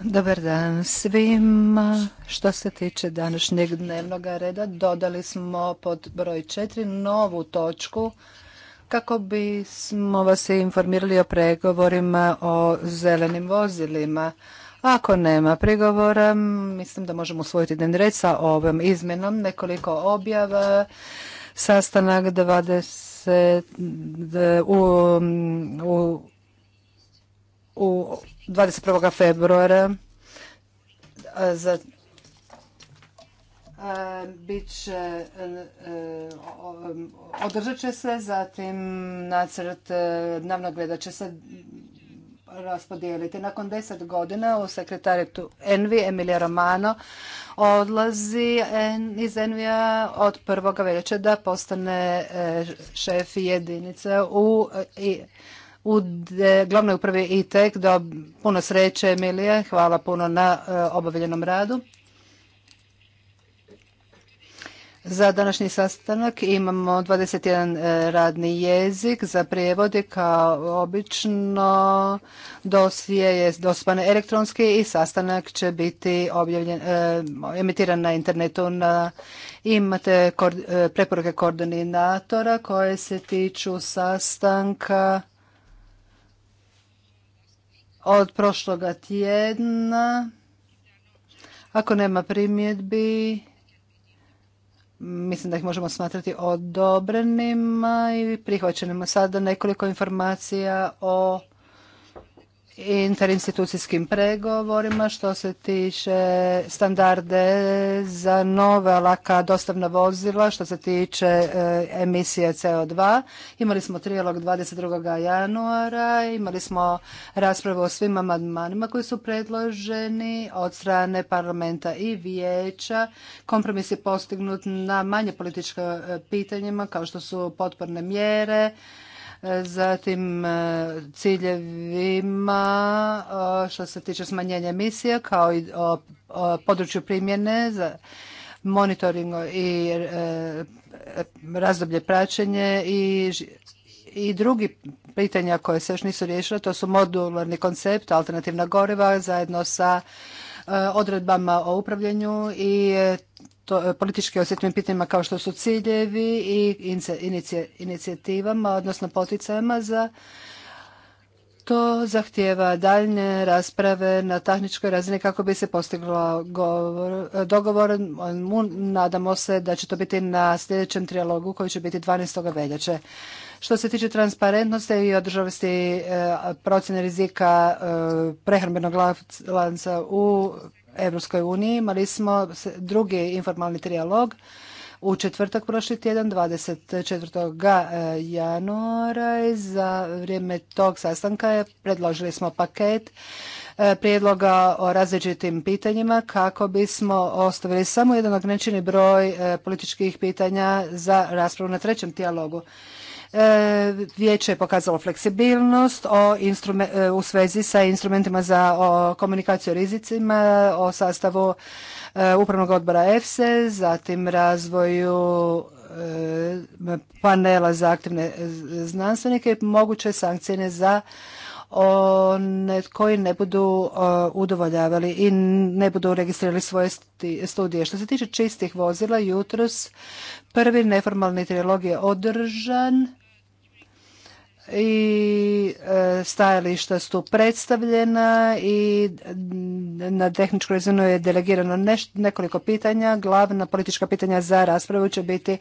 Dobar dan svima. Što se tiče današnjeg dnevnog reda, dodali smo pod broj četiri novu točku kako bismo vas informirali o pregovorima o zelenim vozilima. Ako nema prigovora, mislim da možemo usvojiti dnevni red sa ovom izmenom. Nekoliko objava, sastanak 20 u, u u 21. februara za će, e, održat će se, zatim nacrt e, dnevnog reda će se raspodijeliti. Nakon deset godina u sekretarijetu Envi Emilija Romano odlazi iz Envija od prvoga veljače da postane e, šef jedinice u u glavnoj upravi ITEK. Do puno sreće, Emilije. Hvala puno na e, obavljenom radu. Za današnji sastanak imamo 21 e, radni jezik za prijevode kao obično dosije je elektronski i sastanak će biti objavljen, e, emitiran na internetu. Na, imate preporuke koordinatora koje se tiču sastanka od prošloga tjedna. Ako nema primjedbi, mislim da ih možemo smatrati odobrenima i prihvaćenima. Sada nekoliko informacija o interinstitucijskim pregovorima što se tiče standarde za nova laka dostavna vozila što se tiče e, emisije CO2. Imali smo trijalog 22. januara, imali smo raspravu o svim amandmanima koji su predloženi od strane parlamenta i vijeća. Kompromis je postignut na manje političke pitanjima kao što su potporne mjere, zatim e, ciljevima e, što se tiče smanjenja emisija kao i o području primjene za monitoring i e, razdoblje praćenje i i drugi pitanja koje se još nisu riješila, to su modularni koncept, alternativna goriva zajedno sa odredbama o upravljanju i E, politički osjetljivim pitanjima kao što su ciljevi i inicijativama, odnosno poticajima za to zahtjeva daljnje rasprave na tehničkoj razini kako bi se postiglo dogovor. Nadamo se da će to biti na sljedećem trijalogu koji će biti 12. veljače. Što se tiče transparentnosti i održavosti e, procjene rizika e, prehrambenog lanca u Evropskoj uniji. Imali smo drugi informalni trijalog u četvrtak prošli tjedan, 24. E, januara. Za vrijeme tog sastanka je predložili smo paket e, prijedloga o različitim pitanjima kako bismo ostavili samo jedan ograničeni broj e, političkih pitanja za raspravu na trećem dijalogu. E, vijeće je pokazalo fleksibilnost o e, u svezi sa instrumentima za o komunikaciju o rizicima, o sastavu e, upravnog odbora EFSE, zatim razvoju panela za aktivne znanstvenike moguće sankcije za one koji ne budu udovoljavali i ne budu registrirali svoje studije. Što se tiče čistih vozila, jutros Prvi neformalni trilog je održan i e, stajališta su predstavljena i na tehničku razinu je delegirano nekoliko pitanja. Glavna politička pitanja za raspravu će biti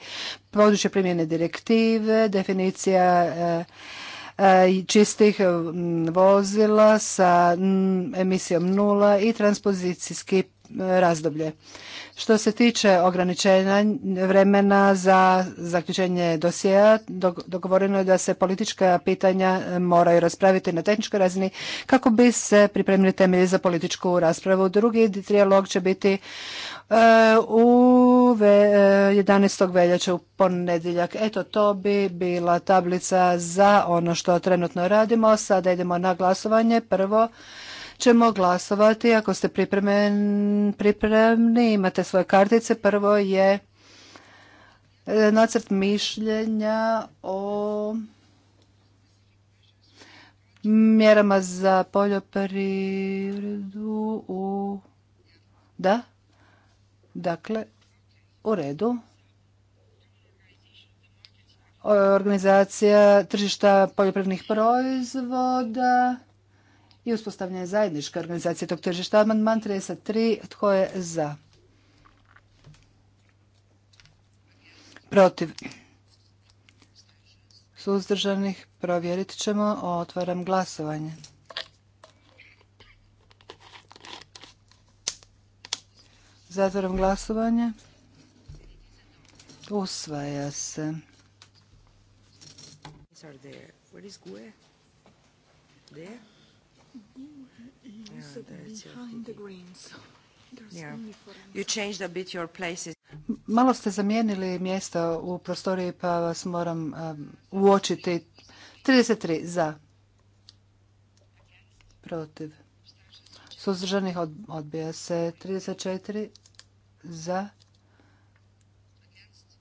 područje primjene direktive, definicija e, e, čistih vozila sa emisijom nula i transpozicijski razdoblje. Što se tiče ograničenja vremena za zaključenje dosjea, dogovoreno je da se politička pitanja moraju raspraviti na tehničkoj razini kako bi se pripremili temelji za političku raspravu. Drugi trijalog će biti uh, u 11. Uh, veljače u ponedjeljak. Eto, to bi bila tablica za ono što trenutno radimo. Sada idemo na glasovanje. Prvo, ćemo glasovati. Ako ste pripremni, imate svoje kartice. Prvo je e, nacrt mišljenja o mjerama za poljoprivredu u... Da? Dakle, u redu. Organizacija tržišta poljoprivrednih proizvoda i uspostavljanje zajedničke organizacije tog tržišta. Amandman 33. Tko je za? Protiv? Suzdržanih? Provjerit ćemo. Otvaram glasovanje. Zatvaram glasovanje. Usvaja se. There. Malo ste zamijenili mjesta u prostoriji, pa vas moram um, uočiti. 33 za. Protiv. Suzdržanih odbija se. 34 za.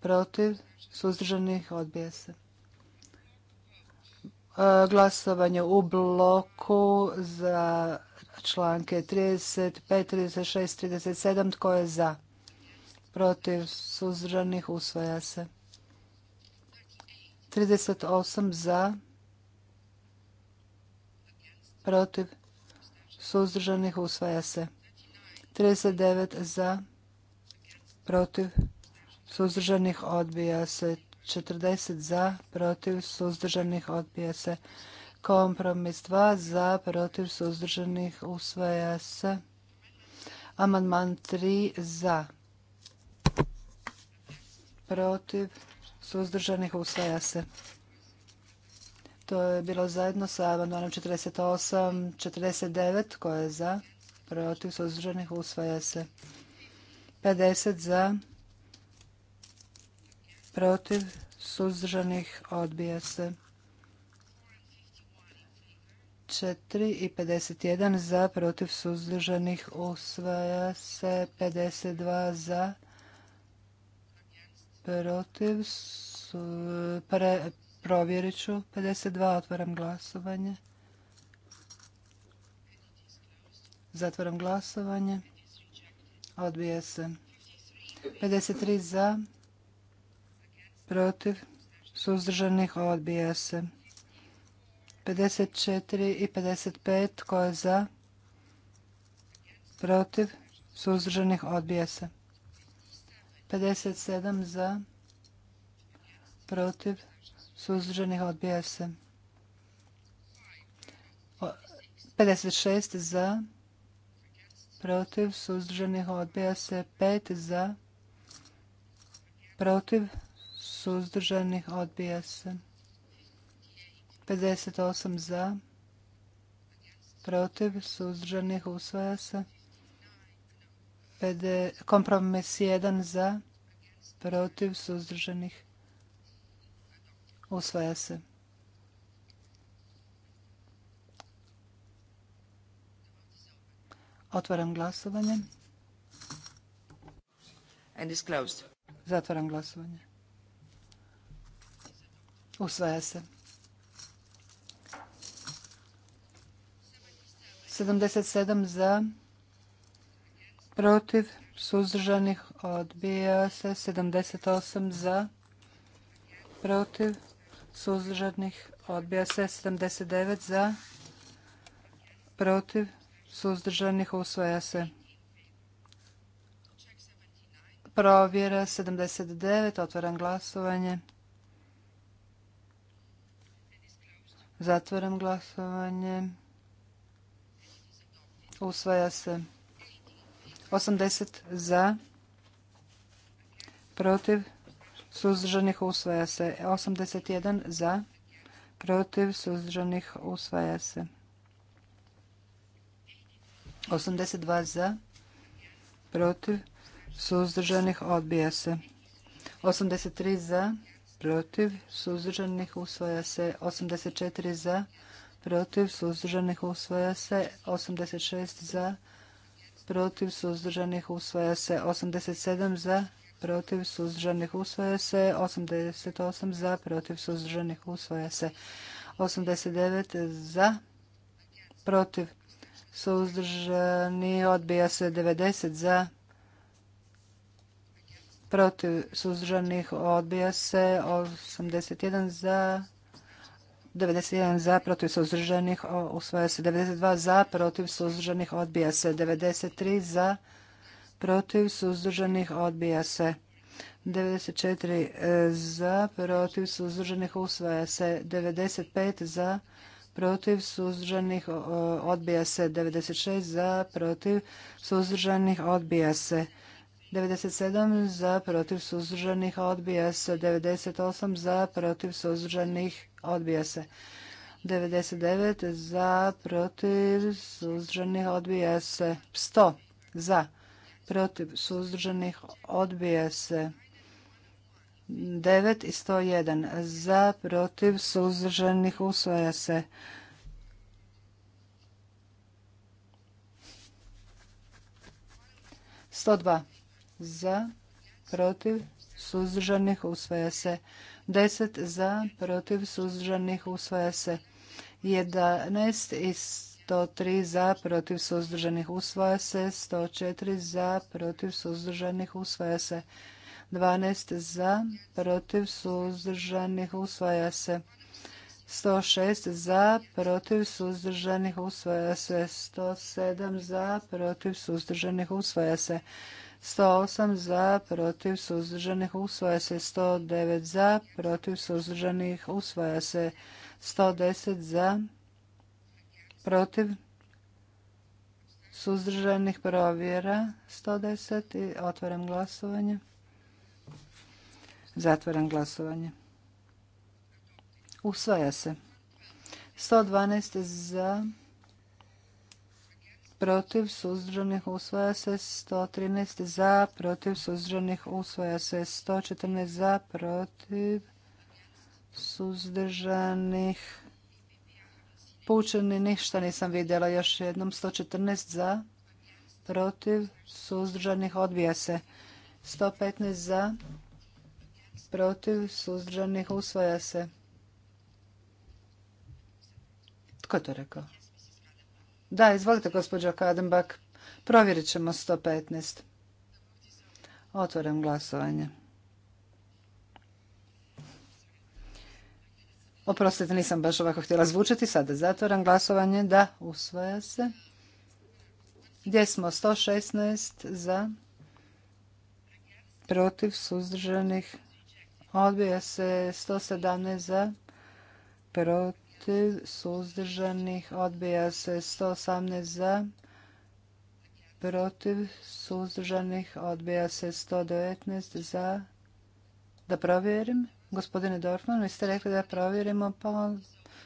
Protiv. Suzdržanih odbija se. Glasovanje u bloku za članke 35, 36, 37. Tko je za? Protiv suzdržanih usvaja se. 38 za. Protiv suzdržanih usvaja se. 39 za. Protiv suzdržanih odbija se. 40 za. Protiv suzdržanih odbija se. Kompromis 2 za, protiv suzdržanih usvaja se. Amandman 3 za, protiv suzdržanih usvaja se. To je bilo zajedno sa amandmanom 48, 49 koje je za, protiv suzdržanih usvaja se. 50 za, protiv suzdržanih odbija se. 4 i 51 za, protiv suzdržanih usvaja se 52 za, protiv, provjerit ću 52, otvaram glasovanje. Zatvaram glasovanje. odbije se. 53 za, protiv, suzdržanih odbija se. 54 i 55 tko je za? Protiv? Suzdržanih odbija se. 57 za? Protiv? Suzdržanih odbija se. 56 za? Protiv? Suzdržanih odbija se. 5 za? Protiv? Suzdržanih odbija se. 58 za, protiv, suzdržanih, usvaja se. Kompromis 1 za, protiv, suzdržanih, usvaja se. Otvaram glasovanje. Zatvaram glasovanje. Usvaja se. 77 za, protiv, suzdržanih odbija se. 78 za, protiv, suzdržanih odbija se. 79 za, protiv, suzdržanih usvaja se. Provjera 79, otvaram glasovanje. Zatvaram glasovanje. Usvaja se. 80 za. Protiv. Suzdržanih usvaja se. 81 za. Protiv. Suzdržanih usvaja se. 82 za. Protiv. Suzdržanih odbija se. 83 za. Protiv. Suzdržanih usvaja se. 84 za protiv suzdržanih usvaja se 86 za protiv suzdržanih usvaja se 87 za protiv suzdržanih usvaja se 88 za protiv suzdržanih usvaja se 89 za protiv suzdržani odbija se 90 za protiv suzdržanih odbija se 81 za 91 e, za, protiv suzdržanih, usvaja se 92 za, protiv suzdržanih, odbija se 93 za, protiv suzdržanih, odbija se 94 za, protiv suzdržanih, usvaja se 95 za, protiv suzdržanih, odbija se 96 za, protiv suzdržanih, odbija se 97 za, protiv suzdržanih, odbija se 98 za, protiv suzdržanih, odbija se. 99 za, protiv, suzdržanih, odbija se. 100 za, protiv, suzdržanih, odbija se. 9 i 101 za, protiv, suzdržanih, usvaja se. Sto dva za, protiv, suzdržanih, usvaja se. 10 za, protiv, suzdržanih, usvaja se. 11 i 103 za, protiv, suzdržanih, usvaja se. 104 za, protiv, suzdržanih, usvaja se. 12 za, protiv, suzdržanih, usvaja se. 106 za, protiv, suzdržanih, usvaja se. 107 za, protiv, suzdržanih, usvaja se. 108 za, protiv suzdržanih usvaja se 109 za, protiv suzdržanih usvaja se 110 za, protiv suzdržanih provjera 110 i otvaram glasovanje. Zatvaram glasovanje. Usvaja se. 112 za, protiv suzdržanih usvaja se 113 za, protiv suzdržanih usvaja se 114 za, protiv suzdržanih pučeni ništa nisam vidjela još jednom 114 za, protiv suzdržanih odbija se 115 za, protiv suzdržanih usvaja se. Tko je to rekao? Da, izvolite gospođo Kadenbak. Provjerit ćemo 115. Otvaram glasovanje. Oprostite, nisam baš ovako htjela zvučati. Sada zatvoram glasovanje. Da, usvoja se. Gdje smo? 116 za, protiv, suzdržanih. Odbija se 117 za, protiv protiv, suzdržanih, odbija se 118 za, protiv, suzdržanih, odbija se 119 za. Da provjerim? Gospodine Dorfman, vi ste rekli da provjerimo, pa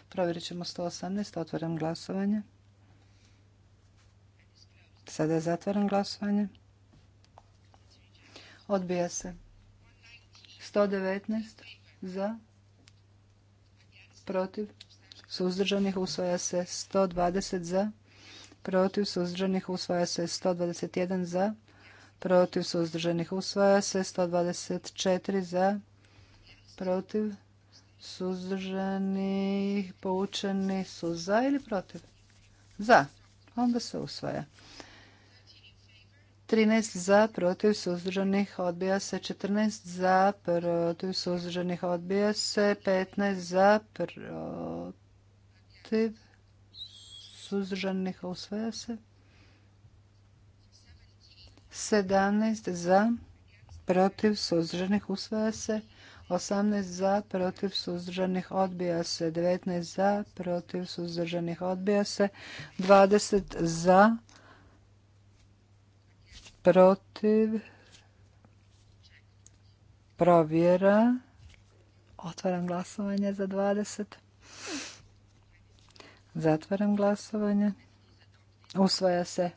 provjerit ćemo 118, otvaram glasovanje. Sada zatvaram glasovanje. Odbija se. 119 za, protiv, suzdržanih usvaja se 120 za, protiv suzdržanih usvaja se 121 za, protiv suzdržanih usvaja se 124 za, protiv suzdržanih poučeni su za ili protiv? Za. Onda se usvaja. 13 za, protiv suzdržanih odbija se 14 za, protiv suzdržanih odbija se 15 za, protiv protiv, suzdržanih usvaja se. 17 za, protiv, suzdržanih usvaja se. 18 za, protiv, suzdržanih odbija se. 19 za, protiv, suzdržanih odbija se. 20 za, protiv, provjera. Otvaram glasovanje za 20. Zatvaram glasovanje. Usvaja se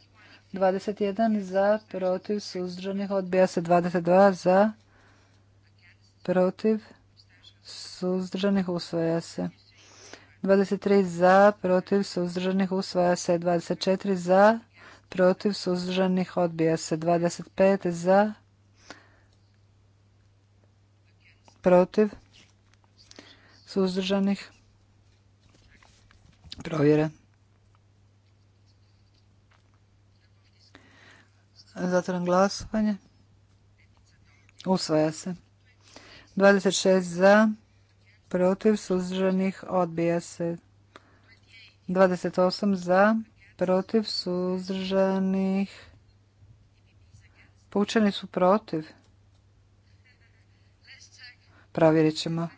21 za, protiv, suzdržanih. Odbija se 22 za, protiv, suzdržanih. Usvaja se. 23 za, protiv, suzdržanih. Usvaja se 24 za, protiv, suzdržanih. Odbija se 25 za, protiv, suzdržanih provjere. Zatvoram glasovanje. Usvaja se. 26 za, protiv, suzdržanih, odbija se. 28 za, protiv, suzdržanih. Pučani su protiv. Provjerit ćemo.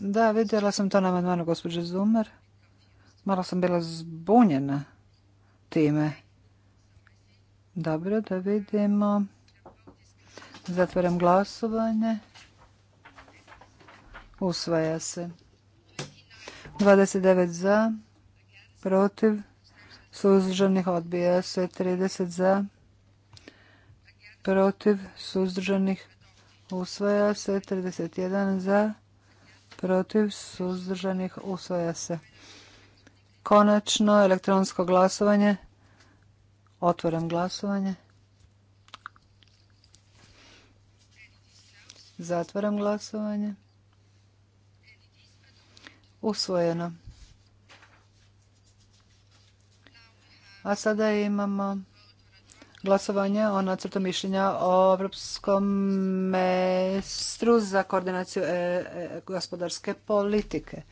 Da, vidjela sam to na amandmanu gospođe Zumer. Malo sam bila zbunjena time. Dobro, da vidimo. Zatvaram glasovanje. Usvaja se. 29 za, protiv, suzdržanih odbija se. 30 za, protiv, suzdržanih usvaja se. 31 za, protiv, suzdržanih, usvoja se. Konačno elektronsko glasovanje. Otvaram glasovanje. Zatvaram glasovanje. Usvojeno. A sada imamo glasovanje o nacrtu mišljenja o Evropskom mestru za koordinaciju e, e, gospodarske politike.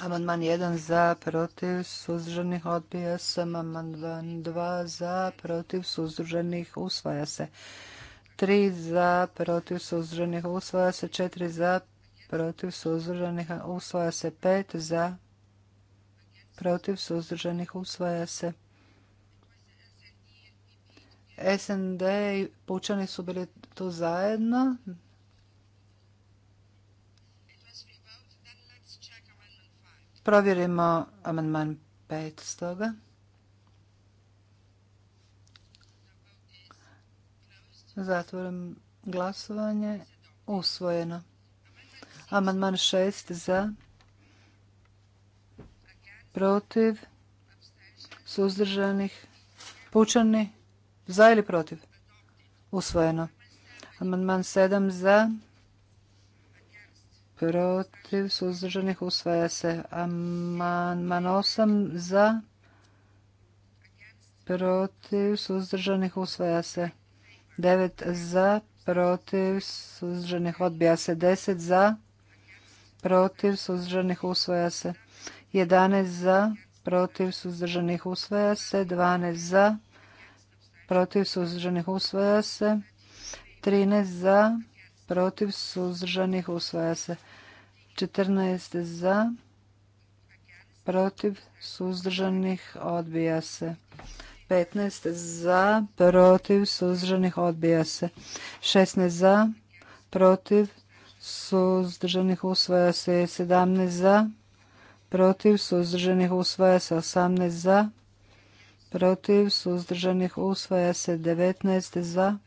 Amandman 1 za, protiv, suzdržanih, odbija se. Amandman 2 za, protiv, suzdržanih, usvaja se. 3 za, protiv, suzdržanih, usvaja se. 4 za, protiv, suzdržanih, usvaja se. 5 za, protiv, suzdržanih, usvaja se. SND i pučani su bili tu zajedno. Provjerimo amandman 5 stoga. Zatvorim glasovanje. Usvojeno. Amandman 6 za. Protiv. Suzdržanih. Pučani. Za ili protiv? Usvojeno. Amandman 7 za. Protiv suzdržanih usvaja se. Amandman 8 za. Protiv suzdržanih usvaja se. 9 za. Protiv suzdržanih odbija se. 10 za. Protiv suzdržanih usvaja se. 11 za. Protiv suzdržanih usvaja se. 12 za protiv suzdržanih usvaja se. 13 za, protiv suzdržanih usvaja se. 14 za, protiv suzdržanih odbija se. 15 za, protiv suzdržanih odbija se. 16 za, protiv suzdržanih usvaja se. 17 za, protiv suzdržanih usvaja se. 18 za, protiv, suzdržanih usvaja se 19 za,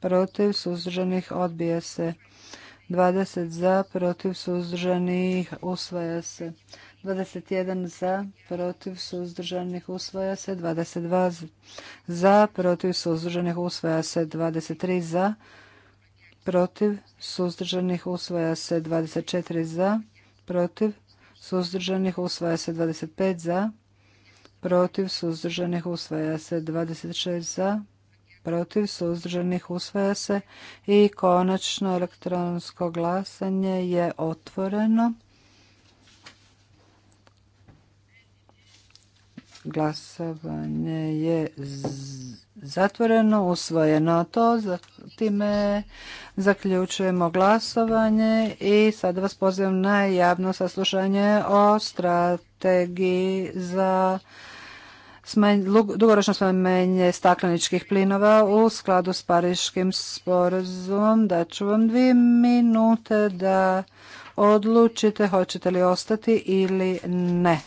protiv, suzdržanih odbija se 20 za, protiv, suzdržanih usvaja se 21 za, protiv, suzdržanih usvaja se 22 za, protiv, suzdržanih usvaja se 23 za, protiv, suzdržanih usvaja se 24 za, protiv, suzdržanih usvaja se 25 za, protiv suzdržanih usvaja se 26 za protiv suzdržanih usvaja se i konačno elektronsko glasanje je otvoreno glasovanje je zatvoreno usvojeno to time zaključujemo glasovanje i sad vas pozivam na javno saslušanje o strategiji za dugoročno smanjenje stakleničkih plinova u skladu s Pariškim sporazumom. Daću vam dvije minute da odlučite hoćete li ostati ili ne.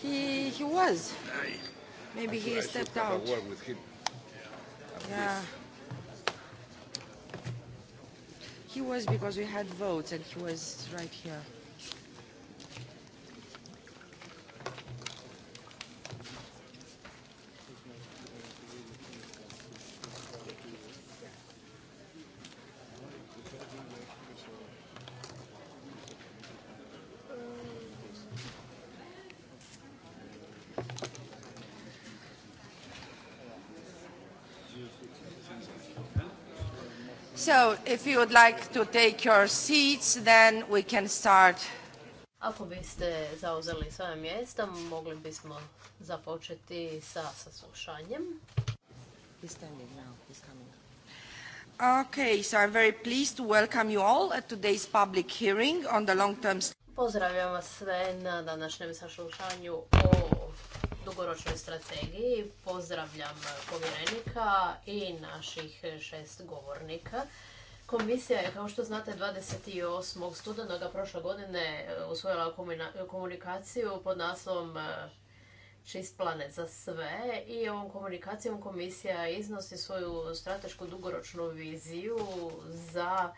He he was. Maybe he stepped out. Yeah. He was because we had votes and he was right here. if you would like to take your seats, then we can start. Ako biste zauzeli svoje mjesta, mogli bismo započeti sa saslušanjem. Okay, so I'm very pleased to welcome you all at today's public hearing on the long-term... Pozdravljam vas sve na današnjem saslušanju o dugoročnoj strategiji. Pozdravljam povjerenika i naših šest govornika. Komisija je, kao što znate, 28. studenoga prošle godine e, usvojila komunikaciju pod naslovom e, Čist planet za sve i ovom komunikacijom komisija iznosi svoju stratešku dugoročnu viziju za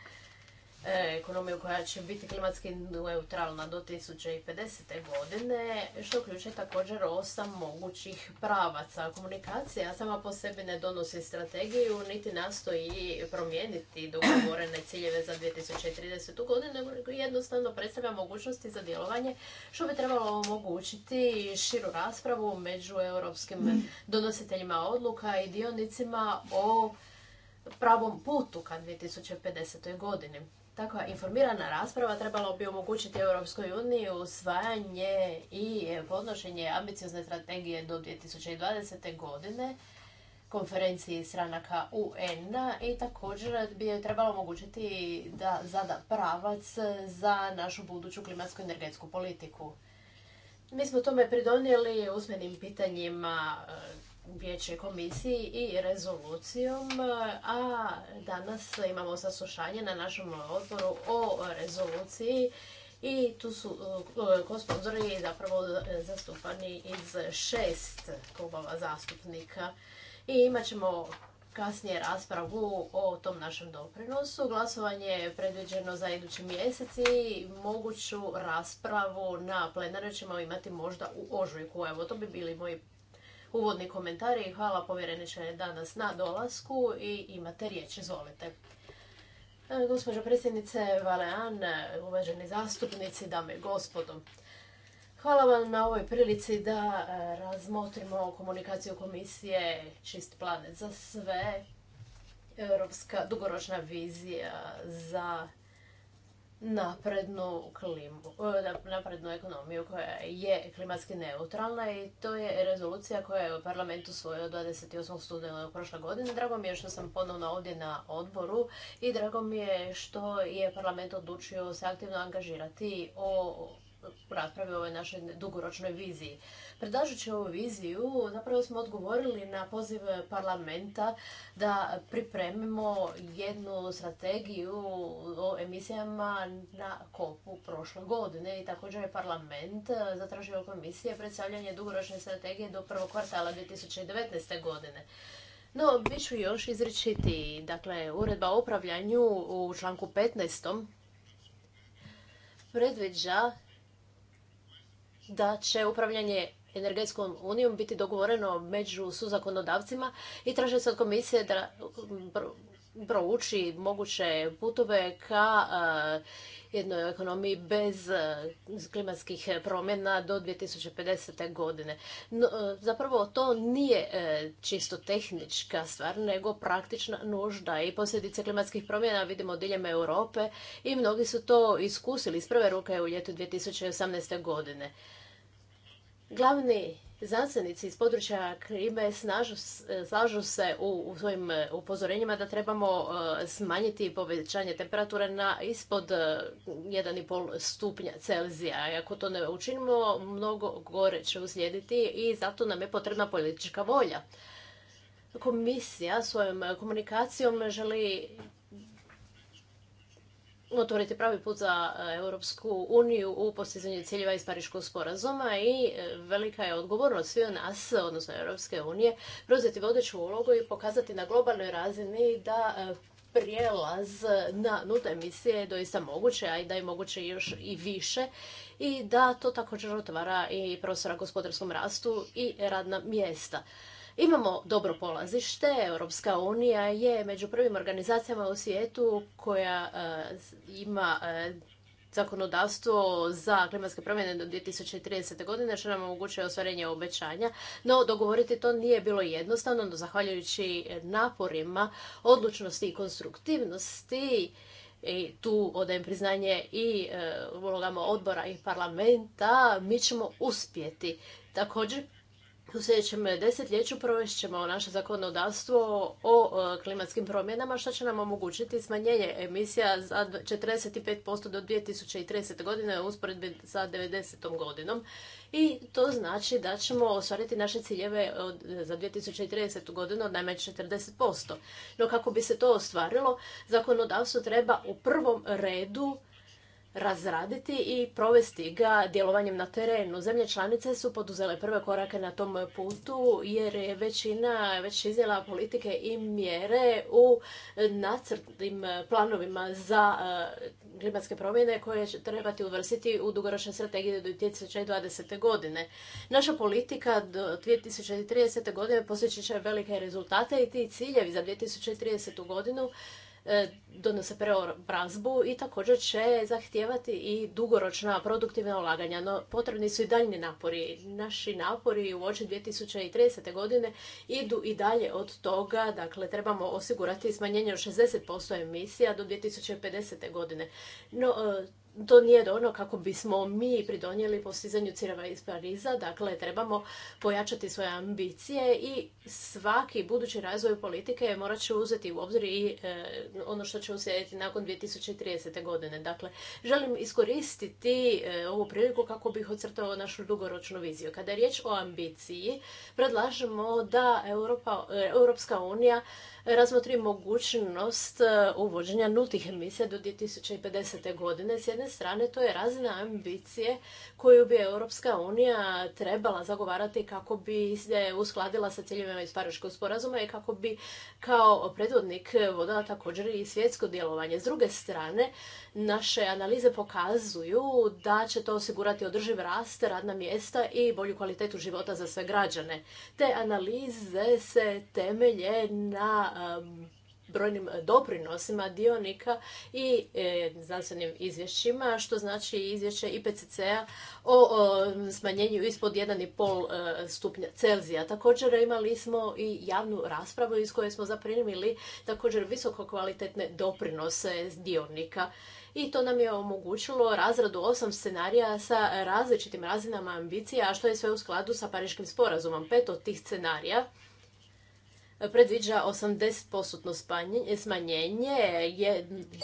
E, ekonomiju koja će biti klimatski neutralna do 2050. godine, što uključuje također osam mogućih pravaca. Komunikacija sama po sebi ne donosi strategiju, niti nastoji promijeniti dogovorene ciljeve za 2030. godinu, nego jednostavno predstavlja mogućnosti za djelovanje, što bi trebalo omogućiti širu raspravu među europskim donositeljima odluka i dionicima o pravom putu ka 2050. godini. Takva informirana rasprava trebala bi omogućiti Europskoj uniji usvajanje i podnošenje ambiciozne strategije do 2020. godine konferenciji stranaka UN-a i također bi je trebalo omogućiti da zada pravac za našu buduću klimatsku energetsku politiku. Mi smo tome pridonijeli usmenim pitanjima vijeće komisiji i rezolucijom, a danas imamo saslušanje na našem odboru o rezoluciji i tu su kosponzori e, zapravo zastupani iz šest klubova zastupnika. I imat ćemo kasnije raspravu o tom našem doprinosu. Glasovanje je predviđeno za idući mjesec i moguću raspravu na plenare ćemo imati možda u ožujku. Evo, to bi bili moji uvodni komentar i hvala povjereniče danas na dolasku i imate riječ, izvolite. E, gospođo predsjednice Valean, e, uvaženi zastupnici, dame i gospodo. Hvala vam na ovoj prilici da e, razmotrimo komunikaciju komisije Čist planet za sve, europska dugoročna vizija za naprednu, klimu, e, naprednu ekonomiju koja je klimatski neutralna i to je rezolucija koja je u parlamentu svoja 28. u prošle godine. Drago mi je što sam ponovno ovdje na odboru i drago mi je što je parlament odlučio se aktivno angažirati o raspravi o ovoj našoj dugoročnoj viziji. Predlažući ovu viziju, zapravo smo odgovorili na poziv parlamenta da pripremimo jednu strategiju o emisijama na kopu prošle godine i također je parlament zatražio komisije predstavljanje dugoročne strategije do prvog kvartala 2019. godine. No, bit ću još izričiti dakle, uredba o upravljanju u članku 15. predviđa da će upravljanje energetskom unijom biti dogovoreno među suzakonodavcima i traže se od komisije da mm, prouči moguće putove ka jednoj ekonomiji bez klimatskih promjena do 2050. godine. zapravo to nije e, čisto tehnička stvar, nego praktična nužda i posljedice klimatskih promjena vidimo diljem Europe i mnogi su to iskusili iz prve ruke u ljetu 2018. godine. Glavni znanstvenici iz područja klime slažu se u, svojim e, upozorenjima da trebamo e, smanjiti povećanje temperature na ispod 1,5 e, stupnja Celzija. I ako to ne učinimo, mnogo gore će uslijediti i zato nam je potrebna politička volja. Komisija svojom komunikacijom želi otvoriti pravi put za e, Europsku uniju u postizanju ciljeva iz Pariškog sporazuma i e, velika je odgovornost svih nas, odnosno Europske unije, preuzeti vodeću ulogu i pokazati na globalnoj razini da e, prijelaz na nulte emisije je doista moguće, a i da je moguće još i više i da to također otvara i prostora gospodarskom rastu i radna mjesta. Imamo dobro polazište, Europska unija je među prvim organizacijama u svijetu koja e, ima e, zakonodavstvo za klimatske promjene do 2030. godine što nam omogućuje ostvarenje obećanja, no dogovoriti to nije bilo jednostavno, no zahvaljujući naporima, odlučnosti i konstruktivnosti, i tu odajem priznanje i e, ulogama odbora i parlamenta, mi ćemo uspjeti. Također u sljedećem desetljeću ćemo naše zakonodavstvo o e, klimatskim promjenama što će nam omogućiti smanjenje emisija za 45% do 2030. godine u usporedbi sa 90. godinom i to znači da ćemo ostvariti naše ciljeve od, za 2030. godinu od najmanje 40%. No kako bi se to ostvarilo, zakonodavstvo treba u prvom redu razraditi i provesti ga djelovanjem na terenu. Zemlje članice su poduzele prve korake na tom putu jer je većina već izjela politike i mjere u nacrtnim planovima za e, klimatske promjene koje će trebati uvrstiti u dugoročne strategije do 2020. godine. Naša politika do 2030. godine posjeći će velike rezultate i ti ciljevi za 2030. godinu E, donose preobrazbu i također će zahtijevati i dugoročna produktivna ulaganja. No, potrebni su i daljni napori. Naši napori u oči 2030. godine idu i dalje od toga. Dakle, trebamo osigurati smanjenje od 60% emisija do 2050. godine. No, e, to nije dovoljno kako bismo mi pridonijeli postizanju ciljeva iz Pariza. Dakle, trebamo pojačati svoje ambicije i svaki budući razvoj politike morat će uzeti u obzir i e, ono što će uslijediti nakon 2030. godine. Dakle, želim iskoristiti e, ovu priliku kako bih ocrtao našu dugoročnu viziju. Kada je riječ o ambiciji, predlažemo da e, Europska unija razmotri mogućnost e, uvođenja nultih emisija do 2050. godine. S jedne strane, to je razina ambicije koju bi Europska unija trebala zagovarati kako bi se uskladila sa ciljevima iz Pariškog sporazuma i kako bi kao predvodnik vodila također i svjetsko djelovanje. S druge strane, Naše analize pokazuju da će to osigurati održiv rast, radna mjesta i bolju kvalitetu života za sve građane. Te analize se temelje na brojnim doprinosima dionika i e, znanstvenim izvješćima, što znači izvješće IPCC-a o, smanjenju ispod 1,5 e, stupnja Celzija. Također imali smo i javnu raspravu iz koje smo zaprimili također visoko kvalitetne doprinose dionika i to nam je omogućilo razradu osam scenarija sa različitim razinama ambicija, a što je sve u skladu sa Pariškim sporazumom. Pet od tih scenarija predviđa 80% smanjenje,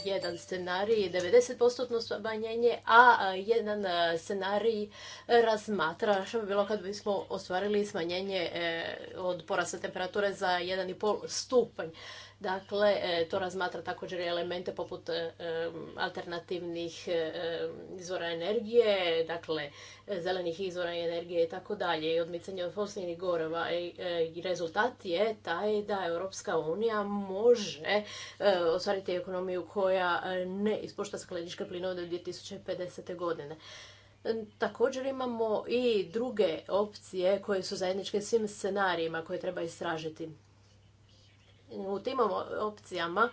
jedan scenarij 90% smanjenje, a jedan scenarij razmatra što bi bilo kad bismo ostvarili smanjenje e, od porasta temperature za 1,5 stupanj. Dakle, e, to razmatra također elemente poput e, e, alternativnih izvora energije, dakle, zelenih izvora energije i tako dalje i odmicanje od fosilnih goreva. I rezultat je taj da Europska unija može ostvariti ekonomiju koja ne ispušta skladničke plinove do 2050. godine. Također imamo i druge opcije koje su zajedničke svim scenarijima koje treba istražiti u tim opcijama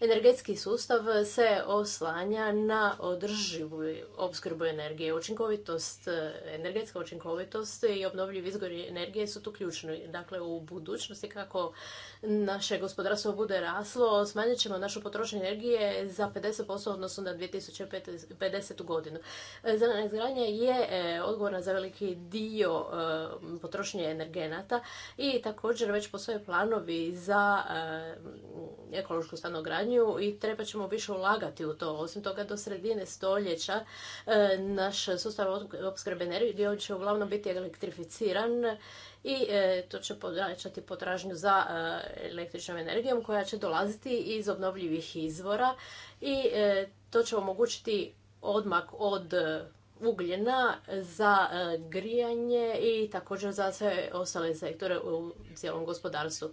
Energetski sustav se oslanja na održivu opskrbu energije. Učinkovitost, energetska učinkovitost i obnovljivi izgori energije su tu ključni. Dakle, u budućnosti kako naše gospodarstvo bude raslo, smanjit ćemo našu potrošnju energije za 50% odnosno na 2050. godinu. Zelena izgradnja je e, odgovorna za veliki dio e, potrošnje energenata i također već postoje planovi za e, ekološku stanogradnju i treba ćemo više ulagati u to. Osim toga, do sredine stoljeća e, naš sustav opskrbe energije će uglavnom biti elektrificiran i e, to će podračati potražnju za e, električnom energijom koja će dolaziti iz obnovljivih izvora i to će omogućiti odmak od ugljena za grijanje i također za sve ostale sektore u cijelom gospodarstvu.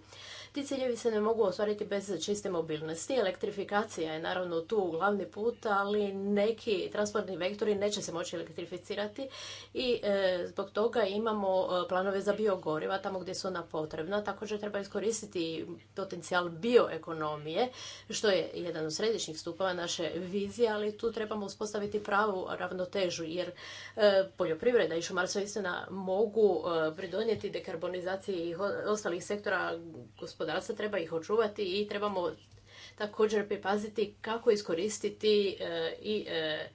Ti ciljevi se ne mogu ostvariti bez čiste mobilnosti. Elektrifikacija je naravno tu glavni put, ali neki transportni vektori neće se moći elektrificirati i e, zbog toga imamo e, planove za biogoriva tamo gdje su ona potrebna. Također treba iskoristiti potencijal bioekonomije, što je jedan od središnjih stupova naše vizije, ali tu trebamo uspostaviti pravu ravnotežu, jer e, poljoprivreda i šumarstvo istina mogu pridonijeti dekarbonizaciji ostalih sektora gospodarstva, treba ih očuvati i trebamo također pripaziti kako iskoristiti e, i e,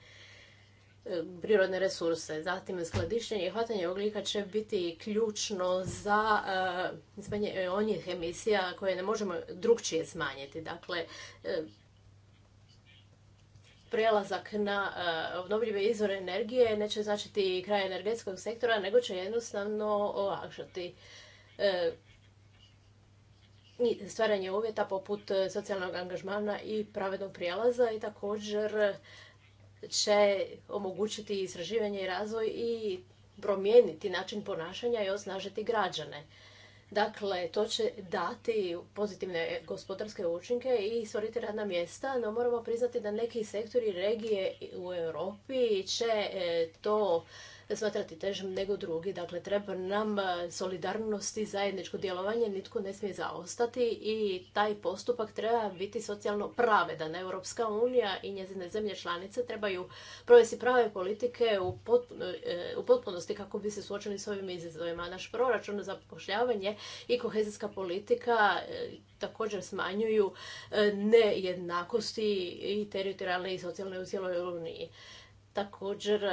e, prirodne resurse. Zatim, skladištenje i hvatanje ugljika će biti ključno za smanjenje onih emisija koje ne možemo drugčije smanjiti. Dakle, prelazak na obnovljive izvore energije neće značiti kraj energetskog sektora, nego će jednostavno olakšati i stvaranje uvjeta poput e, socijalnog angažmana i pravednog prijelaza i također će omogućiti istraživanje i razvoj i promijeniti način ponašanja i osnažiti građane. Dakle, to će dati pozitivne gospodarske učinke i stvoriti radna mjesta, no moramo priznati da neki sektori regije u Europi će e, to smatrati težim nego drugi. Dakle, treba nam e, solidarnost i zajedničko djelovanje, nitko ne smije zaostati i taj postupak treba biti socijalno pravedan. Europska unija i njezine zemlje članice trebaju provesti prave politike u e, potpunosti kako bi se suočili s ovim izazovima. Naš proračun za pošljavanje i kohezijska politika e, također smanjuju nejednakosti i teritorijalne i socijalne u cijeloj Uniji. Također,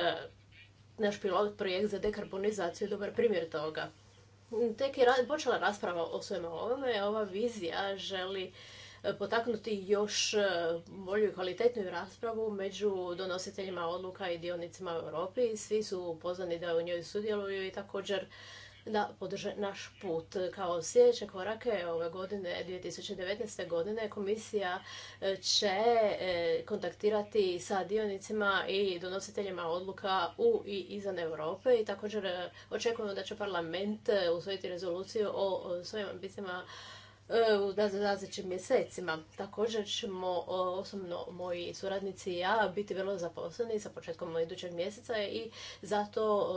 naš pilot projekt za dekarbonizaciju je dobar primjer toga. Tek je počela rasprava o svemu ovome. Ova vizija želi e, potaknuti još e, bolju i kvalitetniju raspravu među donositeljima odluka i dionicima u Europi. Svi su pozvani da u njoj sudjeluju i također da podrže naš put. Kao sljedeće korake ove godine, 2019. godine, komisija e, će e, kontaktirati sa dionicima i donositeljima odluka u i izvan Europe i također e, očekujemo da će parlament usvojiti rezoluciju o svojim ambicijama u različitim mjesecima. Također ćemo osobno moji suradnici i ja biti vrlo zaposleni sa početkom idućeg mjeseca i zato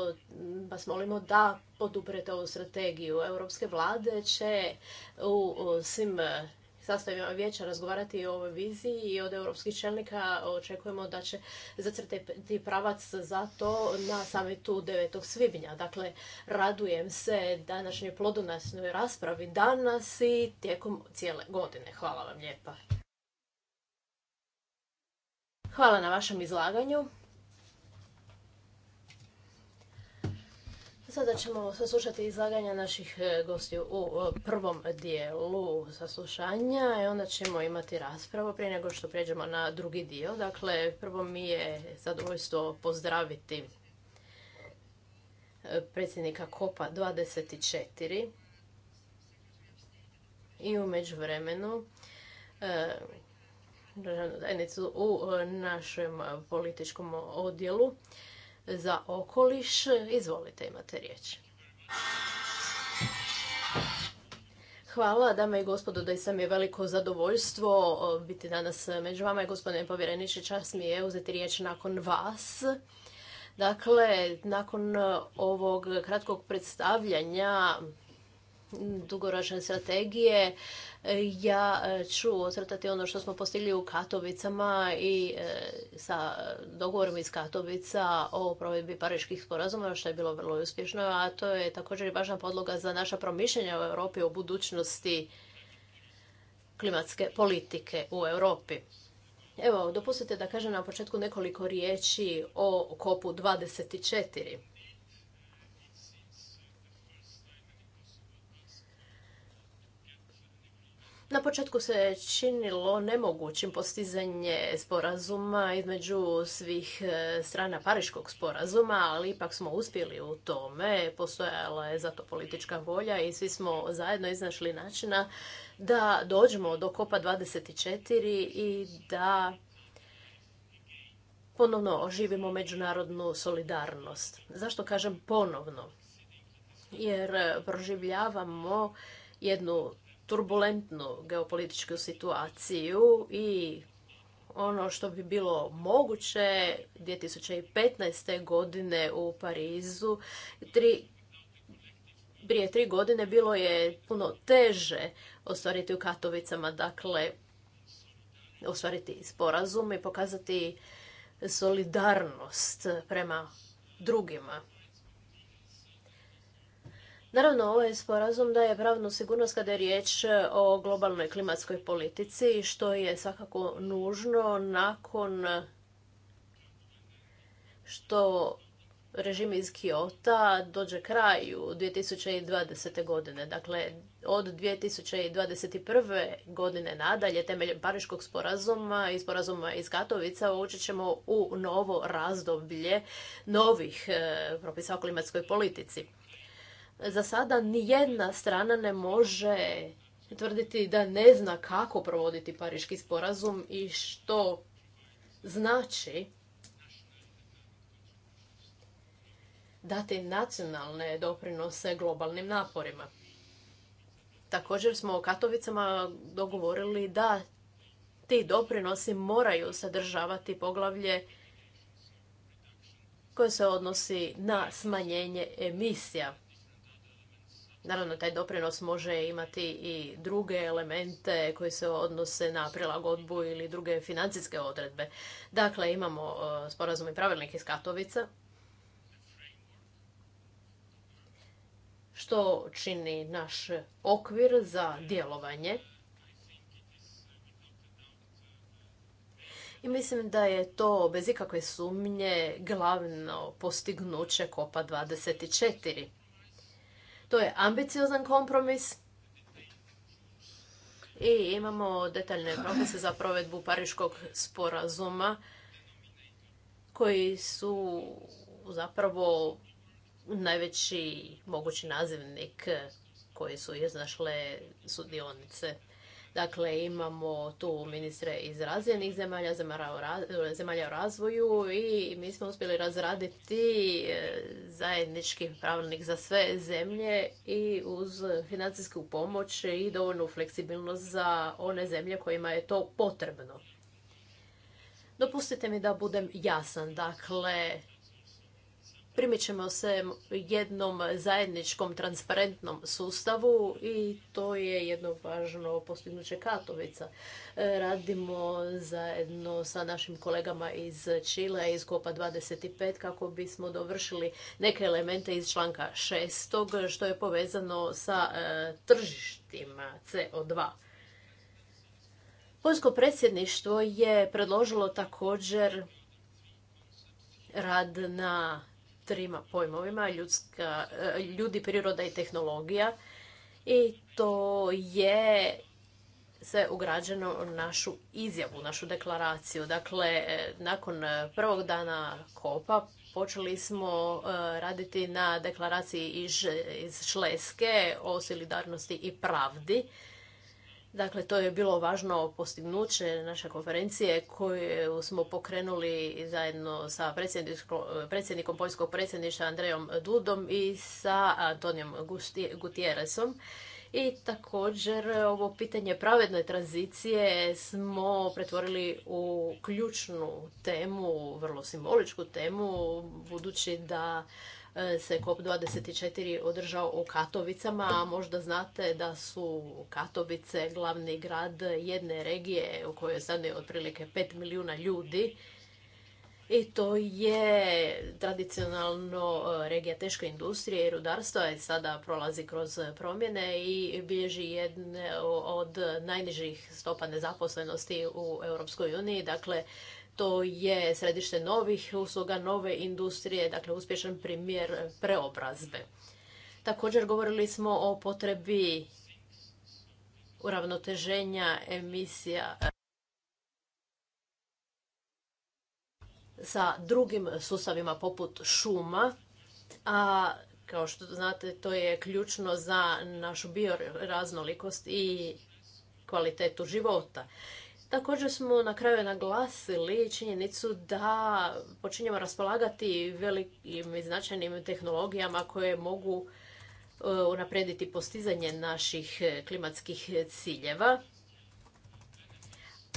vas molimo da poduprete ovu strategiju. Europske vlade će u svim sastavima vijeća razgovarati o ovoj viziji i od europskih čelnika očekujemo da će zacrtati pravac za to na samitu 9. svibnja. Dakle, radujem se današnjoj plodonasnoj raspravi danas i tijekom cijele godine. Hvala vam lijepa. Hvala na vašem izlaganju. Sada ćemo saslušati izlaganja naših e, gostiju u e, prvom dijelu saslušanja i onda ćemo imati raspravu prije nego što pređemo na drugi dio. Dakle, prvo mi je zadovoljstvo pozdraviti e, predsjednika Kopa 24 i u međuvremenu državnu tajnicu u našem političkom odjelu za okoliš. Izvolite, imate riječ. Hvala, dame i gospodo, da sam je veliko zadovoljstvo biti danas među vama. Gospodine povjereniče, čas mi je uzeti riječ nakon vas. Dakle, nakon e, ovog kratkog predstavljanja dugoročne strategije, ja e, ću ocrtati ono što smo postigli u Katovicama i e, sa dogovorom iz Katovica o provedbi pariških sporazuma, što je bilo vrlo uspješno, a to je također i važna podloga za naša promišljenja u Europi o budućnosti klimatske politike u Europi. Evo, dopustite da kažem na početku nekoliko riječi o kopu 24. Na početku se činilo nemogućim postizanje sporazuma između svih e, strana Pariškog sporazuma, ali ipak smo uspjeli u tome. Postojala je zato politička volja i svi smo zajedno iznašli načina da dođemo do kopa 24 i da ponovno oživimo međunarodnu solidarnost. Zašto kažem ponovno? Jer proživljavamo jednu turbulentnu geopolitičku situaciju i ono što bi bilo moguće 2015. godine u Parizu tri, prije tri godine bilo je puno teže ostvariti u Katovicama, dakle ostvariti sporazum i pokazati solidarnost prema drugima. Naravno, ovaj sporazum daje pravnu sigurnost kada je riječ e, o globalnoj klimatskoj politici, što je svakako nužno nakon e, što režim iz Kiota dođe kraju 2020. godine. Dakle, od 2021. godine nadalje, temeljem Pariškog sporazuma i sporazuma iz Katovica, ući ćemo u novo razdoblje novih e, propisa o klimatskoj politici za sada ni jedna strana ne može tvrditi da ne zna kako provoditi Pariški sporazum i što znači dati nacionalne doprinose globalnim naporima. Također smo o Katovicama dogovorili da ti doprinosi moraju sadržavati poglavlje koje se odnosi na smanjenje emisija. Naravno, taj doprinos može imati i druge elemente koji se odnose na prilagodbu ili druge financijske odredbe. Dakle, imamo e, sporazum i pravilnik iz Katovica, što čini naš okvir za djelovanje. I mislim da je to bez ikakve sumnje glavno postignuće Kopa 24. To je ambiciozan kompromis i imamo detaljne propise za provedbu Pariškog sporazuma koji su zapravo najveći mogući nazivnik koji su iznašle sudionice Dakle, imamo tu ministre iz razvijenih zemalja, zemalja u razvoju i mi smo uspjeli razraditi e, zajednički pravilnik za sve zemlje i uz financijsku pomoć i dovoljnu fleksibilnost za one zemlje kojima je to potrebno. Dopustite mi da budem jasan. Dakle, ćemo se jednom zajedničkom transparentnom sustavu i to je jedno važno postignuće Katovica. E, radimo zajedno sa našim kolegama iz Čile, iz Kopa 25, kako bismo dovršili neke elemente iz članka 6. što je povezano sa e, tržištima CO2. Poljsko predsjedništvo je predložilo također rad na trima pojmovima, ljudska, eh, ljudi, priroda i tehnologija. I to je sve ugrađeno u našu izjavu, našu deklaraciju. Dakle, eh, nakon eh, prvog dana kopa počeli smo raditi na deklaraciji iz Šleske o solidarnosti i pravdi. Dakle, to je bilo važno postignuće naše konferencije koju smo pokrenuli zajedno sa predsjednikom poljskog predsjedništva Andrejom Dudom i sa Antonijom Gutierrezom. I također ovo pitanje pravedne tranzicije smo pretvorili u ključnu temu, vrlo simboličku temu, budući da E, se COP24 održao u Katovicama, a možda znate da su Katovice glavni grad jedne regije u kojoj stane otprilike 5 milijuna ljudi. I to je tradicionalno e, regija teške industrije i rudarstva i sada prolazi kroz promjene i bilježi jedne od najnižih stopa nezaposlenosti u Europskoj uniji. Dakle, to je središte novih usluga, nove industrije, dakle uspješan primjer preobrazbe. Također govorili smo o potrebi uravnoteženja emisija sa drugim sustavima poput šuma, a kao što znate to je ključno za našu bioraznolikost i kvalitetu života. Također smo na kraju naglasili činjenicu da počinjemo raspolagati velikim i značajnim tehnologijama koje mogu e, unaprijediti postizanje naših e, klimatskih ciljeva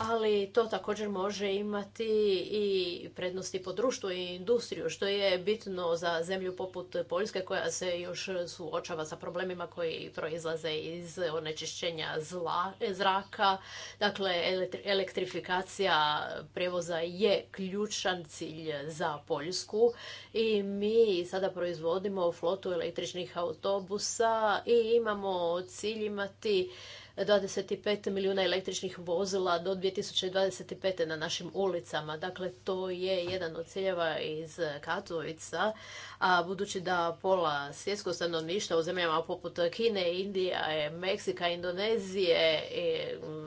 ali to također može imati i prednosti po društvu i industriju, što je bitno za zemlju poput Poljske koja se još suočava sa problemima koji proizlaze iz onečišćenja zla, zraka. Dakle, elektrifikacija prijevoza je ključan cilj za Poljsku i mi sada proizvodimo flotu električnih autobusa i imamo cilj imati 25 milijuna električnih vozila do 2025. na našim ulicama. Dakle, to je jedan od ciljeva iz Katovica, a budući da pola svjetskog stanovništva u zemljama poput Kine, Indije, Meksika, Indonezije,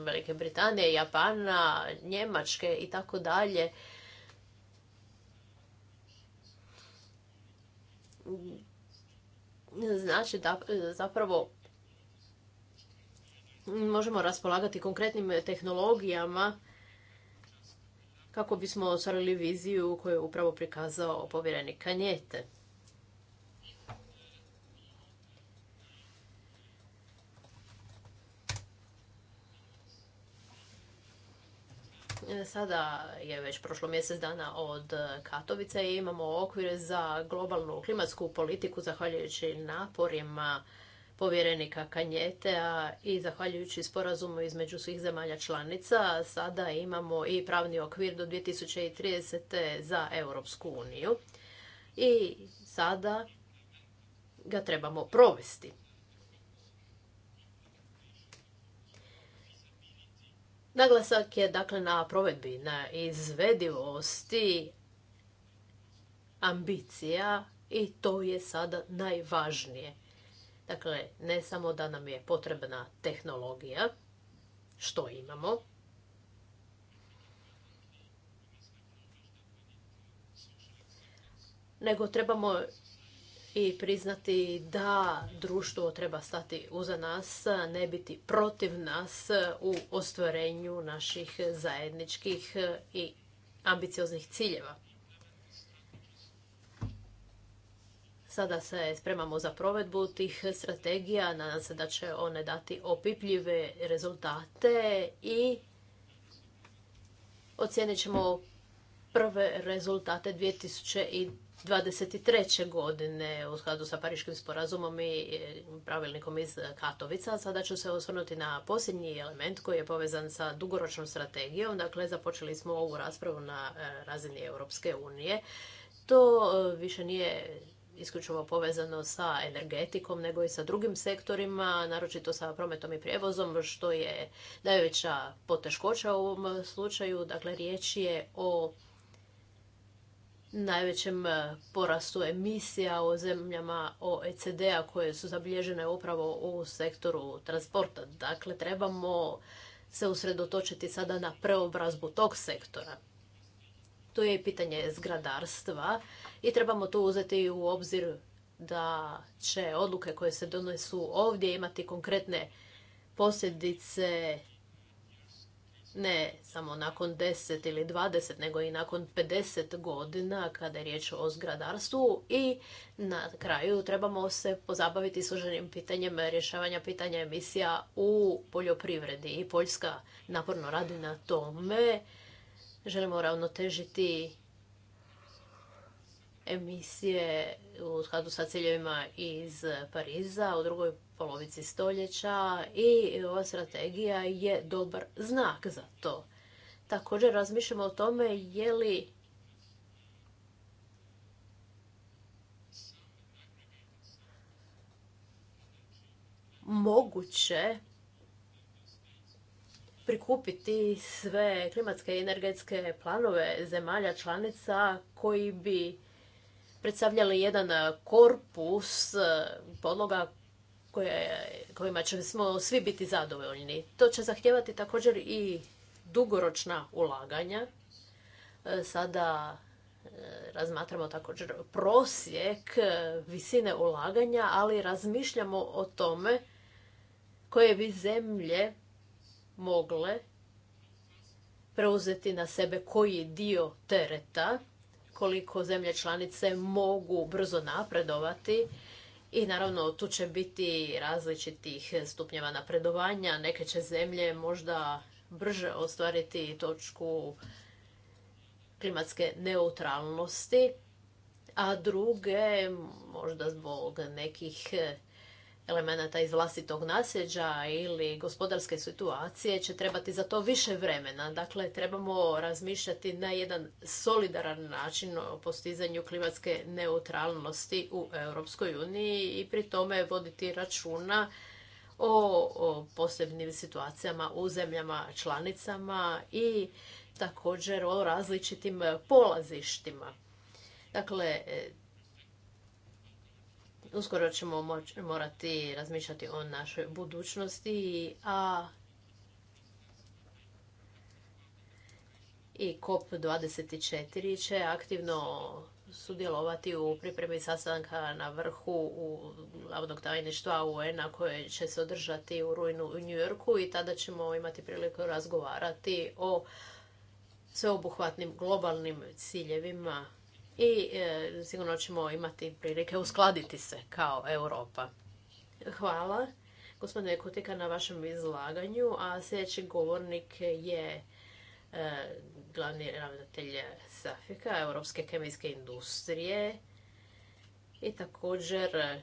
Velike Britanije, Japana, Njemačke i tako dalje, znači da zapravo možemo raspolagati konkretnim tehnologijama kako bismo ostvarili viziju koju je upravo prikazao povjerenik Kanjete. Sada je već prošlo mjesec dana od Katovice i imamo okvir za globalnu klimatsku politiku zahvaljujući naporima povjerenika Kanjetea i zahvaljujući sporazumu između svih zemalja članica sada imamo i pravni okvir do 2030. za Europsku uniju i sada ga trebamo provesti. Naglasak je dakle na provedbi, na izvedivosti ambicija i to je sada najvažnije. Dakle, ne samo da nam je potrebna tehnologija, što imamo, nego trebamo i priznati da društvo treba stati uza nas, ne biti protiv nas u ostvarenju naših zajedničkih i ambicioznih ciljeva. Sada se spremamo za provedbu tih strategija. Nadam se da će one dati opipljive rezultate i ocijenit ćemo prve rezultate 2023. godine u skladu sa Pariškim sporazumom i pravilnikom iz Katovica. Sada ću se osvrnuti na posljednji element koji je povezan sa dugoročnom strategijom. Dakle, započeli smo ovu raspravu na eh, razini Europske unije. To eh, više nije isključivo povezano sa energetikom, nego i sa drugim sektorima, naročito sa prometom i prijevozom, što je najveća poteškoća u ovom slučaju. Dakle, riječ je o najvećem porastu emisija o zemljama OECD-a koje su zabilježene upravo u sektoru transporta. Dakle, trebamo se usredotočiti sada na preobrazbu tog sektora. Tu je i pitanje zgradarstva i trebamo to uzeti u obzir da će odluke koje se donesu ovdje imati konkretne posljedice ne samo nakon 10 ili 20, nego i nakon 50 godina kada je riječ o zgradarstvu i na kraju trebamo se pozabaviti složenim pitanjem rješavanja pitanja emisija u poljoprivredi i Poljska naporno radi na tome. Želimo ravnotežiti emisije u skladu sa ciljevima iz Pariza u drugoj polovici stoljeća i ova strategija je dobar znak za to. Također razmišljamo o tome je li moguće prikupiti sve klimatske i energetske planove zemalja članica koji bi predstavljali jedan e, korpus e, podloga koje, kojima ćemo svi biti zadovoljni. To će zahtijevati također i dugoročna ulaganja. E, sada razmatramo također prosjek visine ulaganja, ali razmišljamo o tome koje bi zemlje mogle preuzeti na sebe koji dio tereta koliko zemlje članice mogu brzo napredovati i naravno tu će biti različitih stupnjeva napredovanja. Neke će zemlje možda brže ostvariti točku klimatske neutralnosti, a druge možda zbog nekih elemenata iz vlastitog nasljeđa ili gospodarske situacije će trebati za to više vremena. Dakle, trebamo razmišljati na jedan solidaran način o postizanju klimatske neutralnosti u Europskoj uniji i pri tome voditi računa o posebnim situacijama u zemljama članicama i također o različitim polazištima. Dakle, uskoro ćemo morati razmišljati o našoj budućnosti, a i COP24 će aktivno sudjelovati u pripremi sastanka na vrhu u glavnog tajništva UN-a koje će se održati u rujnu u New Yorku i tada ćemo imati priliku razgovarati o sveobuhvatnim globalnim ciljevima i e, sigurno ćemo imati prilike uskladiti se kao Europa. Hvala gospodine Kutika na vašem izlaganju, a sljedeći govornik je e, glavni ravnatelj Safika, Europske kemijske industrije i također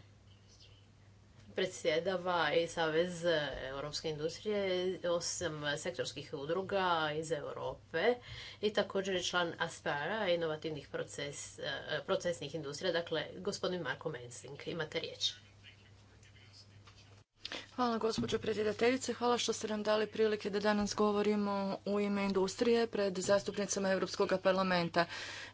predsjedava i Savez e, Europske industrije, osam sektorskih udruga iz Europe i također je član Aspara, inovativnih proces, e, procesnih industrija, dakle gospodin Marko Mensing, imate riječ. Hvala gospođo predsjedateljice, hvala što ste nam dali prilike da danas govorimo u ime industrije pred zastupnicama Europskog parlamenta.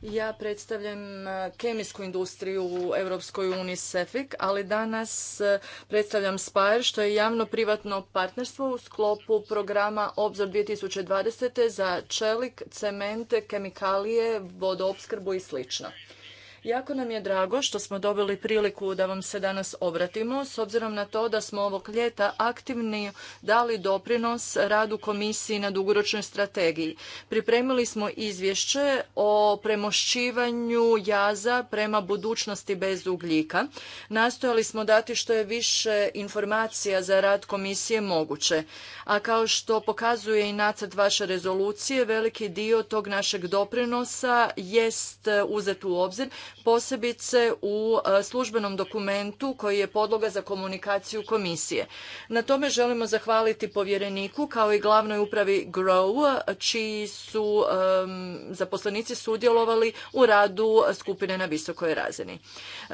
Ja predstavljam eh, kemijsku industriju u Europskoj uniji SEFIC, ali danas eh, predstavljam SPAR što je javno-privatno partnerstvo u sklopu programa Obzor 2020. za čelik, cemente, kemikalije, vodoopskrbu i slično. Jako nam je drago što smo dobili priliku da vam se danas obratimo, s obzirom na to da smo ovog ljeta aktivni dali doprinos radu komisiji na dugoročnoj strategiji. Pripremili smo izvješće o premošćivanju jaza prema budućnosti bez ugljika. Nastojali smo dati što je više informacija za rad komisije moguće. A kao što pokazuje i nacrt vaše rezolucije, veliki dio tog našeg doprinosa jest uzet u obzir posebice u e, službenom dokumentu koji je podloga za komunikaciju komisije. Na tome želimo zahvaliti povjereniku kao i glavnoj upravi GROW čiji su zaposlenici sudjelovali u radu skupine na visokoj razini.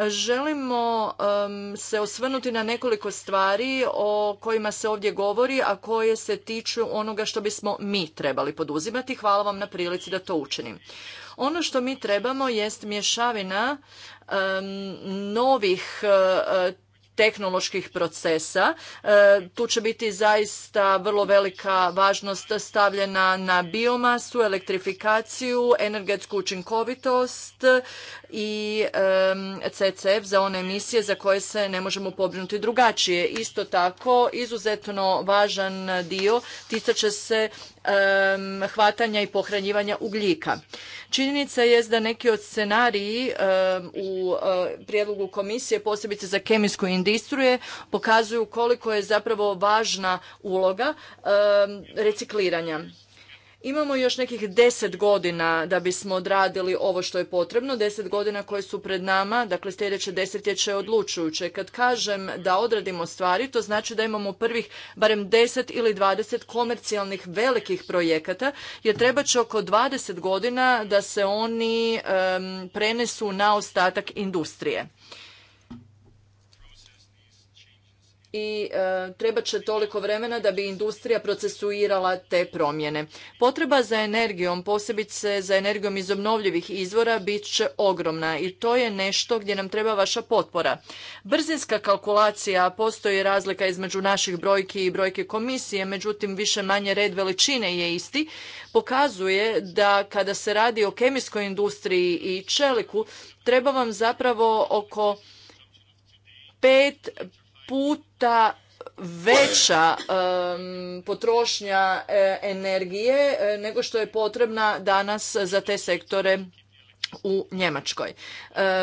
Želimo se osvrnuti na nekoliko stvari o kojima se ovdje govori, a koje se tiču onoga što bismo mi trebali poduzimati. Hvala vam na prilici da to učinim. Ono što mi trebamo jest mješavina novih e, tehnoloških procesa. E, tu će biti zaista vrlo velika važnost stavljena na biomasu, elektrifikaciju, energetsku učinkovitost, i CCF e za one emisije za koje se ne možemo pobrinuti drugačije. Isto tako, izuzetno važan dio tiče se hvatanja i pohranjivanja ugljika. Činjenica je da neki od scenariji u e, prijedlogu komisije, posebice za kemijsku industriju, pokazuju koliko je zapravo važna uloga recikliranja. Imamo još nekih deset godina da bismo odradili ovo što je potrebno, deset godina koje su pred nama, dakle sljedeće desetljeće je odlučujuće. Kad kažem da odradimo stvari, to znači da imamo prvih barem deset ili dvadeset komercijalnih velikih projekata, jer treba će oko dvadeset godina da se oni prenesu na ostatak industrije. i e, treba će toliko vremena da bi industrija procesuirala te promjene. Potreba za energijom, posebice za energijom iz obnovljivih izvora, bit će ogromna i to je nešto gdje nam treba vaša potpora. Brzinska kalkulacija, postoji razlika između naših brojki i brojke komisije, međutim više manje red veličine je isti, pokazuje da kada se radi o kemijskoj industriji i čeliku, treba vam zapravo oko pet puta veća potrošnja e, energije e, nego što je potrebna danas za te sektore u Njemačkoj. E,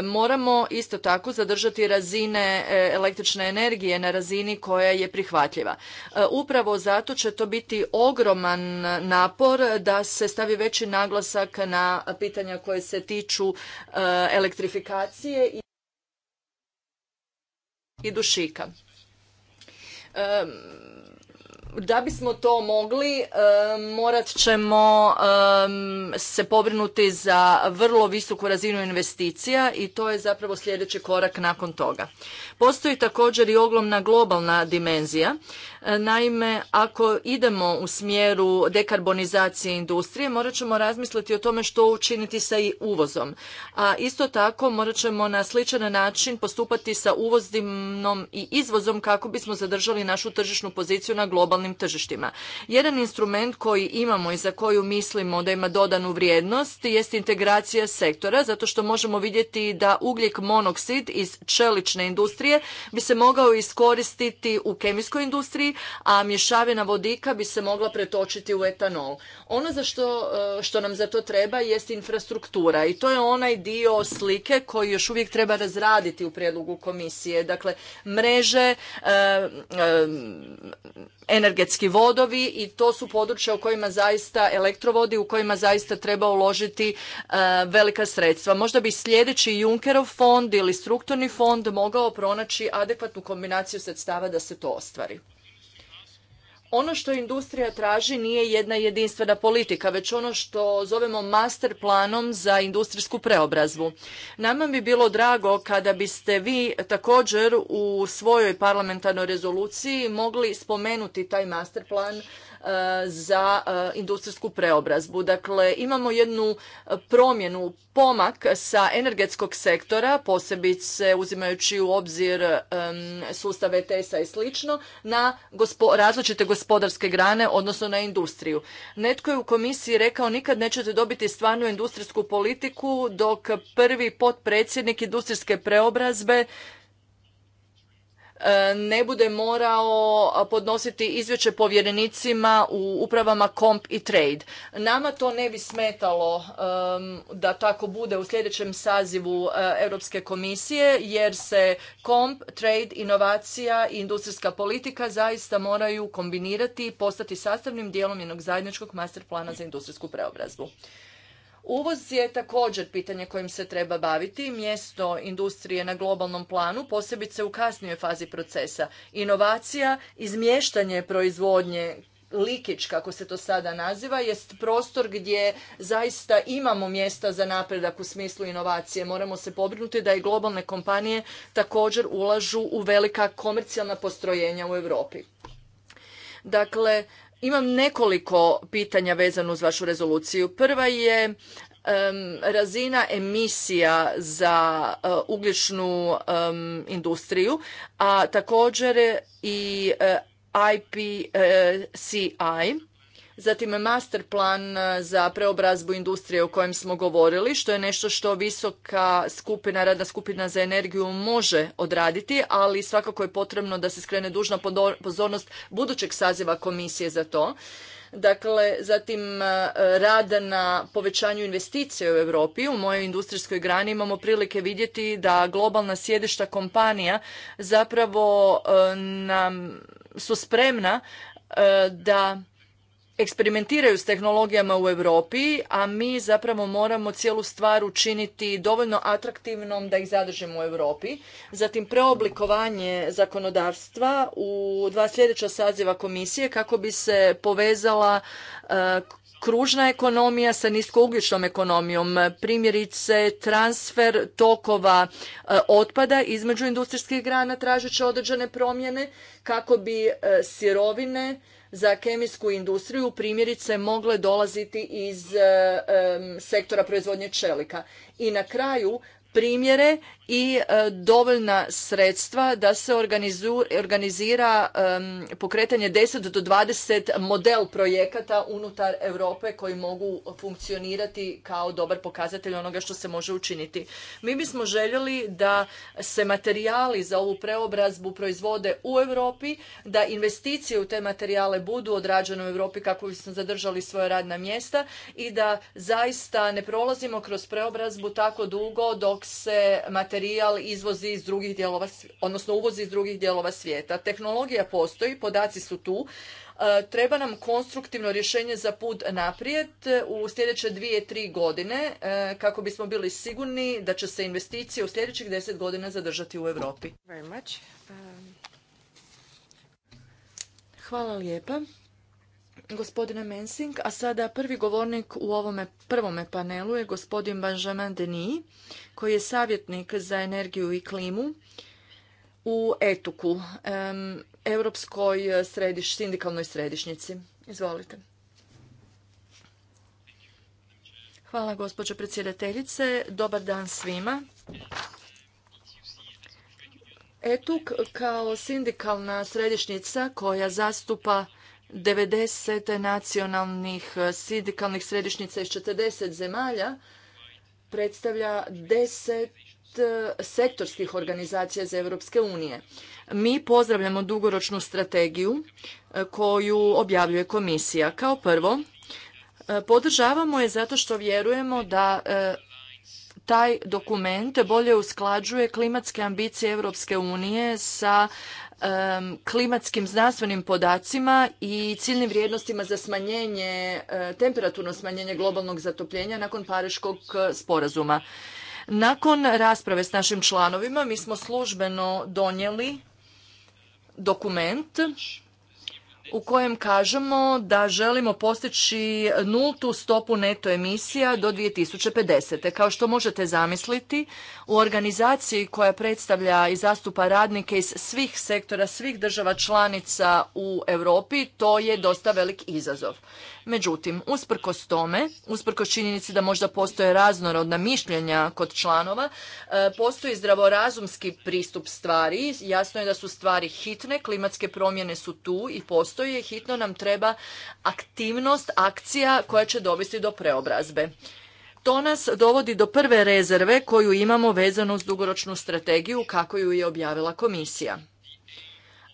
moramo isto tako zadržati razine električne energije na razini koja je prihvatljiva. upravo zato će to biti ogroman napor da se stavi veći naglasak na pitanja koje se tiču elektrifikacije i i dušika. Um, da bismo to mogli, e, morat ćemo e, se pobrinuti za vrlo visoku razinu investicija i to je zapravo sljedeći korak nakon toga. Postoji također i ogromna globalna dimenzija. E, naime, ako idemo u smjeru dekarbonizacije industrije, morat ćemo razmisliti o tome što učiniti sa i uvozom. A isto tako morat ćemo na sličan način postupati sa uvoznim i izvozom kako bismo zadržali našu tržišnu poziciju na globalnim globalnim tržištima. Jedan instrument koji imamo i za koju mislimo da ima dodanu vrijednost jest integracija sektora, zato što možemo vidjeti da ugljik monoksid iz čelične industrije bi se mogao iskoristiti u kemijskoj industriji, a mješavina vodika bi se mogla pretočiti u etanol. Ono za što, e, što nam za to treba jest infrastruktura i to je onaj dio slike koji još uvijek treba razraditi u prijedlogu komisije. Dakle, mreže, e, e, energetski vodovi i to su područja u kojima zaista elektrovodi, u kojima zaista treba uložiti e, velika sredstva. Možda bi sljedeći Junkerov fond ili strukturni fond mogao pronaći adekvatnu kombinaciju sredstava da se to ostvari ono što industrija traži nije jedna jedinstvena politika, već ono što zovemo master planom za industrijsku preobrazbu. Nama bi bilo drago kada biste vi također u svojoj parlamentarnoj rezoluciji mogli spomenuti taj master plan E, za e, industrijsku preobrazbu. Dakle, imamo jednu promjenu, pomak sa energetskog sektora, posebice uzimajući u obzir sustav ETS-a i slično, na različite gospodarske grane, odnosno na industriju. Netko je u komisiji rekao nikad nećete dobiti stvarnu industrijsku politiku dok prvi potpredsjednik industrijske preobrazbe E, ne bude morao podnositi izvješće povjerenicima u upravama Comp i Trade. Nama to ne bi smetalo da tako bude u sljedećem sazivu e, Europske komisije jer se Comp, Trade, inovacija i industrijska politika zaista moraju kombinirati i postati sastavnim dijelom jednog zajedničkog master plana za industrijsku preobrazbu. Uvoz je također pitanje kojim se treba baviti, mjesto industrije na globalnom planu, posebice u kasnijoj fazi procesa. Inovacija, izmještanje proizvodnje Likić, kako se to sada naziva, jest prostor gdje zaista imamo mjesta za napredak u smislu inovacije. Moramo se pobrinuti da i globalne kompanije također ulažu u velika komercijalna postrojenja u Europi. Dakle, imam nekoliko pitanja vezano uz vašu rezoluciju. Prva je razina emisija za e, ugljičnu industriju, a također i IPCI e, Zatim master plan e, za preobrazbu industrije o kojem smo govorili, što je nešto što visoka skupina, radna skupina za energiju može odraditi, ali svakako je potrebno da se skrene dužna pozornost budućeg saziva komisije za to. Dakle, zatim e, rada na povećanju investicije u Europi. U mojoj industrijskoj grani imamo prilike vidjeti da globalna sjedišta kompanija zapravo e, nam su spremna da eksperimentiraju s tehnologijama u Europi, a mi zapravo moramo cijelu stvar učiniti dovoljno atraktivnom da ih zadržimo u Europi. Zatim preoblikovanje zakonodavstva u dva sljedeća saziva komisije kako bi se povezala e, kružna ekonomija sa niskougljičnom ekonomijom, primjerice transfer tokova e, otpada između industrijskih grana tražeći određene promjene kako bi e, sirovine za kemijsku industriju primjerice mogle dolaziti iz eh, sektora proizvodnje čelika. I na kraju primjere i e, dovoljna sredstva da se organizira pokretanje 10 do 20 model projekata unutar Europe koji mogu funkcionirati kao dobar pokazatelj onoga što se može učiniti. Mi bismo željeli da se materijali za ovu preobrazbu proizvode u Europi, da investicije u te materijale budu odrađene u Europi kako bismo zadržali svoje radna mjesta i da zaista ne prolazimo kroz preobrazbu tako dugo dok se materijali materijal izvozi odnosno uvozi iz drugih dijelova svijeta. Tehnologija postoji, podaci su tu. E, treba nam konstruktivno rješenje za put naprijed u sljedeće dvije, tri godine e, kako bismo bili sigurni da će se investicije u sljedećih deset godina zadržati u Europi. Um, Hvala lijepa gospodine Mensing, a sada prvi govornik u ovome prvome panelu je gospodin Benjamin Denis, koji je savjetnik za energiju i klimu u Etuku, Europskoj sindikalnoj središnjici. Izvolite. Hvala gospođo predsjedateljice. Dobar dan svima. Etuk kao sindikalna središnjica koja zastupa 90 nacionalnih eh, sindikalnih središnjica iz 40 zemalja predstavlja 10 eh, sektorskih organizacija za Europske unije. Mi pozdravljamo dugoročnu strategiju eh, koju objavljuje komisija. Kao prvo, podržavamo je zato što vjerujemo da taj dokument bolje usklađuje klimatske ambicije Europske unije sa klimatskim znanstvenim podacima i ciljnim vrijednostima za smanjenje, e, temperaturno smanjenje globalnog zatopljenja nakon Pariškog e, sporazuma. Nakon rasprave s našim članovima mi smo službeno donijeli dokument u kojem kažemo da želimo postići nultu stopu neto emisija do 2050. Kao što možete zamisliti, u organizaciji koja predstavlja i zastupa radnike iz svih sektora, svih država članica u Europi, to je dosta velik izazov. Međutim, usprkos tome, usprkos činjenici da možda postoje raznorodna mišljenja kod članova, e, postoji zdravorazumski pristup stvari. Jasno je da su stvari hitne, klimatske promjene su tu i postoje postoji je hitno nam treba aktivnost, akcija koja će dovesti do preobrazbe. To nas dovodi do prve rezerve koju imamo vezano uz dugoročnu strategiju kako ju je objavila komisija.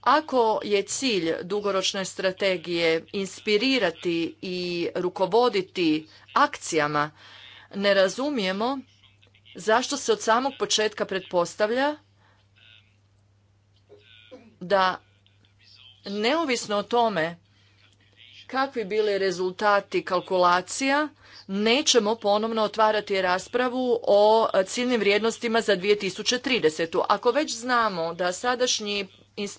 Ako je cilj dugoročne strategije inspirirati i rukovoditi akcijama, ne razumijemo zašto se od samog početka pretpostavlja da neovisno o tome kakvi bili rezultati kalkulacija, nećemo ponovno otvarati raspravu o ciljnim vrijednostima za 2030. Ako već znamo da sadašnji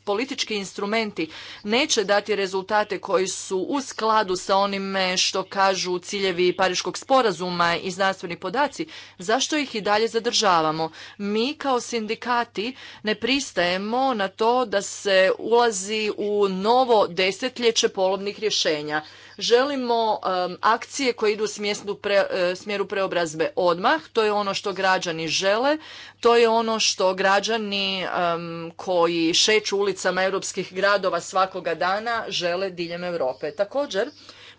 politički instrumenti neće dati rezultate koji su u skladu sa onime što kažu ciljevi Pariškog sporazuma i znanstveni podaci, zašto ih i dalje zadržavamo? Mi kao sindikati ne pristajemo na to da se ulazi u novo desetljeće polovnih rješenja. Želimo akcije koje idu u e, smjeru preobrazbe odmah. To je ono što građani žele. To je ono što građani koji šeću ulicama europskih gradova svakoga dana žele diljem Europe. Također,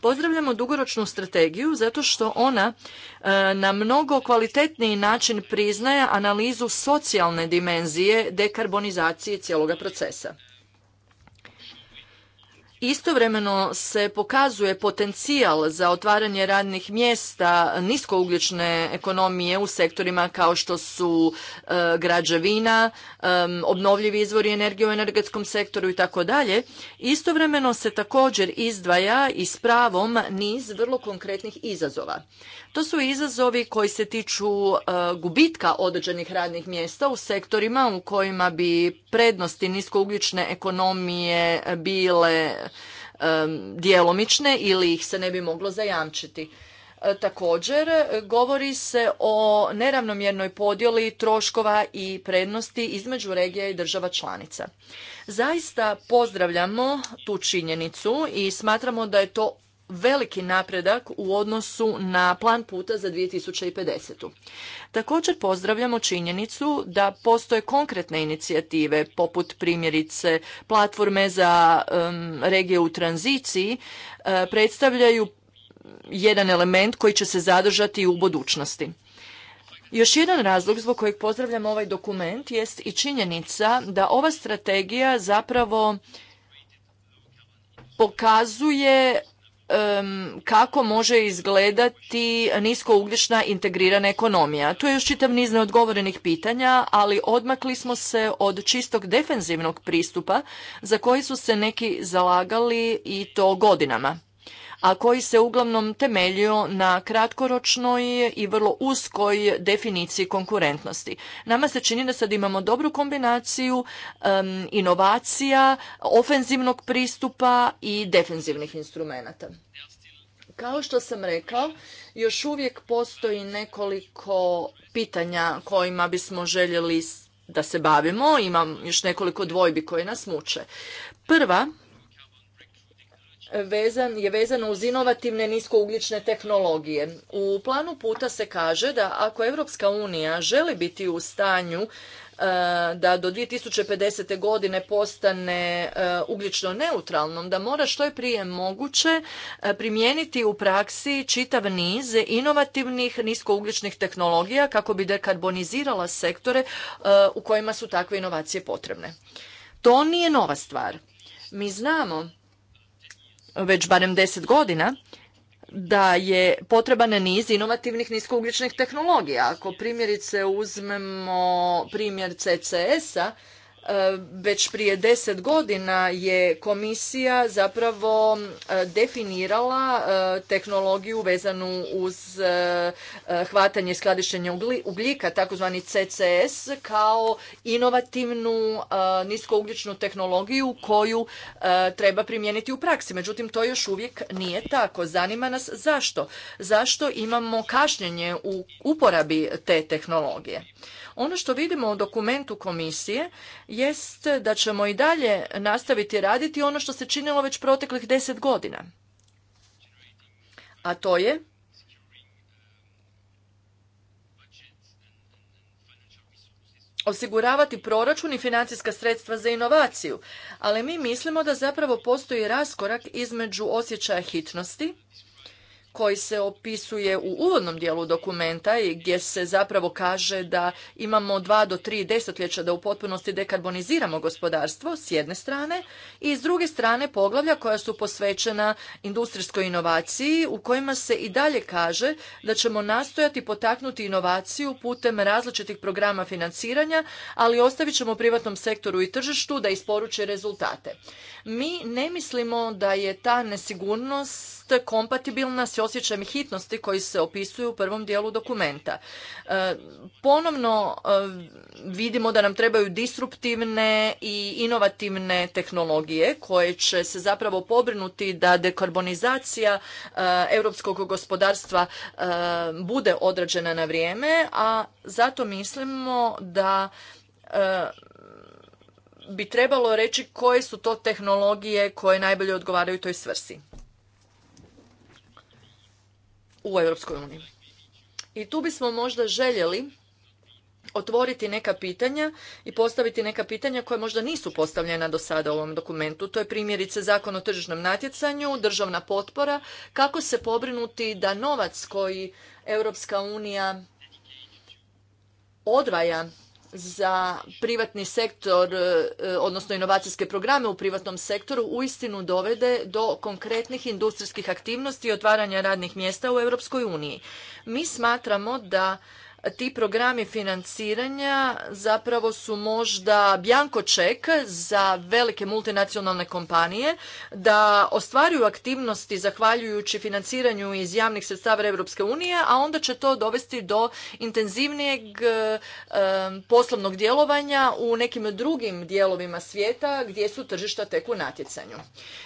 Pozdravljamo dugoročnu strategiju zato što ona e, na mnogo kvalitetniji način priznaje analizu socijalne dimenzije dekarbonizacije cijeloga procesa. Istovremeno se pokazuje potencijal za otvaranje radnih mjesta niskougljične ekonomije u sektorima kao što su e, građevina, e, obnovljivi izvori energije u energetskom sektoru i tako dalje. Istovremeno se također izdvaja i s pravom niz vrlo konkretnih izazova. To su izazovi koji se tiču e, gubitka određenih radnih mjesta u sektorima u kojima bi prednosti niskougljične ekonomije bile djelomične ili ih se ne bi moglo zajamčiti. E, također, govori se o neravnomjernoj podjeli troškova i prednosti između regija i država članica. Zaista pozdravljamo tu činjenicu i smatramo da je to veliki napredak u odnosu na plan puta za 2050. Također pozdravljamo činjenicu da postoje konkretne inicijative poput primjerice platforme za regije u tranziciji e, predstavljaju jedan element koji će se zadržati u budućnosti. Još jedan razlog zbog kojeg pozdravljam ovaj dokument jest i činjenica da ova strategija zapravo pokazuje kako može izgledati niskougljična integrirana ekonomija. Tu je još čitav niz neodgovorenih pitanja, ali odmakli smo se od čistog defenzivnog pristupa za koji su se neki zalagali i to godinama a koji se uglavnom temeljio na kratkoročnoj i vrlo uskoj definiciji konkurentnosti. Nama se čini da sad imamo dobru kombinaciju inovacija, ofenzivnog pristupa i defenzivnih instrumenata. Kao što sam rekao, još uvijek postoji nekoliko pitanja kojima bismo željeli da se bavimo. Imam još nekoliko dvojbi koje nas muče. Prva je vezano uz inovativne niskougljične tehnologije. U planu puta se kaže da ako Europska unija želi biti u stanju e, da do 2050. godine postane e, ugljično neutralnom, da mora što je prije moguće e, primijeniti u praksi čitav niz inovativnih niskougljičnih tehnologija kako bi dekarbonizirala sektore u kojima su takve inovacije potrebne. To nije nova stvar. Mi znamo već barem 10 godina da je potreban niz inovativnih niskougljičnih tehnologija. Ako primjerice uzmemo primjer CCS-a, E, već prije deset godina je komisija zapravo e, definirala e, tehnologiju vezanu uz hvatanje i skladištenje ugljika, takozvani CCS, kao inovativnu niskougljičnu tehnologiju koju treba primijeniti u praksi. Međutim, to još uvijek nije tako. Zanima nas zašto? Zašto imamo kašnjenje u uporabi te tehnologije? Ono što vidimo u dokumentu komisije jest da ćemo i dalje nastaviti raditi ono što se činilo već proteklih deset godina. A to je osiguravati proračun i financijska sredstva za inovaciju, ali mi mislimo da zapravo postoji raskorak između osjećaja hitnosti koji se opisuje u uvodnom dijelu dokumenta i gdje se zapravo kaže da imamo dva do tri desetljeća da u potpunosti dekarboniziramo gospodarstvo s jedne strane i s druge strane poglavlja koja su posvećena industrijskoj inovaciji u kojima se i dalje kaže da ćemo nastojati potaknuti inovaciju putem različitih programa financiranja, ali ostavit ćemo privatnom sektoru i tržištu da isporuče rezultate. Mi ne mislimo da je ta nesigurnost kompatibilna s Osjećam hitnosti koji se opisuju u prvom dijelu dokumenta. E, ponovno e, vidimo da nam trebaju disruptivne i inovativne tehnologije koje će se zapravo pobrinuti da dekarbonizacija e, europskog gospodarstva bude odrađena na vrijeme, a zato mislimo da bi trebalo reći koje su to tehnologije koje najbolje odgovaraju toj svrsi u Europskoj uniji. I tu bismo možda željeli otvoriti neka pitanja i postaviti neka pitanja koja možda nisu postavljena do sada u ovom dokumentu. To je primjerice zakon o tržišnom natjecanju, državna potpora, kako se pobrinuti da novac koji Europska unija odvaja za privatni sektor, e, odnosno inovacijske programe u privatnom sektoru, uistinu dovede do konkretnih industrijskih aktivnosti i otvaranja radnih mjesta u Europskoj uniji. Mi smatramo da ti programi financiranja zapravo su možda bjanko ček za velike multinacionalne kompanije da ostvaruju aktivnosti zahvaljujući financiranju iz javnih sredstava Europske unije, a onda će to dovesti do intenzivnijeg poslovnog djelovanja u nekim drugim dijelovima svijeta gdje su tržišta tek u natjecanju.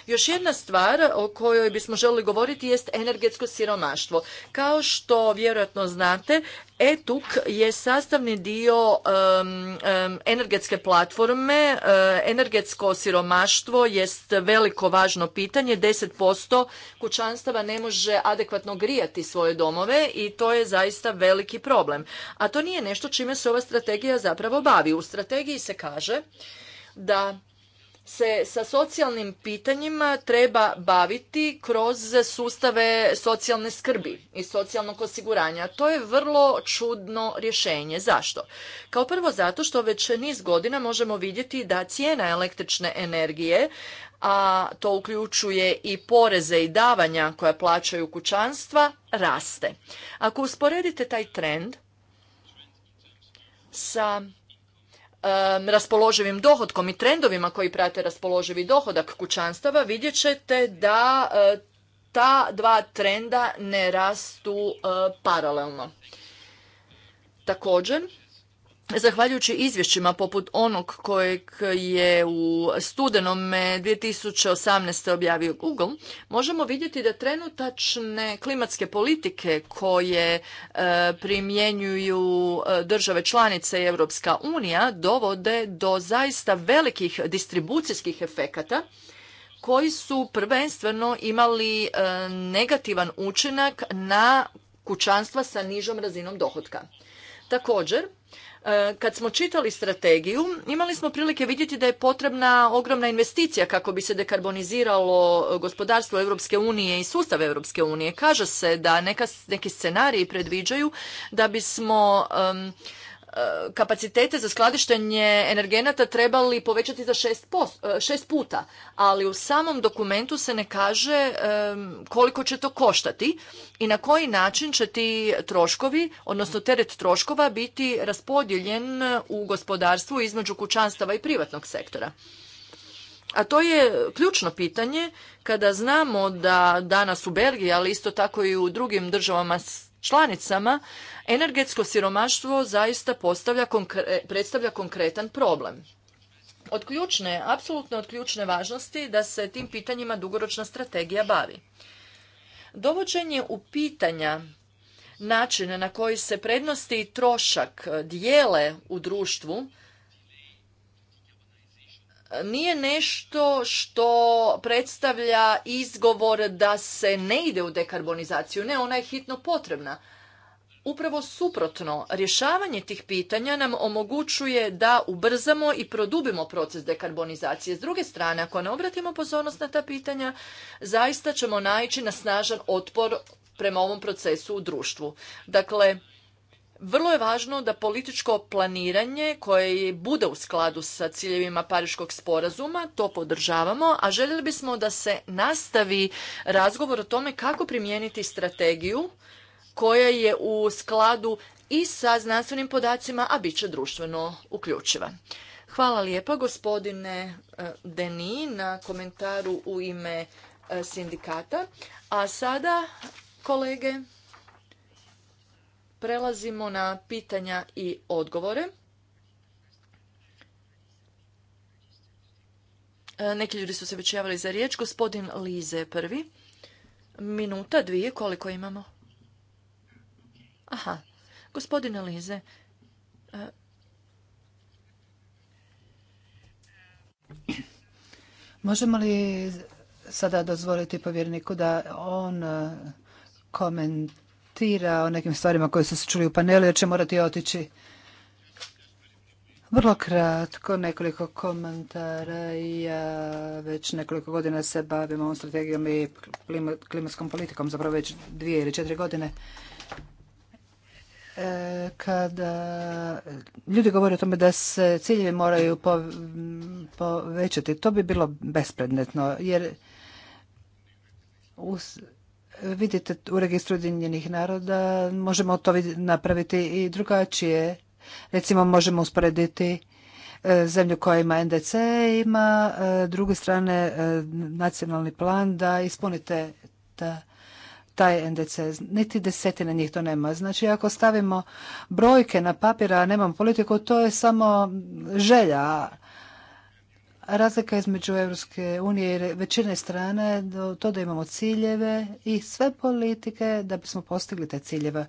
Još jedna stvar o kojoj bismo želili govoriti jest energetsko siromaštvo. Kao što vjerojatno znate, ETUK je sastavni dio energetske platforme. E, energetsko siromaštvo jest veliko važno pitanje. 10% kućanstava ne može adekvatno grijati svoje domove i to je zaista veliki problem. A to nije nešto čime se ova strategija zapravo bavi. U strategiji se kaže da se sa socijalnim pitanjima treba baviti kroz sustave socijalne skrbi i socijalnog osiguranja. To je vrlo čudno rješenje. Zašto? Kao prvo zato što već niz godina možemo vidjeti da cijena električne energije a to uključuje i poreze i davanja koja plaćaju kućanstva, raste. Ako usporedite taj trend sa raspoloživim dohodkom i trendovima koji prate raspoloživi dohodak kućanstava vidjet ćete da e, ta dva trenda ne rastu e, paralelno. Također, Zahvaljujući izvješćima poput onog kojeg je u studenome 2018. objavio Google, možemo vidjeti da trenutačne klimatske politike koje e, primjenjuju e, države članice i Europska unija dovode do zaista velikih distribucijskih efekata koji su prvenstveno imali e, negativan učinak na kućanstva sa nižom razinom dohotka. Također, E, kad smo čitali strategiju, imali smo prilike vidjeti da je potrebna ogromna investicija kako bi se dekarboniziralo gospodarstvo Europske unije i sustav Europske unije. Kaže se da neki scenariji predviđaju da bismo E, kapacitete za skladištenje energenata trebali povećati za e, šest, puta, ali u samom dokumentu se ne kaže koliko će to koštati i na koji način će ti troškovi, odnosno teret troškova biti raspodijeljen u gospodarstvu između kućanstava i privatnog sektora. A to je ključno pitanje kada znamo da danas u Belgiji, ali isto tako i u drugim državama članicama energetsko siromaštvo zaista predstavlja konkretan problem. Od apsolutno od ključne važnosti da se tim pitanjima dugoročna strategija bavi. Dovođenje u pitanja načina na koji se prednosti i trošak dijele u društvu nije nešto što predstavlja izgovor da se ne ide u dekarbonizaciju. Ne, ona je hitno potrebna. Upravo suprotno, rješavanje tih pitanja nam omogućuje da ubrzamo i produbimo proces dekarbonizacije. S druge strane, ako ne obratimo pozornost na ta pitanja, zaista ćemo naići na snažan otpor prema ovom procesu u društvu. Dakle, vrlo je važno da političko planiranje koje bude u skladu sa ciljevima Pariškog sporazuma, to podržavamo, a željeli bismo da se nastavi razgovor o tome kako primijeniti strategiju koja je u skladu i sa znanstvenim podacima, a bit će društveno uključiva. Hvala lijepa gospodine e, Deni na komentaru u ime e, sindikata. A sada, kolege, Prelazimo na pitanja i odgovore. E, neki ljudi su se već javili za riječ. Gospodin Lize prvi. Minuta, dvije, koliko imamo? Aha, gospodine Lize. E, Možemo li sada dozvoliti povjerniku da on e, komentira o nekim stvarima koje su se čuli u panelu jer će morati otići. Vrlo kratko, nekoliko komentara. Ja već nekoliko godina se bavim ovom strategijom i klimatskom politikom, zapravo već dvije ili četiri godine. E, kada ljudi govore o tome da se ciljevi moraju povećati, to bi bilo bespredmetno, jer vidite u registru Ujedinjenih naroda, možemo to napraviti i drugačije. Recimo možemo usporediti e, zemlju koja ima NDC, ima e, druge strane e, nacionalni plan da ispunite ta taj NDC. Niti desetina njih to nema. Znači, ako stavimo brojke na papira, a nemamo politiku, to je samo želja razlika između Europske unije i većine strane je to da imamo ciljeve i sve politike da bismo postigli te ciljeve.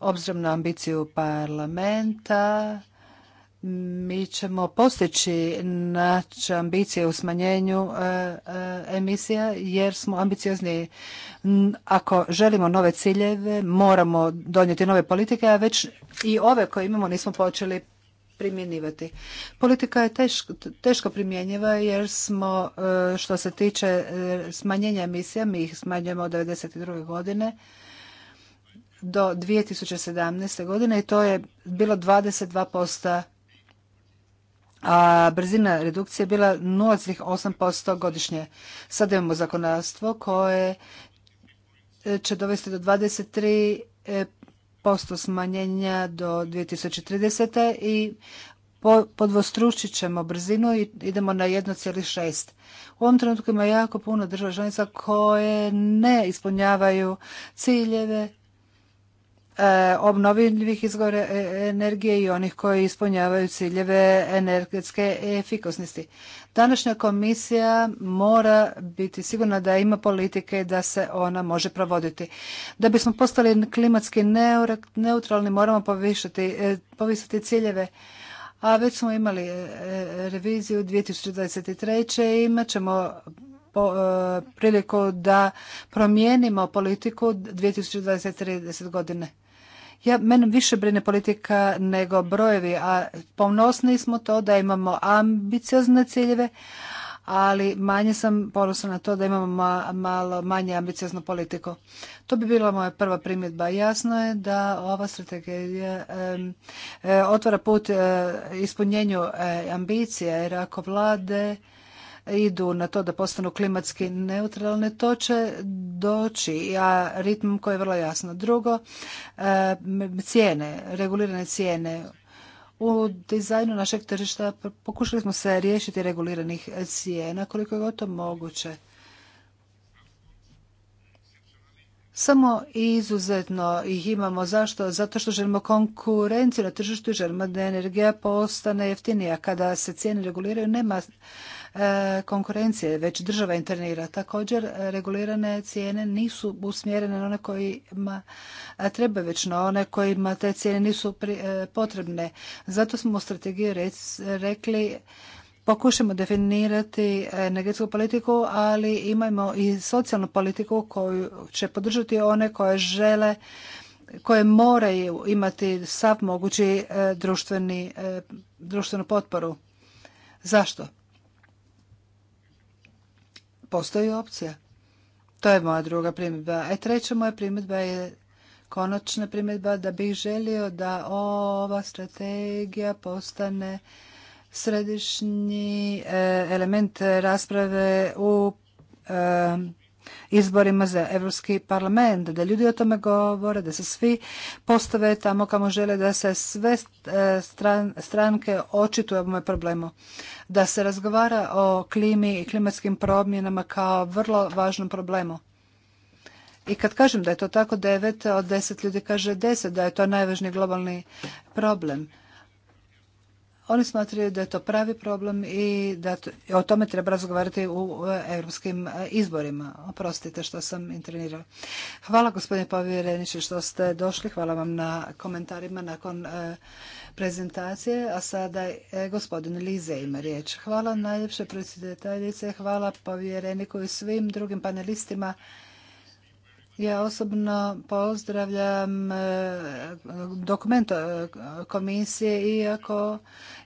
Obzirom na ambiciju parlamenta, mi ćemo postići naše ambicije u smanjenju e, e, emisija jer smo ambiciozni. Ako želimo nove ciljeve, moramo donijeti nove politike, a već i ove koje imamo nismo počeli primjenjivati. Politika je teško, teško primjenjiva jer smo e, što se tiče e, smanjenja emisija, mi ih smanjujemo od 1992. godine do 2017. godine i to je bilo 22%, a brzina redukcije je bila 0,8% godišnje. Sada imamo zakonavstvo koje e, će dovesti do 23 posto smanjenja do 2030. i podvostručit ćemo brzinu i idemo na 1,6. U ovom trenutku ima jako puno država članica koje ne ispunjavaju ciljeve E, obnovljivih izvora e, energije i onih koji ispunjavaju ciljeve energetske efikosnosti. Današnja komisija mora biti sigurna da ima politike da se ona može provoditi. Da bismo postali klimatski neutralni moramo povišati, e, povisati ciljeve a već smo imali reviziju 2023. imat ćemo E, priliku da promijenimo politiku 2020-30 godine. Ja, mene više brine politika nego brojevi, a ponosni smo to da imamo ambiciozne ciljeve, ali manje sam ponosna na to da imamo malo manje ambicioznu politiku. To bi bila moja prva primjedba. Jasno je da ova strategija e, otvara put e, ispunjenju e, ambicija, jer ako vlade idu na to da postanu klimatski neutralne, to će doći, a ritm koji je vrlo jasno. Drugo, e, cijene, regulirane cijene u dizajnu našeg tržišta pokušali smo se riješiti reguliranih cijena koliko je to moguće. Samo izuzetno ih imamo. Zašto? Zato što želimo konkurenciju na tržištu i želimo da energija postane jeftinija. Kada se cijene reguliraju, nema E, konkurencije, već država internira. Također, e, regulirane cijene nisu usmjerene na one kojima treba, već na one kojima te cijene nisu e, potrebne. Zato smo u strategiji rekli pokušamo definirati energetsku politiku, ali imamo i socijalnu politiku koju će podržati one koje žele koje moraju imati sav mogući društveni, društvenu potporu. Zašto? postoji opcija. To je moja druga primjedba. E treća moja primjedba je konačna primjedba da bih želio da ova strategija postane središnji e, element rasprave u e, izborima za Europski parlament, da ljudi o tome govore, da se svi postave tamo kamo žele, da se sve e, stran, stranke očituju ovome problemu, da se razgovara o klimi i klimatskim promjenama kao vrlo važnom problemu. I kad kažem da je to tako, devet od deset ljudi kaže deset da je to najvažniji globalni problem. Oni smatraju da je to pravi problem i da o tome treba razgovarati u europskim e, izborima. Oprostite što sam intervenirala. Hvala gospodine povjereniče što ste došli. Hvala vam na komentarima nakon e, prezentacije. A sada je gospodin Lize ima riječ. Hvala najljepše predsjedateljice. Hvala povjereniku i svim drugim panelistima ja osobno pozdravljam eh, dokument eh, komisije, iako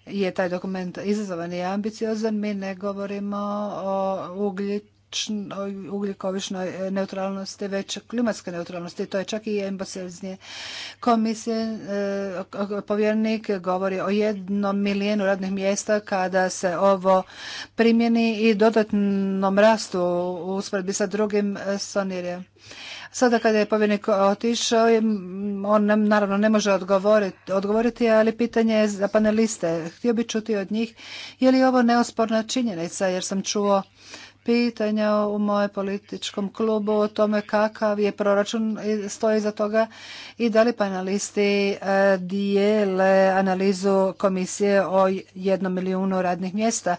je taj dokument izazovan i ambiciozan, mi ne govorimo o ugljikovičnoj ugljikovišnoj neutralnosti, već klimatske neutralnosti. To je čak i emboselznije Komisije, eh, povjernik govori o jednom milijenu radnih mjesta kada se ovo primjeni i dodatnom rastu usporedbi sa drugim sonirjem. Sada kada je povjerenik otišao, on nam naravno ne može odgovoriti, ali pitanje je za paneliste. Htio bi čuti od njih je li ovo neosporna činjenica, jer sam čuo pitanja u mojem političkom klubu o tome kakav je proračun stoji za toga i da li panelisti e, dijele analizu komisije o jednom milijunu radnih mjesta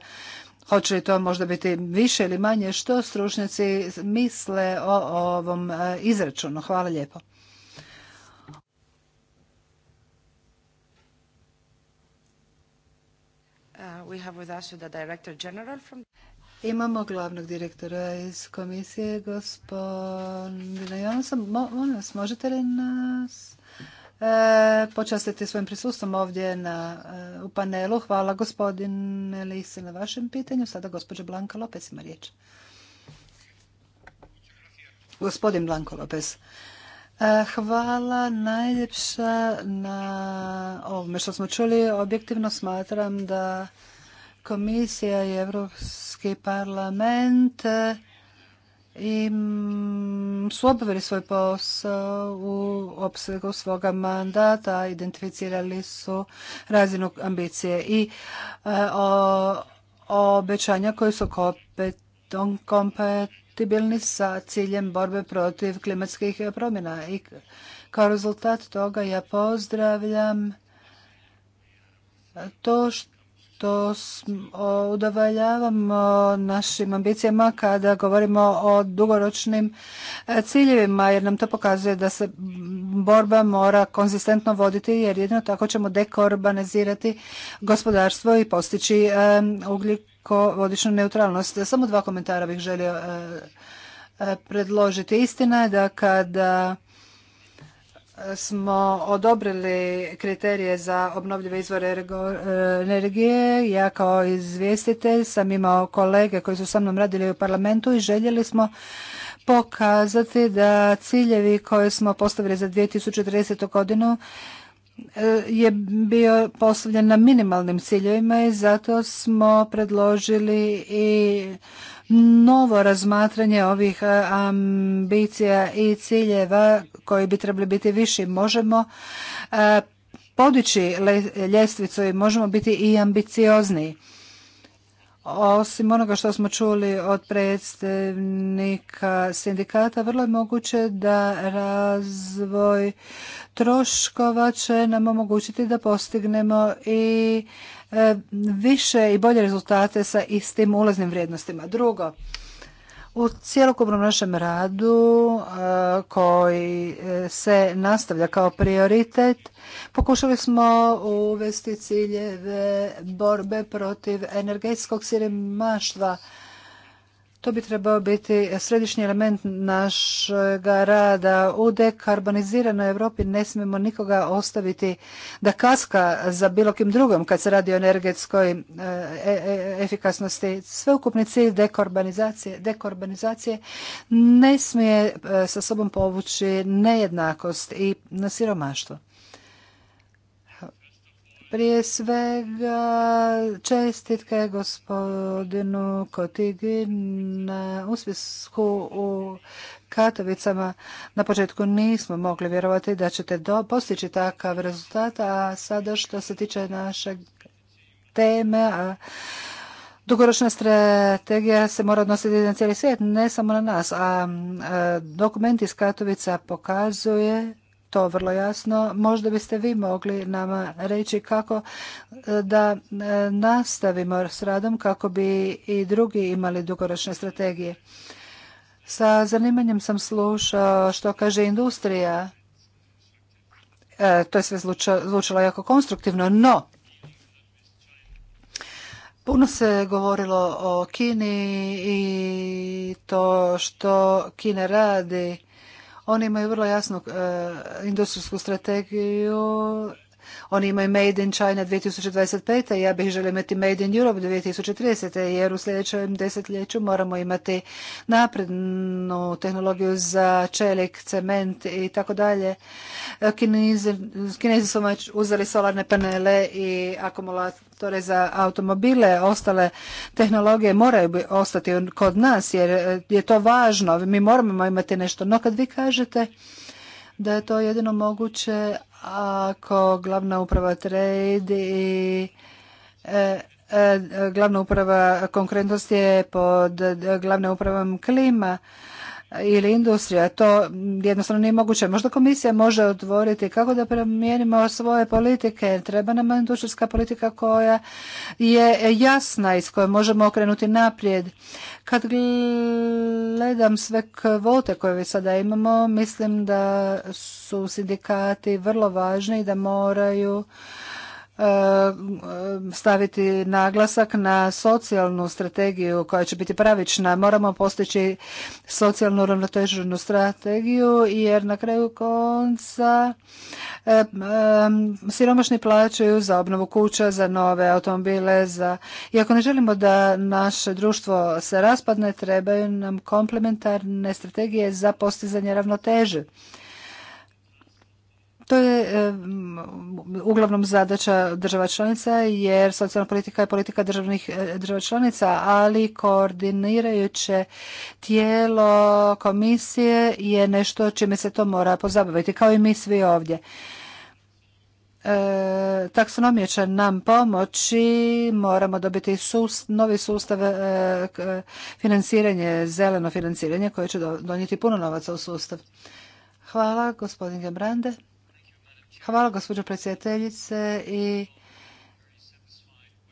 Hoće li to možda biti više ili manje? Što stručnjaci misle o ovom e, izračunu? Hvala lijepo. Uh, Imamo glavnog direktora iz komisije, gospodina Jonasa. Molim vas, možete li nas E, počastiti svojim prisustvom ovdje na, e, u panelu. Hvala gospodine Lisi na vašem pitanju. Sada gospođa Blanka Lopez ima riječ. Gospodin Blanko Lopez. E, hvala najljepša na ovome što smo čuli. Objektivno smatram da komisija i Europski parlament i mm, su obavili svoj posao u opsegu svoga mandata, identificirali su razinu ambicije i e, obećanja koji su kompatibilni sa ciljem borbe protiv klimatskih promjena. I kao rezultat toga ja pozdravljam to što to udovoljavamo našim ambicijama kada govorimo o dugoročnim e, ciljevima jer nam to pokazuje da se borba mora konzistentno voditi jer jedino tako ćemo dekorbanizirati gospodarstvo i postići e, ugljikovodičnu neutralnost. Samo dva komentara bih želio e, predložiti. Istina je da kada smo odobrili kriterije za obnovljive izvore eh, energije. Ja kao izvjestitelj sam imao kolege koji su sa mnom radili u parlamentu i željeli smo pokazati da ciljevi koje smo postavili za 2030. godinu eh, je bio postavljen na minimalnim ciljevima i zato smo predložili i novo razmatranje ovih e, ambicija i ciljeva koji bi trebali biti viši. Možemo e, podići ljestvicu i možemo biti i ambiciozniji. Osim onoga što smo čuli od predstavnika sindikata, vrlo je moguće da razvoj troškova će nam omogućiti da postignemo i E, više i bolje rezultate sa istim ulaznim vrijednostima. Drugo, u cjelokupnom našem radu e, koji e, se nastavlja kao prioritet pokušali smo uvesti ciljeve borbe protiv energetskog siromaštva to bi trebao biti središnji element našega rada. U dekarboniziranoj Europi ne smijemo nikoga ostaviti da kaska za bilo kim drugom kad se radi o energetskoj eh, e, e, efikasnosti. Sveukupni cilj dekarbonizacije, dekarbonizacije ne smije eh, sa sobom povući nejednakost i na siromaštvo. Prije svega čestitke gospodinu Kotigi na uspjesku u Katovicama. Na početku nismo mogli vjerovati da ćete postići takav rezultat, a sada što se tiče naše teme, a Dugoročna strategija se mora odnositi na cijeli svijet, ne samo na nas, a dokument iz Katovica pokazuje to vrlo jasno. Možda biste vi mogli nama reći kako e, da e, nastavimo s radom kako bi i drugi imali dugoročne strategije. Sa zanimanjem sam slušao što kaže industrija. E, to je sve zvučalo jako konstruktivno, no Puno se govorilo o Kini i to što Kina radi oni imaju vrlo jasnu e, industrijsku strategiju oni imaju Made in China 2025. Ja bih želio imati Made in Europe 2030. Jer u sljedećem desetljeću moramo imati naprednu tehnologiju za čelik, cement i tako dalje. Kinezi su uzeli solarne panele i akumulator je za automobile, ostale tehnologije moraju ostati kod nas jer e, je to važno, mi moramo imati nešto. No kad vi kažete da je to jedino moguće ako glavna uprava trade i e, e, glavna uprava konkurentnosti je pod glavnom upravom klima, ili industrija. To jednostavno nije moguće. Možda komisija može otvoriti kako da promijenimo svoje politike. Treba nam industrijska politika koja je jasna i s kojom možemo okrenuti naprijed. Kad gledam sve kvote koje sada imamo, mislim da su sindikati vrlo važni i da moraju E, staviti naglasak na socijalnu strategiju koja će biti pravična. Moramo postići socijalnu ravnoteženu strategiju jer na kraju konca e, e, siromašni plaćaju za obnovu kuća, za nove automobile. Za... I ako ne želimo da naše društvo se raspadne, trebaju nam komplementarne strategije za postizanje ravnoteže. To je e, uglavnom zadaća država članica jer socijalna politika je politika državnih e, država članica, ali koordinirajuće tijelo komisije je nešto čime se to mora pozabaviti, kao i mi svi ovdje. E, taksonomija će nam pomoći, moramo dobiti novi sustav e, financiranje, zeleno financiranje koje će donijeti puno novaca u sustav. Hvala, gospodine Brande. Hvala gospođo predsjedateljice i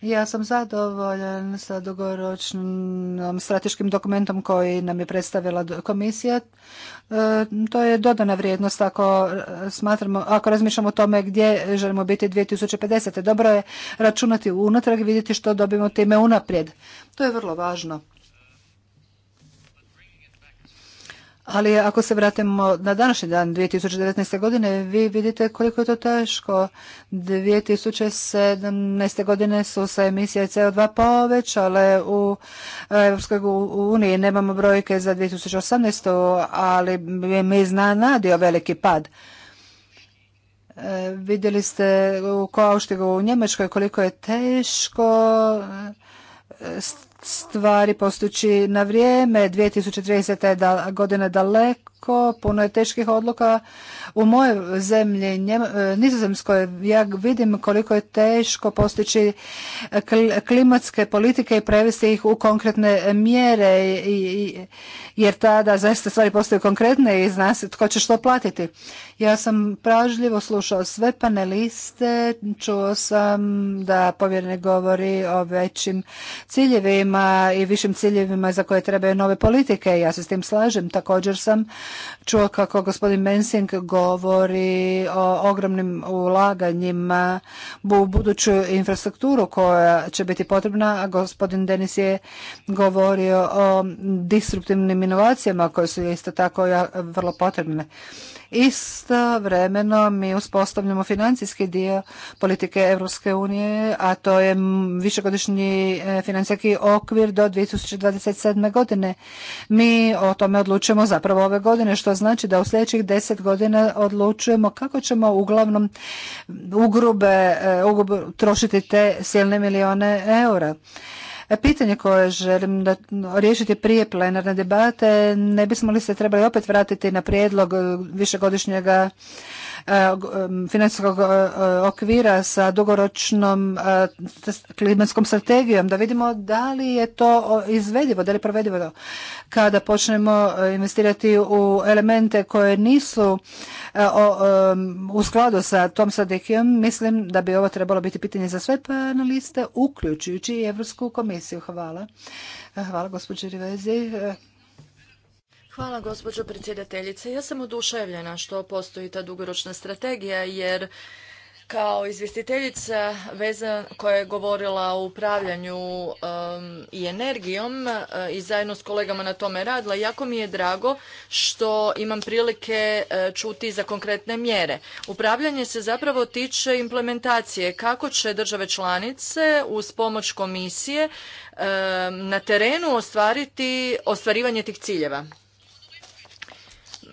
ja sam zadovoljan sa dugoročnim strateškim dokumentom koji nam je predstavila komisija. E, to je dodana vrijednost ako smatramo, ako razmišljamo o tome gdje želimo biti 2050. Dobro je računati unatrag i vidjeti što dobimo time unaprijed. To je vrlo važno. Ali ako se vratimo na današnji dan 2019. godine, vi vidite koliko je to teško. 2017. godine su se emisije CO2 povećale u Europskoj uniji. Nemamo brojke za 2018. ali mi nadio veliki pad. E, vidjeli ste u Kauštigu u Njemačkoj koliko je teško e, stvari postići na vrijeme. 2030. je godina daleko, puno je teških odluka u mojoj zemlji, e, Nizozemskoj, ja vidim koliko je teško postići e, klimatske politike i prevesti ih u konkretne mjere, jer tada zaista stvari postaju konkretne i zna se tko će što platiti. Ja sam pražljivo slušao sve paneliste, čuo sam da povjerenik govori o većim ciljevima i višim ciljevima za koje trebaju nove politike. Ja se s tim slažem. Također sam čuo kako gospodin Mensing govori govori o ogromnim ulaganjima u buduću infrastrukturu koja će biti potrebna, a gospodin Denis je govorio o disruptivnim inovacijama koje su isto tako vrlo potrebne vremeno mi uspostavljamo financijski dio politike Europske unije, a to je višegodišnji e, financijski okvir do 2027. godine. Mi o tome odlučujemo zapravo ove godine, što znači da u sljedećih deset godina odlučujemo kako ćemo uglavnom ugrube, e, ugrube trošiti te silne milijone eura pitanje koje želim da riješiti prije plenarne debate. Ne bismo li se trebali opet vratiti na prijedlog e, višegodišnjega E, financijskog e, e, okvira sa dugoročnom klimatskom strategijom, da vidimo da li je to izvedivo, da li je provedivo kada počnemo investirati u elemente koje nisu u skladu sa tom strategijom, mislim da bi ovo trebalo biti pitanje za sve paneliste, uključujući i Europsku komisiju. Hvala. Hvala gospođo Rivezi. Hvala gospođo predsjedateljice. Ja sam oduševljena što postoji ta dugoročna strategija jer kao izvjestiteljica veza koja je govorila o upravljanju um, i energijom uh, i zajedno s kolegama na tome radila, jako mi je drago što imam prilike uh, čuti za konkretne mjere. Upravljanje se zapravo tiče implementacije kako će države članice uz pomoć komisije um, na terenu ostvariti ostvarivanje tih ciljeva.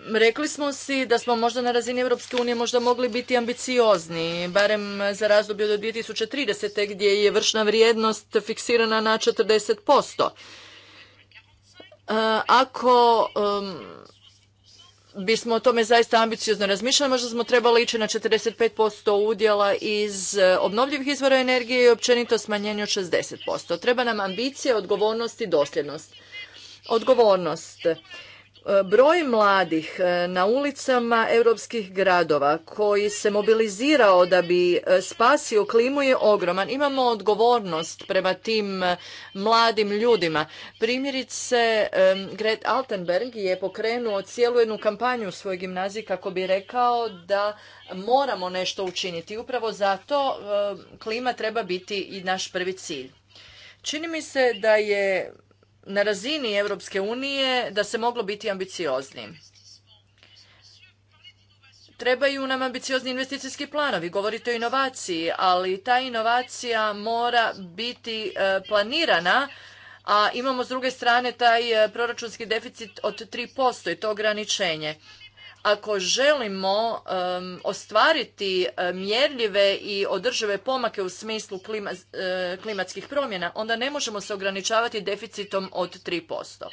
Rekli smo si da smo možda na razini Europske unije možda mogli biti ambiciozni, barem za razdoblje do 2030. gdje je vršna vrijednost fiksirana na 40%. E, ako bismo o tome zaista ambiciozno razmišljali, možda smo trebali ići na 45% udjela iz e, obnovljivih izvora energije i općenito smanjenje od 60%. Treba nam ambicija odgovornost i dosljednost. Odgovornost. E, broj mladih e, na ulicama europskih gradova koji se mobilizirao da bi e, spasio klimu je ogroman. Imamo odgovornost prema tim mladim ljudima. Primjerice, Gret Altenberg je pokrenuo cijelu jednu kampanju u svojoj gimnaziji kako bi rekao da moramo nešto učiniti. Upravo zato klima treba biti i naš prvi cilj. Čini mi se da je na razini Europske unije da se moglo biti ambicioznim. Trebaju nam ambiciozni investicijski planovi, govorite o inovaciji, ali ta inovacija mora biti e, planirana, a imamo s druge strane taj e, proračunski deficit od 3% i to ograničenje ako želimo ostvariti mjerljive i održive pomake u smislu e, klimatskih promjena, onda ne možemo se ograničavati deficitom od 3%. posto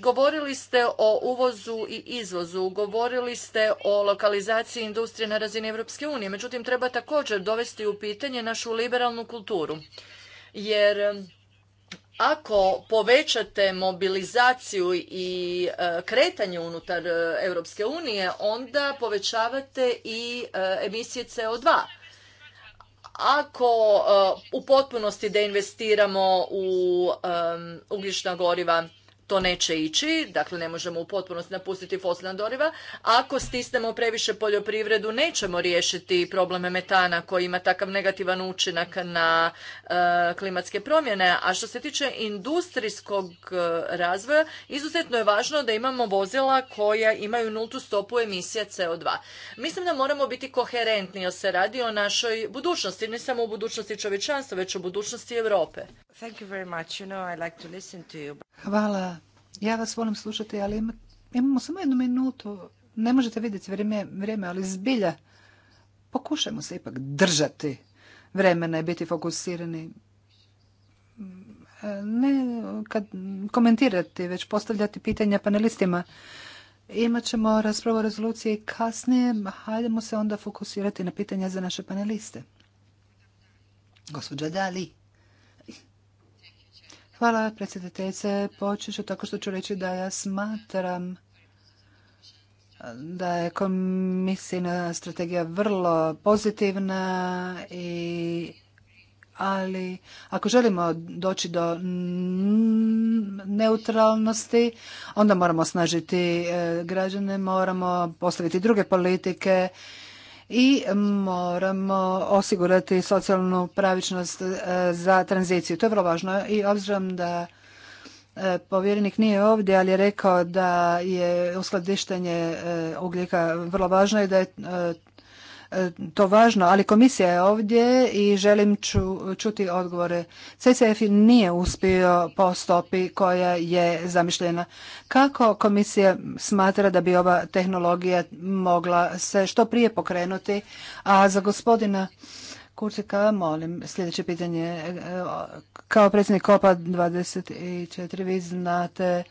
Govorili ste o uvozu i izvozu, govorili ste o lokalizaciji industrije na razini Europske unije, međutim treba također dovesti u pitanje našu liberalnu kulturu, jer ako povećate mobilizaciju i e, kretanje unutar e, Europske unije, onda povećavate i e, emisije CO2. Ako u potpunosti deinvestiramo u ugljična goriva, to neće ići, dakle ne možemo u potpunosti napustiti fosilna doriva. Ako stisnemo previše poljoprivredu, nećemo riješiti probleme metana koji ima takav negativan učinak na e, klimatske promjene. A što se tiče industrijskog e, razvoja, izuzetno je važno da imamo vozila koja imaju nultu stopu emisija CO2. Mislim da moramo biti koherentni jer se radi o našoj budućnosti, ne samo o budućnosti čovječanstva, već u budućnosti Europe. Hvala ja vas volim slušati, ali imamo samo jednu minutu. Ne možete vidjeti vrijeme, vrijeme, ali zbilja pokušajmo se ipak držati vremena i biti fokusirani. Ne kad komentirati, već postavljati pitanja panelistima. Imat ćemo raspravu o rezoluciji kasnije. Hajdemo se onda fokusirati na pitanja za naše paneliste. Gospođa Dali. Hvala predsjedateljice. Počet ću tako što ću reći da ja smatram da je komisijna strategija vrlo pozitivna i ali ako želimo doći do neutralnosti, onda moramo snažiti e, građane, moramo postaviti druge politike i moramo osigurati socijalnu pravičnost e, za tranziciju. To je vrlo važno i obzirom da e, povjerenik nije ovdje, ali je rekao da je uskladištenje e, ugljika vrlo važno i da je E, to važno, ali komisija je ovdje i želim čuti odgovore. CCF nije uspio po stopi koja je zamišljena. Kako komisija smatra da bi ova tehnologija mogla se što prije pokrenuti? A za gospodina Kurcika, molim, sljedeće pitanje. E, kao predsjednik COPA 24 vi znate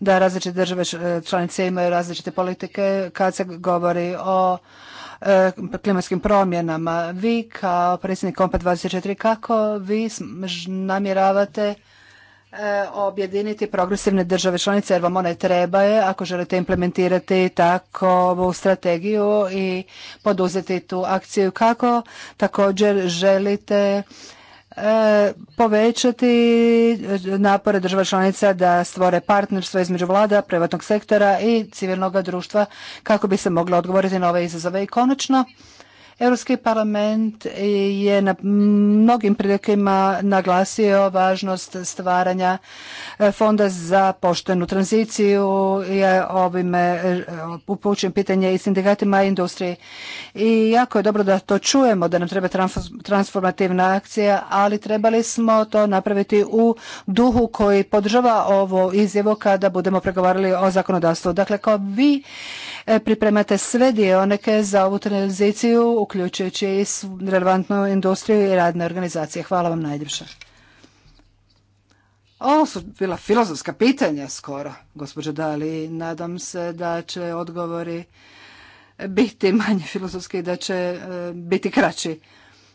da različite države e, članice imaju različite politike kad se govori o E, klimatskim promjenama. Vi kao predsjednik Kompa 24, kako vi namjeravate e, objediniti progresivne države članice jer vam one treba ako želite implementirati takovu strategiju i poduzeti tu akciju kako također želite povećati napore država članica da stvore partnerstvo između vlada, privatnog sektora i civilnog društva kako bi se moglo odgovoriti na ove izazove. I konačno, Europski parlament je na mnogim prilikama naglasio važnost stvaranja e, fonda za poštenu tranziciju i e, ovime e, upućujem pitanje i sindikatima i industriji. I jako je dobro da to čujemo, da nam treba transformativna akcija, ali trebali smo to napraviti u duhu koji podržava ovo izjevo kada budemo pregovarali o zakonodavstvu. Dakle, kao vi pripremate sve dionike za ovu tranziciju u uključujući i relevantnu industriju i radne organizacije. Hvala vam najljepše. Ovo su bila filozofska pitanja skoro, gospođo Dali. Nadam se da će odgovori biti manje filozofski i da će e, biti kraći.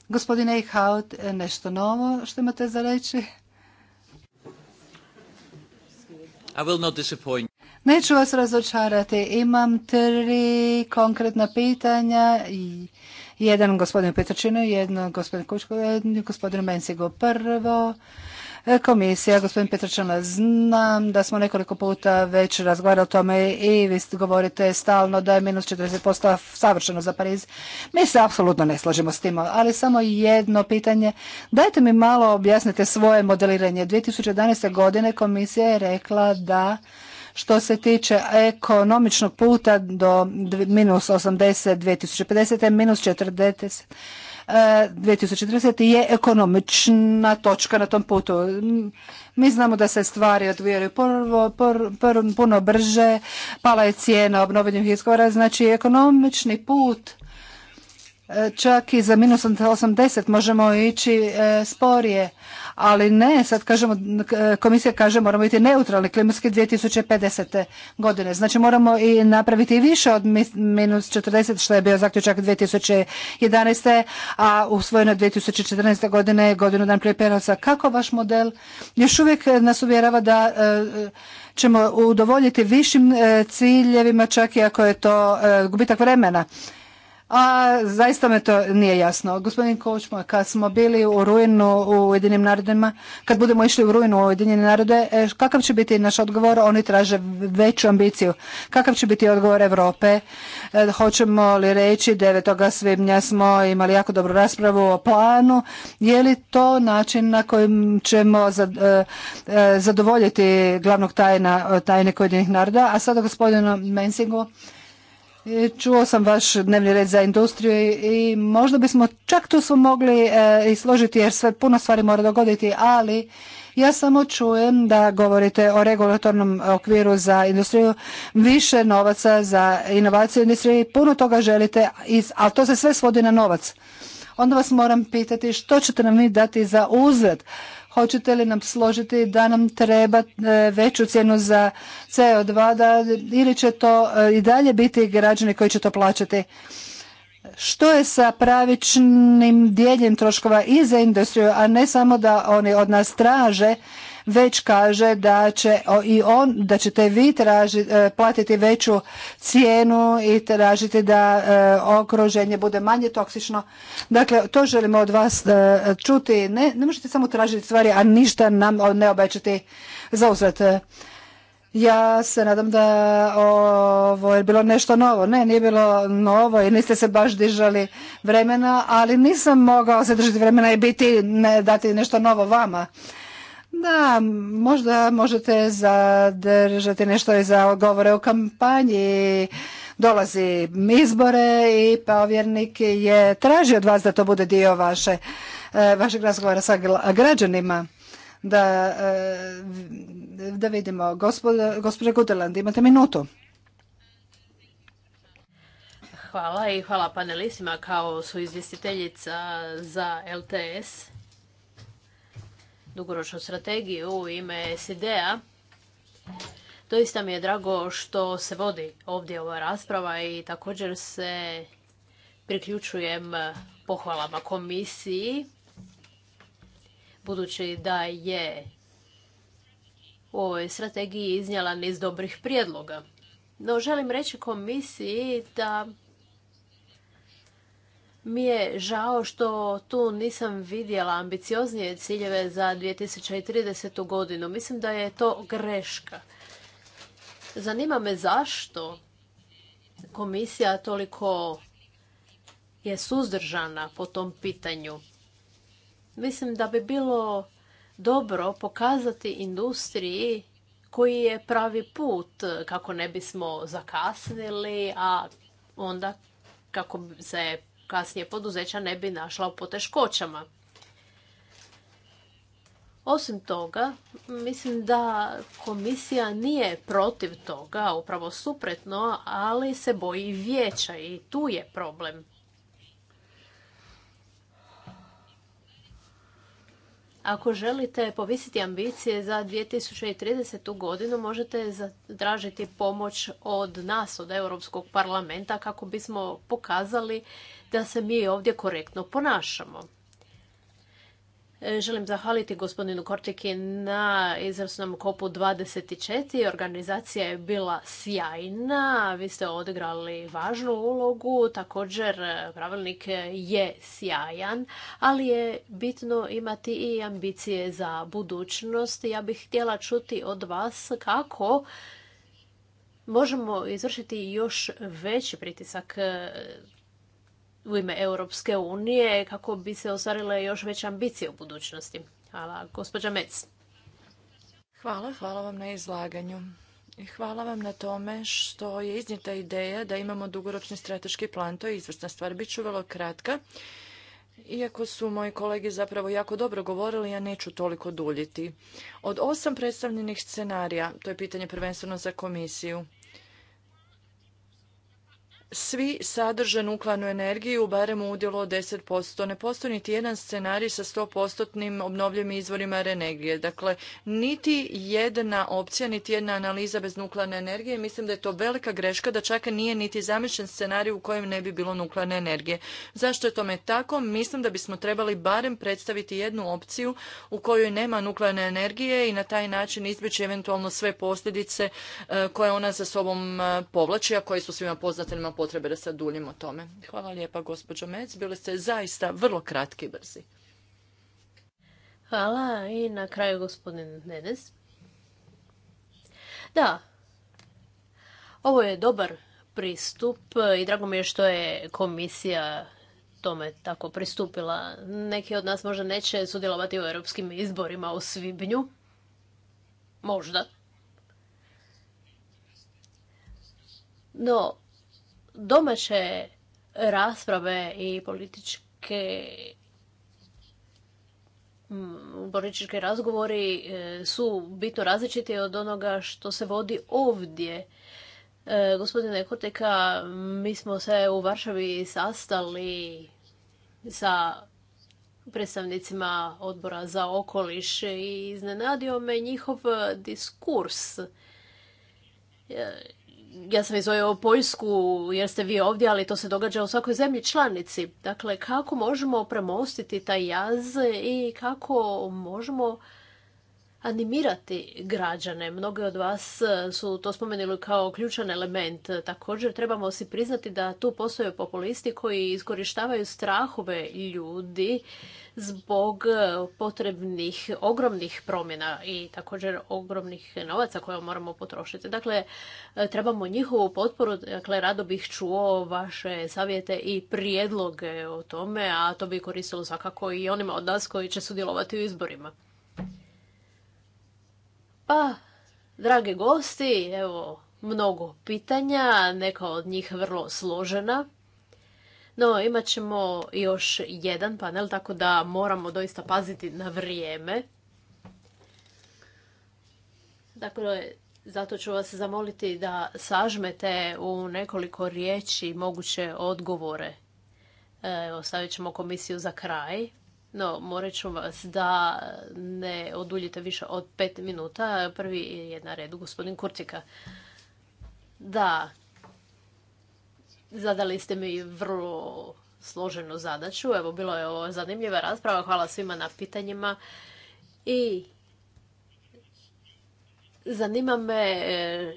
Gospodine Eichhout, nešto novo što imate za reći? I will not Neću vas razočarati. Imam tri konkretna pitanja i jedan gospodin Petrčinu, jedno gospodin Kučko, gospodin Mensigo prvo. E, komisija, gospodin Petrčana, znam da smo nekoliko puta već razgovarali o tome i vi govorite stalno da je minus 40% savršeno za Pariz. Mi se apsolutno ne slažemo s tim, ali samo jedno pitanje. Dajte mi malo objasnite svoje modeliranje. 2011. godine komisija je rekla da što se tiče ekonomičnog puta do minus 80 2050, minus 40 2040 e, je ekonomična točka na tom putu. Mi znamo da se stvari odvijaju puno brže, pala je cijena obnovljenih izgora, znači ekonomični put čak i za minus 80 možemo ići e, sporije, ali ne, sad kažemo, e, komisija kaže moramo biti neutralni klimatski 2050. godine. Znači moramo i napraviti više od minus 40 što je bio zaključak 2011. a usvojeno 2014. godine godinu dan prije penosa. Kako vaš model još uvijek nas uvjerava da e, ćemo udovoljiti višim ciljevima čak i ako je to gubitak vremena a zaista me to nije jasno. Gospodin Kočma, kad smo bili u rujnu u Ujedinim narodima, kad budemo išli u rujnu u Ujedinjene narode, e, kakav će biti naš odgovor? Oni traže veću ambiciju. Kakav će biti odgovor Europe? E, hoćemo li reći 9. svibnja smo imali jako dobru raspravu o planu. Je li to način na kojem ćemo e, zadovoljiti glavnog tajna tajne Ujedinih naroda? A sada gospodinu Mensingu E, čuo sam vaš dnevni red za industriju i možda bismo čak tu smo mogli e, i složiti jer sve puno stvari mora dogoditi, ali ja samo čujem da govorite o regulatornom okviru za industriju, više novaca za inovaciju u industriji, puno toga želite, ali to se sve svodi na novac. Onda vas moram pitati što ćete nam vi dati za uzred Hoćete li nam složiti da nam treba e, veću cijenu za CO2 da, ili će to e, i dalje biti građani koji će to plaćati? Što je sa pravičnim dijeljem troškova i za industriju, a ne samo da oni od nas traže već kaže da će i on, da ćete vi traži, e, platiti veću cijenu i tražiti da e, okruženje bude manje toksično. Dakle, to želimo od vas e, čuti. Ne, ne možete samo tražiti stvari, a ništa nam ne obećati za Ja se nadam da ovo je bilo nešto novo. Ne, nije bilo novo i niste se baš dižali vremena, ali nisam mogao se držati vremena i biti, ne, dati nešto novo vama. Da, možda možete zadržati nešto i za govore o kampanji. Dolazi izbore i povjernik je tražio od vas da to bude dio vaše, e, vašeg razgovora sa građanima. Da, e, da vidimo. Gospođa Guteland, imate minutu. Hvala i hvala panelistima kao su izvjestiteljica za LTS dugoročnu strategiju u ime SID-a. Doista mi je drago što se vodi ovdje ova rasprava i također se priključujem pohvalama komisiji, budući da je u ovoj strategiji iznijela niz dobrih prijedloga. No, želim reći komisiji da mi je žao što tu nisam vidjela ambicioznije ciljeve za 2030. godinu. Mislim da je to greška. Zanima me zašto komisija toliko je suzdržana po tom pitanju. Mislim da bi bilo dobro pokazati industriji koji je pravi put kako ne bismo zakasnili, a onda kako se kasnije poduzeća ne bi našla u poteškoćama. Osim toga, mislim da komisija nije protiv toga, upravo supretno, ali se boji vijeća i tu je problem. Ako želite povisiti ambicije za 2030. godinu, možete zatražiti pomoć od nas, od Europskog parlamenta, kako bismo pokazali da se mi ovdje korektno ponašamo. E, želim zahvaliti gospodinu Kortiki na izvrsnom kopu 24. Organizacija je bila sjajna, vi ste odigrali važnu ulogu, također e, pravilnik je sjajan, ali je bitno imati i ambicije za budućnost. Ja bih htjela čuti od vas kako možemo izvršiti još veći pritisak e, u ime Europske unije kako bi se ostvarile još veće ambicije u budućnosti. Hvala, gospođa Mec. Hvala, hvala vam na izlaganju. I hvala vam na tome što je iznijeta ideja da imamo dugoročni strateški plan. To je izvrsna stvar. Biću vrlo kratka. Iako su moji kolege zapravo jako dobro govorili, ja neću toliko duljiti. Od osam predstavljenih scenarija, to je pitanje prvenstveno za komisiju, svi sadrže nuklearnu energiju barem u udjelu od 10%. Ne postoji niti jedan scenarij sa 100% obnovljivim izvorima energije. Dakle, niti jedna opcija, niti jedna analiza bez nuklearne energije. Mislim da je to velika greška da čak nije niti zamišljen scenarij u kojem ne bi bilo nuklearne energije. Zašto je tome tako? Mislim da bismo trebali barem predstaviti jednu opciju u kojoj nema nuklearne energije i na taj način izbjeći eventualno sve posljedice e, koje ona za sobom e, povlači, a koje su svima poznateljima potrebe da sad duljim o tome. Hvala lijepa, gospođo Mec. Bili ste zaista vrlo kratki i brzi. Hvala i na kraju gospodin Nedes. Da, ovo je dobar pristup i drago mi je što je komisija tome tako pristupila. Neki od nas možda neće sudjelovati u europskim izborima u svibnju. Možda. No, domaće rasprave i političke mm, politički razgovori e, su bitno različiti od onoga što se vodi ovdje. E, gospodine Koteka, mi smo se u Varšavi sastali sa predstavnicima odbora za okoliš i iznenadio me njihov diskurs. E, ja sam izvojao Poljsku jer ste vi ovdje, ali to se događa u svakoj zemlji članici. Dakle, kako možemo premostiti taj jaz i kako možemo animirati građane. Mnogi od vas e, su to spomenuli kao ključan element. Također trebamo si priznati da tu postoje populisti koji iskorištavaju strahove ljudi zbog e, potrebnih ogromnih promjena i također ogromnih novaca koje moramo potrošiti. Dakle, e, trebamo njihovu potporu, dakle, rado bih čuo vaše savjete i prijedloge o tome, a to bi koristilo svakako i onima od nas koji će sudjelovati u izborima. Pa, dragi gosti, evo mnogo pitanja, neka od njih vrlo složena. No, imat ćemo još jedan panel, tako da moramo doista paziti na vrijeme. Dakle, zato ću vas zamoliti da sažmete u nekoliko riječi moguće odgovore. Evo, stavit ćemo komisiju za kraj. No, morat ću vas da ne oduljite više od pet minuta. Prvi je na redu gospodin Kurtika. Da, zadali ste mi vrlo složenu zadaću. Evo, bilo je ovo zanimljiva rasprava. Hvala svima na pitanjima. I zanima me e,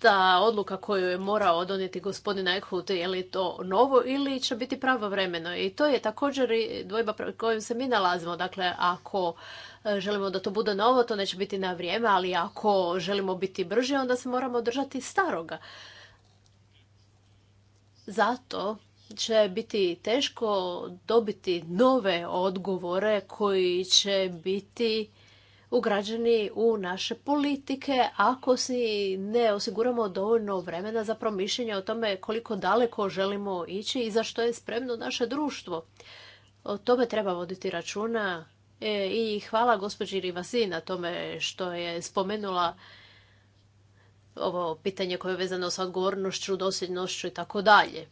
ta odluka koju je morao donijeti gospodin Eichhut, je li to novo ili će biti pravovremeno? I to je također dvojba kojom se mi nalazimo. Dakle, ako e, želimo da to bude novo, to neće biti na vrijeme, ali ako želimo biti brži, onda se moramo držati staroga. Zato će biti teško dobiti nove odgovore koji će biti ugrađeni u naše politike ako si ne osiguramo dovoljno vremena za promišljanje o tome koliko daleko želimo ići i za što je spremno naše društvo. O tome treba voditi računa e, i hvala gospođi Rivasi na tome što je spomenula ovo pitanje koje je vezano sa odgovornošću, dosljednošću i tako dalje.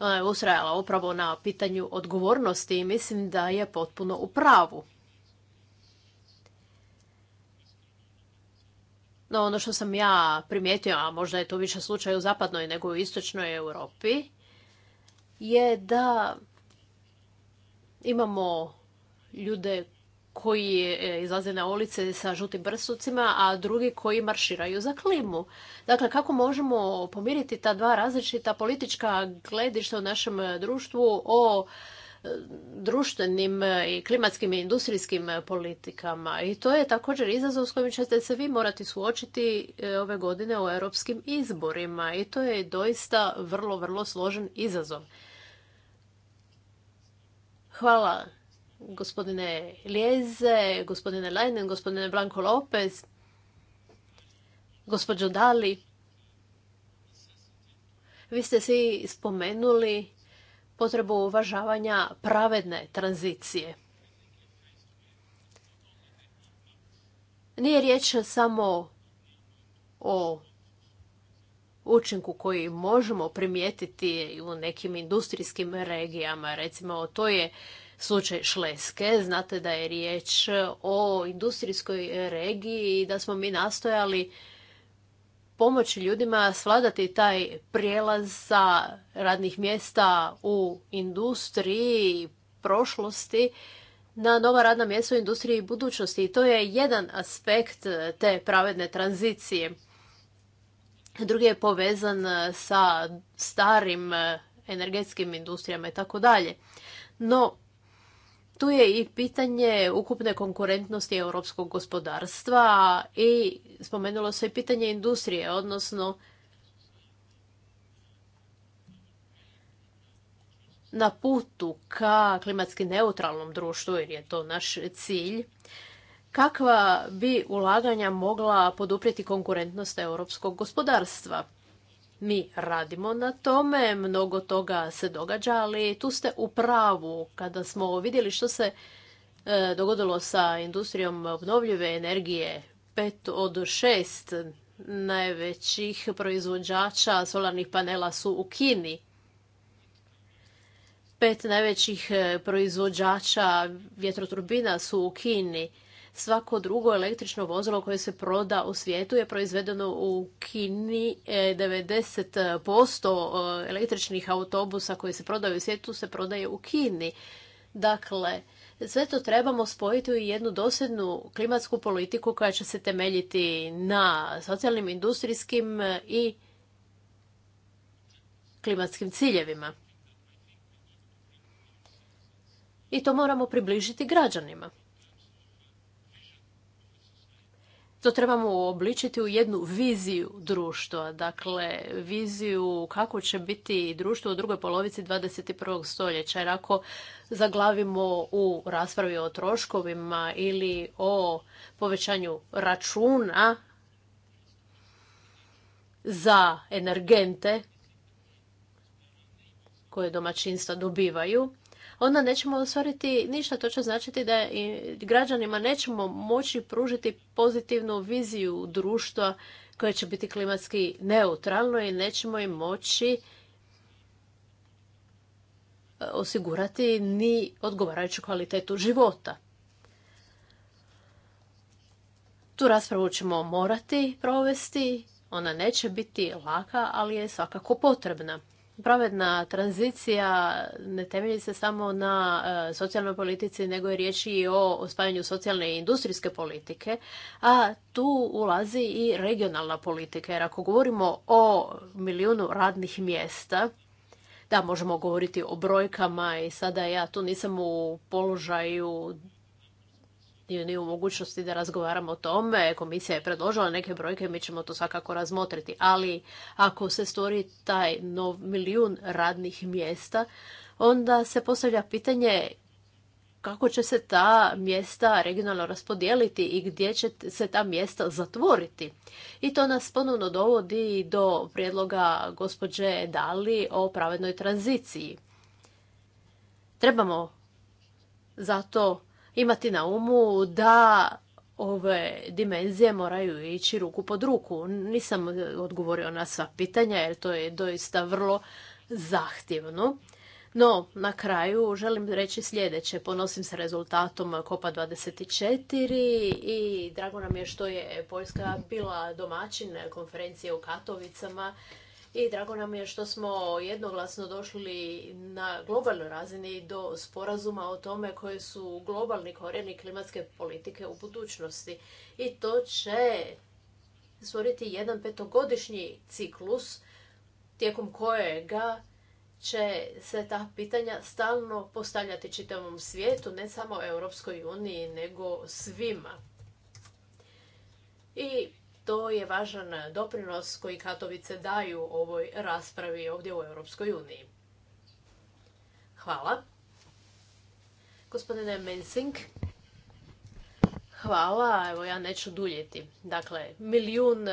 E, usrajala upravo na pitanju odgovornosti i mislim da je potpuno u pravu. No ono što sam ja primijetio, a možda je to više slučaj u zapadnoj nego u istočnoj Europi, je da imamo ljude koji e, izlaze na ulice sa žutim brsucima, a drugi koji marširaju za klimu. Dakle, kako možemo pomiriti ta dva različita politička gledišta u našem društvu o e, društvenim i klimatskim i industrijskim politikama. I to je također izazov s kojim ćete se vi morati suočiti e, ove godine u europskim izborima. I to je doista vrlo, vrlo složen izazov. Hvala gospodine Lijeze, gospodine Leinen, gospodine Blanco Lopez, gospođo Dali. Vi ste svi spomenuli potrebu uvažavanja pravedne tranzicije. Nije riječ samo o učinku koji možemo primijetiti u nekim industrijskim regijama. Recimo, to je slučaj Šleske. Znate da je riječ o industrijskoj regiji i da smo mi nastojali pomoći ljudima svladati taj prijelaz sa radnih mjesta u industriji prošlosti na nova radna mjesta u industriji i budućnosti. I to je jedan aspekt te pravedne tranzicije. Drugi je povezan sa starim energetskim industrijama i tako dalje. No, tu je i pitanje ukupne konkurentnosti europskog gospodarstva i spomenulo se i pitanje industrije, odnosno na putu ka klimatski neutralnom društvu, jer je to naš cilj, kakva bi ulaganja mogla poduprijeti konkurentnost europskog gospodarstva? Mi radimo na tome, mnogo toga se događa, ali tu ste u pravu kada smo vidjeli što se e, dogodilo sa industrijom obnovljive energije. Pet od šest najvećih proizvođača solarnih panela su u Kini. Pet najvećih e, proizvođača vjetroturbina su u Kini. Svako drugo električno vozilo koje se proda u svijetu je proizvedeno u Kini. 90% e, e, električnih autobusa koji se prodaju u svijetu se prodaje u Kini. Dakle, sve to trebamo spojiti u jednu dosljednu klimatsku politiku koja će se temeljiti na socijalnim, industrijskim e, i klimatskim ciljevima. I to moramo približiti građanima. to trebamo uobličiti u jednu viziju društva, dakle viziju kako će biti društvo u drugoj polovici 21. stoljeća. Jer ako zaglavimo u raspravi o troškovima ili o povećanju računa za energente koje domaćinstva dobivaju, onda nećemo ostvariti ništa. To će značiti da i građanima nećemo moći pružiti pozitivnu viziju društva koje će biti klimatski neutralno i nećemo im moći e, osigurati ni odgovarajuću kvalitetu života. Tu raspravu ćemo morati provesti, ona neće biti laka, ali je svakako potrebna pravedna tranzicija ne temelji se samo na e, socijalnoj politici, nego je riječ i o spajanju socijalne i industrijske politike, a tu ulazi i regionalna politika. Jer ako govorimo o milijunu radnih mjesta, da, možemo govoriti o brojkama i sada ja tu nisam u položaju ni u mogućnosti da razgovaramo o tome. Komisija je predložila neke brojke, mi ćemo to svakako razmotriti. Ali ako se stvori taj nov milijun radnih mjesta, onda se postavlja pitanje kako će se ta mjesta regionalno raspodijeliti i gdje će se ta mjesta zatvoriti. I to nas ponovno dovodi do prijedloga gospođe Dali o pravednoj tranziciji. Trebamo zato imati na umu da ove dimenzije moraju ići ruku pod ruku. Nisam odgovorio na sva pitanja jer to je doista vrlo zahtjevno. No, na kraju želim reći sljedeće. Ponosim se rezultatom Kopa 24 i drago nam je što je Poljska bila domaćin konferencije u Katovicama i drago nam je što smo jednoglasno došli na globalnoj razini do sporazuma o tome koje su globalni korijeni klimatske politike u budućnosti. I to će stvoriti jedan petogodišnji ciklus tijekom kojega će se ta pitanja stalno postavljati čitavom svijetu, ne samo Europskoj uniji, nego svima. I to je važan doprinos koji Katovice daju ovoj raspravi ovdje u Europskoj uniji. Hvala. Gospodine Mensing, hvala. Evo ja neću duljiti. Dakle, milijun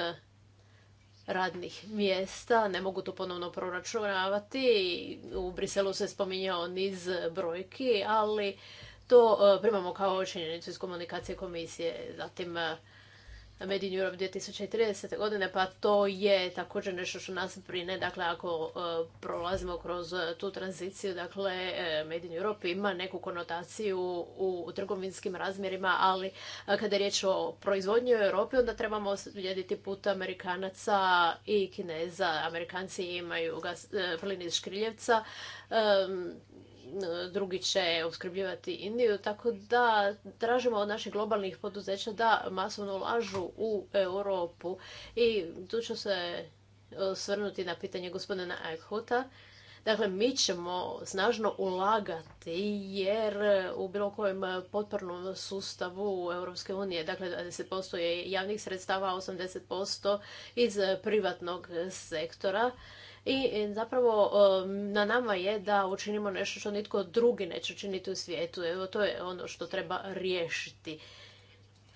radnih mjesta, ne mogu to ponovno proračunavati. U Briselu se spominjao niz brojki, ali to e, primamo kao činjenicu iz komunikacije komisije. Zatim, e, Made in Europe 2030. godine, pa to je također nešto što nas brine. Dakle, ako e, prolazimo kroz e, tu tranziciju, dakle, e, Made in Europe ima neku konotaciju u trgovinskim razmjerima, ali kada je riječ o proizvodnji u Europi, onda trebamo slijediti put Amerikanaca i Kineza. Amerikanci imaju plin iz Škriljevca, drugi će opskrbljivati Indiju, tako da tražimo od naših globalnih poduzeća da masovno ulažu u Europu. I tu ću se e, svrnuti na pitanje gospodina Eichhuta. Dakle, mi ćemo snažno ulagati jer u bilo kojem potpornom sustavu Europske unije, dakle 20% je javnih sredstava, 80% iz privatnog sektora i e, zapravo e, na nama je da učinimo nešto što nitko drugi neće učiniti u svijetu. Evo to je ono što treba riješiti.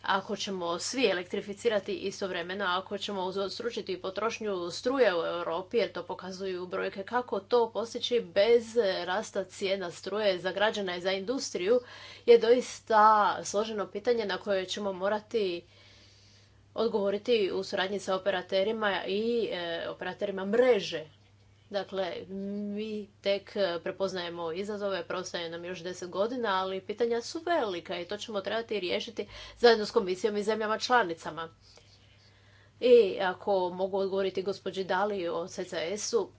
Ako ćemo svi elektrificirati istovremeno, ako ćemo uzostručiti potrošnju struje u Europi, jer to pokazuju brojke kako to postići bez rasta cijena struje za građana i za industriju, je doista složeno pitanje na koje ćemo morati odgovoriti u suradnji sa operaterima i e, operaterima mreže Dakle, mi tek e, prepoznajemo izazove, prostaje nam još deset godina, ali pitanja su velika i to ćemo trebati riješiti zajedno s komisijom i zemljama članicama. I ako mogu odgovoriti gospođi Dali o CCS-u,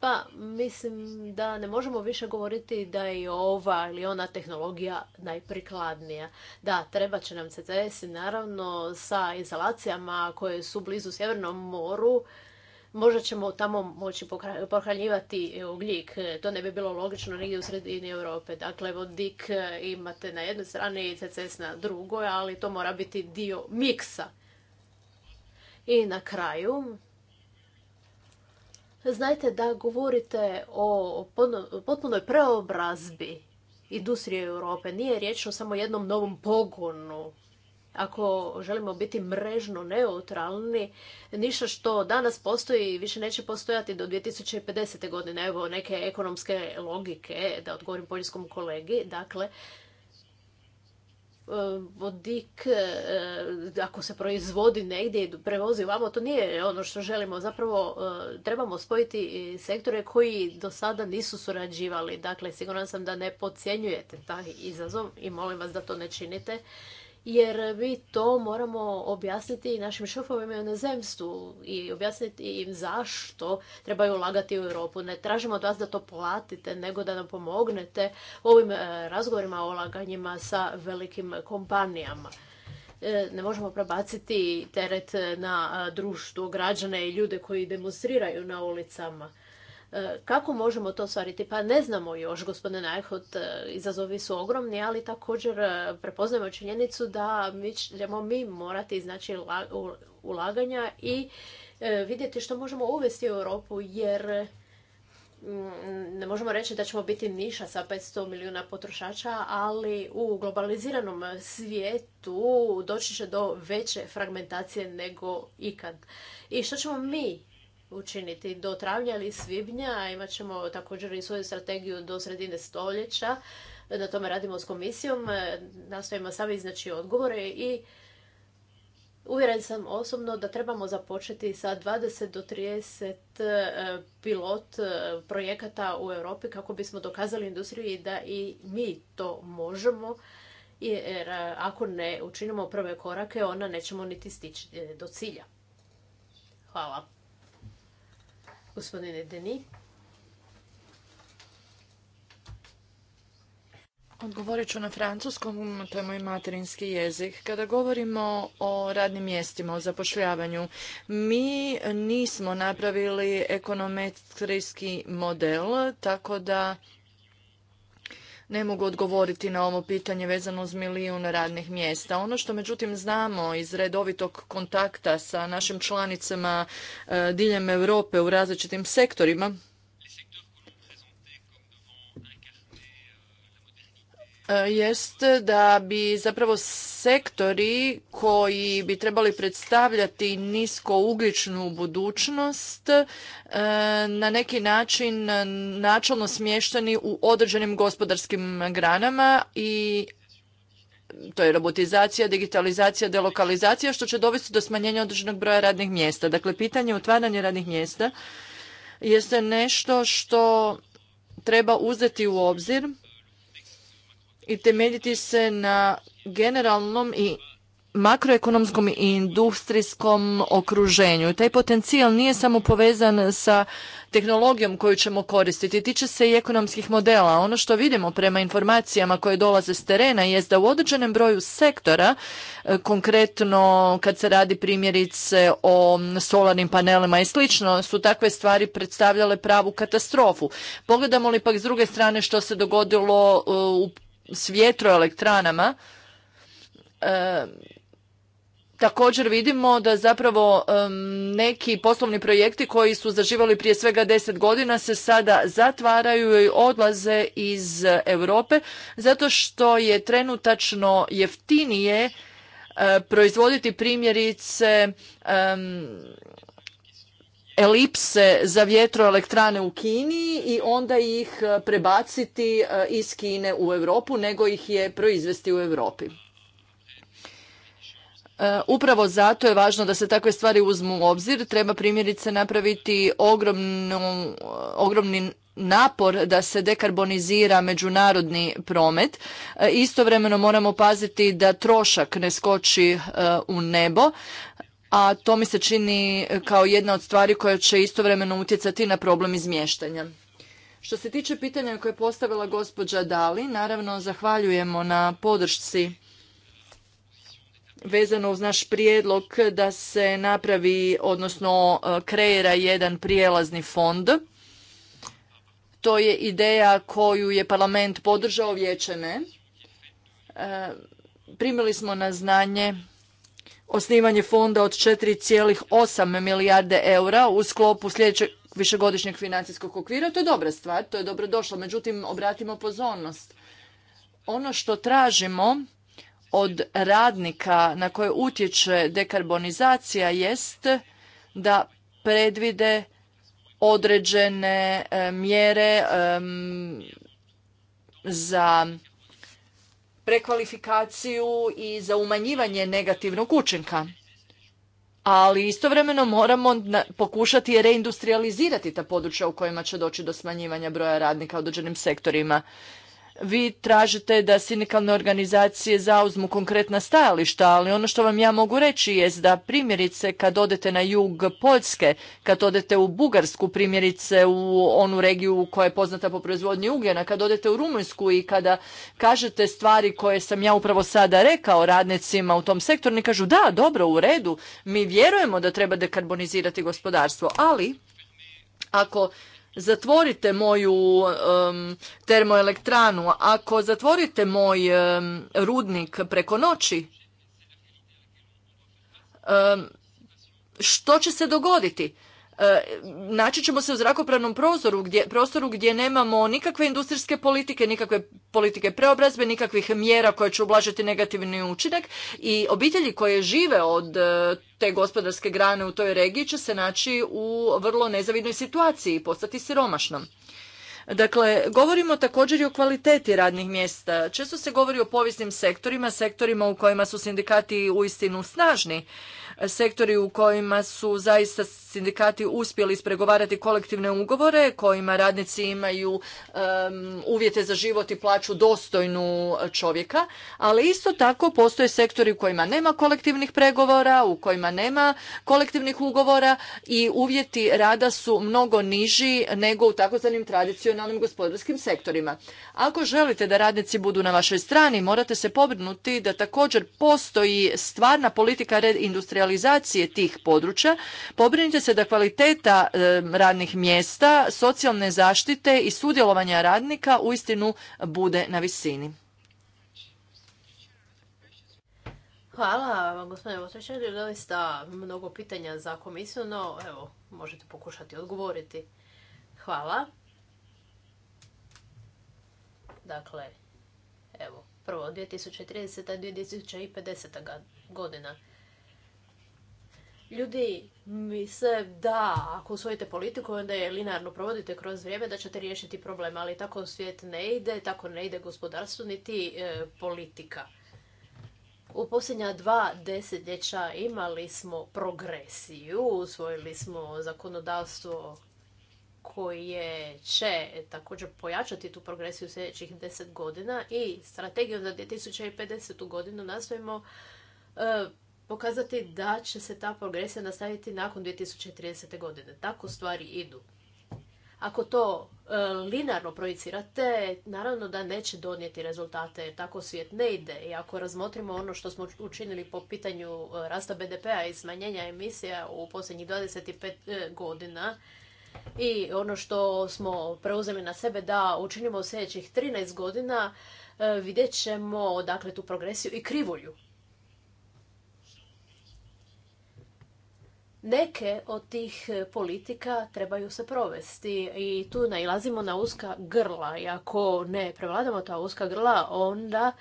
pa mislim da ne možemo više govoriti da je ova ili ona tehnologija najprikladnija. Da, treba će nam CCS naravno sa izolacijama koje su blizu Sjevernom moru, možda ćemo tamo moći pohranjivati e, ugljik. E, to ne bi bilo logično nigdje u sredini Europe. Dakle, vodik e, imate na jednoj strani i CCS na drugoj, ali to mora biti dio miksa. I na kraju, znajte da govorite o potpunoj preobrazbi industrije Europe. Nije riječ o samo jednom novom pogonu ako želimo biti mrežno neutralni, ništa što danas postoji više neće postojati do 2050. godine. Evo neke ekonomske logike, da odgovorim poljskom kolegi. Dakle, e, vodik, e, ako se proizvodi negdje i prevozi vamo, to nije ono što želimo. Zapravo e, trebamo spojiti sektore koji do sada nisu surađivali. Dakle, siguran sam da ne podcjenjujete taj izazov i molim vas da to ne činite jer mi to moramo objasniti našim šefovima na inozemstvu i objasniti im zašto trebaju ulagati u Europu. Ne tražimo od vas da to platite, nego da nam pomognete u ovim e, razgovorima o ulaganjima sa velikim kompanijama. E, ne možemo prebaciti teret na e, društvo, građane i ljude koji demonstriraju na ulicama. E, kako možemo to ostvariti? Pa ne znamo još, gospodine Najhod, e, izazovi su ogromni, ali također e, prepoznajemo činjenicu da mi ćemo mi morati znači, ulaganja i vidjeti što možemo uvesti u Europu, jer mm, ne možemo reći da ćemo biti niša sa 500 milijuna potrošača, ali u globaliziranom svijetu doći će do veće fragmentacije nego ikad. I što ćemo mi učiniti do travnja ili svibnja. Imat ćemo također i svoju strategiju do sredine stoljeća. Na tome radimo s komisijom. E, nastojimo sami iznaći odgovore i Uvjeren sam osobno da trebamo započeti sa 20 do 30 e, pilot e, projekata u Europi kako bismo dokazali industriji da i mi to možemo jer ako ne učinimo prve korake ona nećemo niti stići do cilja. Hvala. Gospodine Deni. Odgovorit ću na francuskom, to je moj materinski jezik. Kada govorimo o radnim mjestima, o zapošljavanju, mi nismo napravili ekonometrijski model, tako da ne mogu odgovoriti na ovo pitanje vezano uz milijun radnih mjesta. Ono što međutim znamo iz redovitog kontakta sa našim članicama e, diljem Europe u različitim sektorima E, jest da bi zapravo sektori koji bi trebali predstavljati niskougljičnu budućnost e, na neki način načelno smješteni u određenim gospodarskim granama i to je robotizacija, digitalizacija, delokalizacija, što će dovesti do smanjenja određenog broja radnih mjesta. Dakle, pitanje otvaranja radnih mjesta jeste nešto što treba uzeti u obzir i temeljiti se na generalnom i makroekonomskom i industrijskom okruženju. Taj potencijal nije samo povezan sa tehnologijom koju ćemo koristiti, tiče se i ekonomskih modela. Ono što vidimo prema informacijama koje dolaze s terena je da u određenem broju sektora, e, konkretno kad se radi primjerice o solarnim panelima i slično, su takve stvari predstavljale pravu katastrofu. Pogledamo li pak s druge strane što se dogodilo e, u s vjetroelektranama, e, također vidimo da zapravo e, neki poslovni projekti koji su zaživali prije svega deset godina se sada zatvaraju i odlaze iz Europe zato što je trenutačno jeftinije e, proizvoditi primjerice elipse za vjetroelektrane u Kini i onda ih e, prebaciti e, iz Kine u Europu nego ih je proizvesti u Europi. E, upravo zato je važno da se takve stvari uzmu u obzir. Treba primjerice napraviti ogromni napor da se dekarbonizira međunarodni promet. Istovremeno moramo paziti da trošak ne skoči u nebo a to mi se čini e, kao jedna od stvari koja će istovremeno utjecati na problem izmještanja. Što se tiče pitanja koje je postavila gospođa Dali, naravno zahvaljujemo na podršci vezano uz naš prijedlog da se napravi, odnosno e, kreira jedan prijelazni fond. To je ideja koju je parlament podržao, vijeće e, Primili smo na znanje osnivanje fonda od 4,8 milijarde eura u sklopu sljedećeg višegodišnjeg financijskog okvira. To je dobra stvar, to je dobro došlo. Međutim, obratimo pozornost. Ono što tražimo od radnika na koje utječe dekarbonizacija jest da predvide određene e, mjere za prekvalifikaciju i za umanjivanje negativnog učinka. Ali istovremeno moramo pokušati reindustrializirati ta područja u kojima će doći do smanjivanja broja radnika u određenim sektorima vi tražite da sindikalne organizacije zauzmu konkretna stajališta, ali ono što vam ja mogu reći je da primjerice kad odete na jug Poljske, kad odete u Bugarsku, primjerice u onu regiju koja je poznata po proizvodnji ugljena, kad odete u Rumunjsku i kada kažete stvari koje sam ja upravo sada rekao radnicima u tom sektoru, oni kažu da, dobro, u redu, mi vjerujemo da treba dekarbonizirati gospodarstvo, ali ako zatvorite moju termoelektranu, ako zatvorite moj rudnik preko noći, što će se dogoditi? E, naći ćemo se u zrakopravnom gdje, prostoru gdje nemamo nikakve industrijske politike, nikakve politike preobrazbe, nikakvih mjera koje će ublažiti negativni učinak i obitelji koje žive od e, te gospodarske grane u toj regiji će se naći u vrlo nezavidnoj situaciji i postati siromašnom. Dakle, govorimo također i o kvaliteti radnih mjesta. Često se govori o povijesnim sektorima, sektorima u kojima su sindikati uistinu snažni sektori u kojima su zaista sindikati uspjeli ispregovarati kolektivne ugovore kojima radnici imaju uvjete za život i plaću dostojnu čovjeka, ali isto tako postoje sektori u kojima nema kolektivnih pregovora, u kojima nema kolektivnih ugovora i uvjeti rada su mnogo niži nego u takozvanim tradicionalnim gospodarskim sektorima. Ako želite da radnici budu na vašoj strani, morate se pobrinuti da također postoji stvarna politika reindustrializacije revitalizacije tih područja, pobrinite se da kvaliteta e, radnih mjesta, socijalne zaštite i sudjelovanja radnika uistinu bude na visini. Hvala vam, gospodine da li ste mnogo pitanja za komisiju, no evo, možete pokušati odgovoriti. Hvala. Dakle, evo, prvo 2030. 2050. godina ljudi misle da ako usvojite politiku onda je linarno provodite kroz vrijeme da ćete riješiti problem, ali tako svijet ne ide, tako ne ide gospodarstvo niti e, politika. U posljednja dva desetljeća imali smo progresiju, usvojili smo zakonodavstvo koje će također pojačati tu progresiju sljedećih deset godina i strategijom za 2050. godinu nastojimo e, pokazati da će se ta progresija nastaviti nakon 2030. godine. Tako stvari idu. Ako to e, linarno projicirate, naravno da neće donijeti rezultate, jer tako svijet ne ide. I ako razmotrimo ono što smo učinili po pitanju e, rasta BDP-a i smanjenja emisija u posljednjih 25 e, godina, i ono što smo preuzeli na sebe da učinimo u sljedećih 13 godina, vidjet ćemo dakle, tu progresiju i krivulju. Neke od tih e, politika trebaju se provesti i tu nailazimo na uska grla i ako ne prevladamo ta uska grla onda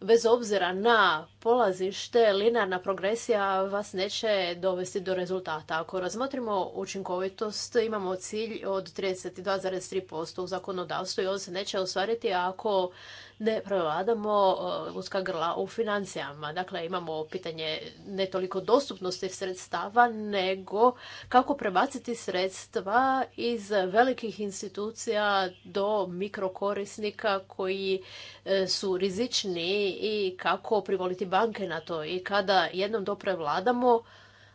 bez obzira na polazište, linarna progresija vas neće dovesti do rezultata. Ako razmotrimo učinkovitost, imamo cilj od 32,3% u zakonodavstvu i on se neće ostvariti ako ne prevladamo eh, uska grla u financijama. Dakle, imamo pitanje ne toliko dostupnosti sredstava, nego kako prebaciti sredstva iz velikih institucija do mikrokorisnika koji eh, su rizični i kako privoliti banke na to. I kada jednom to prevladamo,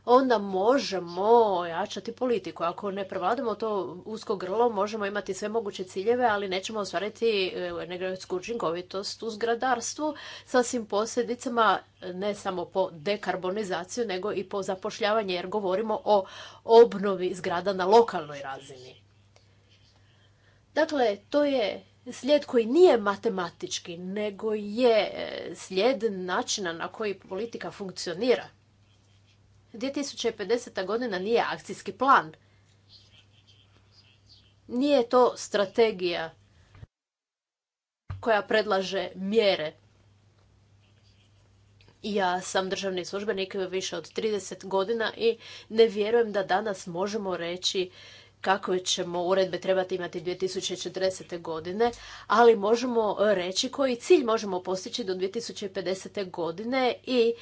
onda možemo jačati politiku. Ako ne prevladamo to usko grlo, možemo imati sve moguće ciljeve, ali nećemo ostvariti energetsku učinkovitost u zgradarstvu sa svim posljedicama ne samo po dekarbonizaciju, nego i po zapošljavanje, jer govorimo o obnovi zgrada na lokalnoj razini. Dakle, to je slijed koji nije matematički, nego je e, slijed načina na koji politika funkcionira. 2050. godina nije akcijski plan. Nije to strategija koja predlaže mjere. Ja sam državni službenik više od 30 godina i ne vjerujem da danas možemo reći kako ćemo uredbe trebati imati 2040. godine, ali možemo reći koji cilj možemo postići do 2050. godine i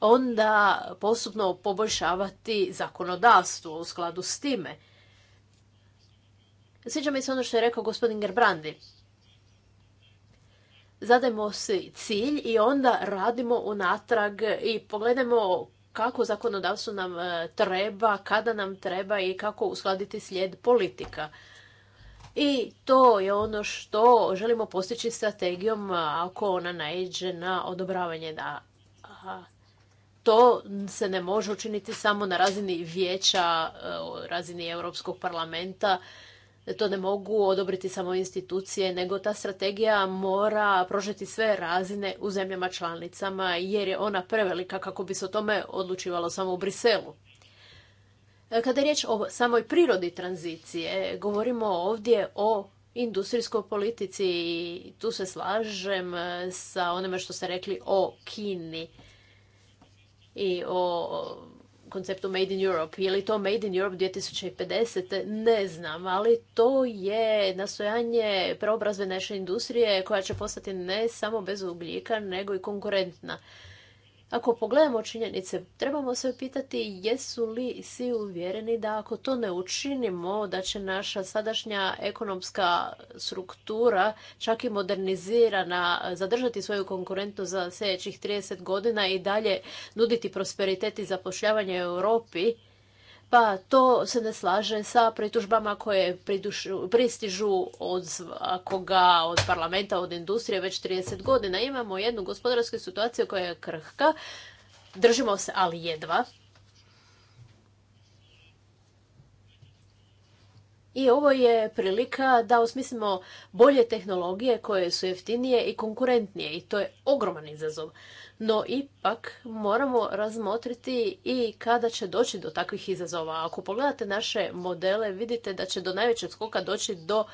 onda postupno poboljšavati zakonodavstvo u skladu s time. Sviđa mi se ono što je rekao gospodin Gerbrandi. Zadajmo si cilj i onda radimo unatrag i pogledamo kako zakonodavstvo nam e, treba, kada nam treba i kako uskladiti slijed politika. I to je ono što želimo postići strategijom ako ona naiđe na odobravanje da to se ne može učiniti samo na razini vijeća, e, razini Europskog parlamenta. E, to ne mogu odobriti samo institucije, nego ta strategija mora prožeti sve razine u zemljama članicama jer je ona prevelika kako bi se o tome odlučivalo samo u Briselu. E, kada je riječ o samoj prirodi tranzicije, govorimo ovdje o industrijskoj politici i tu se slažem sa onime što ste rekli o Kini i o konceptu Made in Europe. Je li to Made in Europe 2050? Ne znam, ali to je nastojanje preobrazbe naše industrije koja će postati ne samo bez ugljika, nego i konkurentna. Ako pogledamo činjenice, trebamo se pitati jesu li svi uvjereni da ako to ne učinimo, da će naša sadašnja ekonomska struktura, čak i modernizirana, zadržati svoju konkurentnost za sljedećih 30 godina i dalje nuditi prosperitet i zapošljavanje Europi, pa to se ne slaže sa pritužbama koje pristižu od koga, od parlamenta, od industrije već 30 godina. Imamo jednu gospodarsku situaciju koja je krhka, držimo se, ali jedva. I ovo je prilika da osmislimo bolje tehnologije koje su jeftinije i konkurentnije i to je ogroman izazov no ipak moramo razmotriti i kada će doći do takvih izazova. Ako pogledate naše modele vidite da će do najvećeg skoka doći do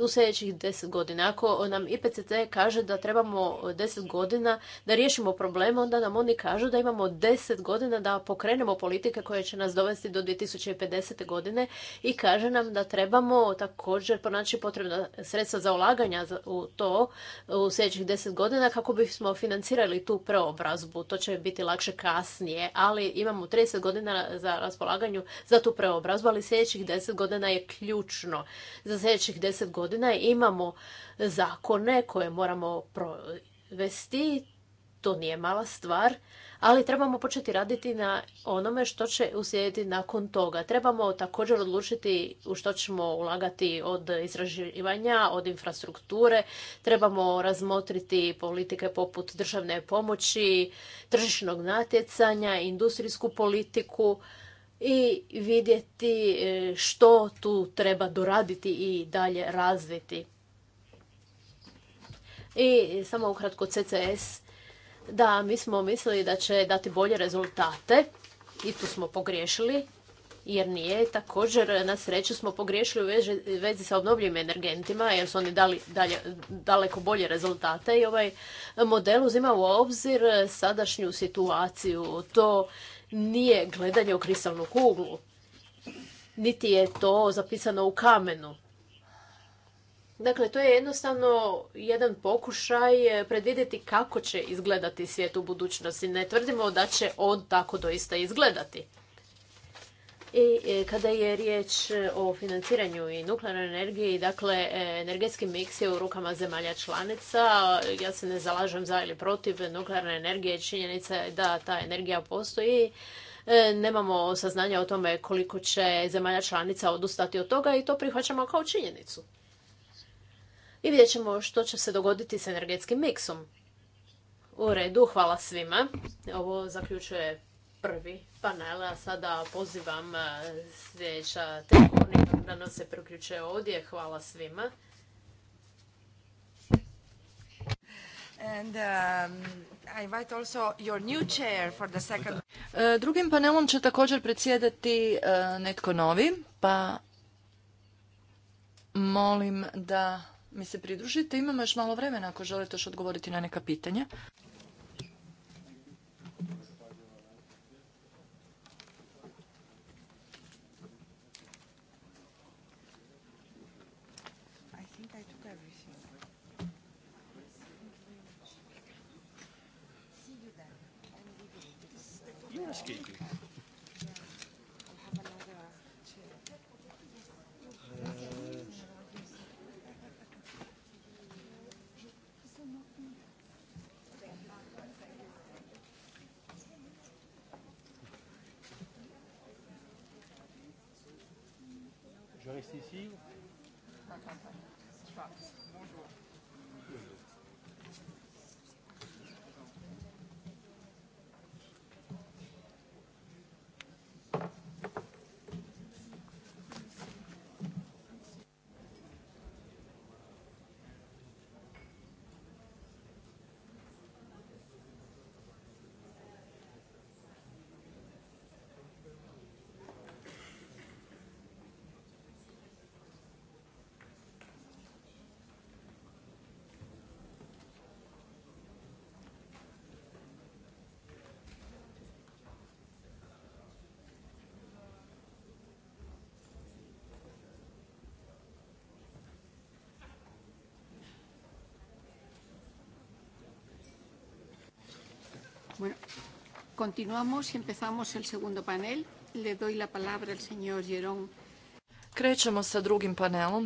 u sljedećih deset godina. Ako nam IPCT kaže da trebamo deset godina da riješimo probleme, onda nam oni kažu da imamo deset godina da pokrenemo politike koje će nas dovesti do 2050. godine i kaže nam da trebamo također pronaći potrebna sredstva za ulaganja u to u sljedećih deset godina kako bismo financirali tu preobrazbu. To će biti lakše kasnije, ali imamo 30 godina za raspolaganju za tu preobrazbu, ali sljedećih deset godina je ključno. Za sljedećih deset godina imamo zakone koje moramo provesti, to nije mala stvar, ali trebamo početi raditi na onome što će uslijediti nakon toga. Trebamo također odlučiti u što ćemo ulagati od izraživanja, od infrastrukture, trebamo razmotriti politike poput državne pomoći, tržišnog natjecanja, industrijsku politiku, i vidjeti e, što tu treba doraditi i dalje razviti. I samo ukratko CCS. Da, mi smo mislili da će dati bolje rezultate i tu smo pogriješili jer nije. Također, na sreću smo pogriješili u vezi, sa obnovljivim energentima, jer su oni dali dalje, daleko bolje rezultate i ovaj model uzima u obzir sadašnju situaciju. To nije gledanje u kristalnu kuglu, niti je to zapisano u kamenu. Dakle, to je jednostavno jedan pokušaj eh, predvidjeti kako će izgledati svijet u budućnosti. Ne tvrdimo da će on tako doista izgledati. I e, kada je riječ e, o financiranju i nuklearnoj energiji, dakle, e, energetski miks je u rukama zemalja članica. Ja se ne zalažem za ili protiv nuklearne energije. Činjenica je da ta energija postoji. Nemamo saznanja o tome koliko će zemalja članica odustati od toga i to prihvaćamo kao činjenicu. I vidjet ćemo što će se dogoditi s energetskim miksom. U redu, hvala svima. Ovo zaključuje prvi panel, a sada pozivam e, sljedeća telefonika da nam se priključe ovdje. Hvala svima. Drugim panelom će također predsjedati e, netko novi, pa molim da mi se pridružite. Imamo još malo vremena ako želite još odgovoriti na neka pitanja. Bueno, continuamos y empezamos el segundo panel. Le doy la palabra al señor Jerón. Krećemo sa drugim panelom.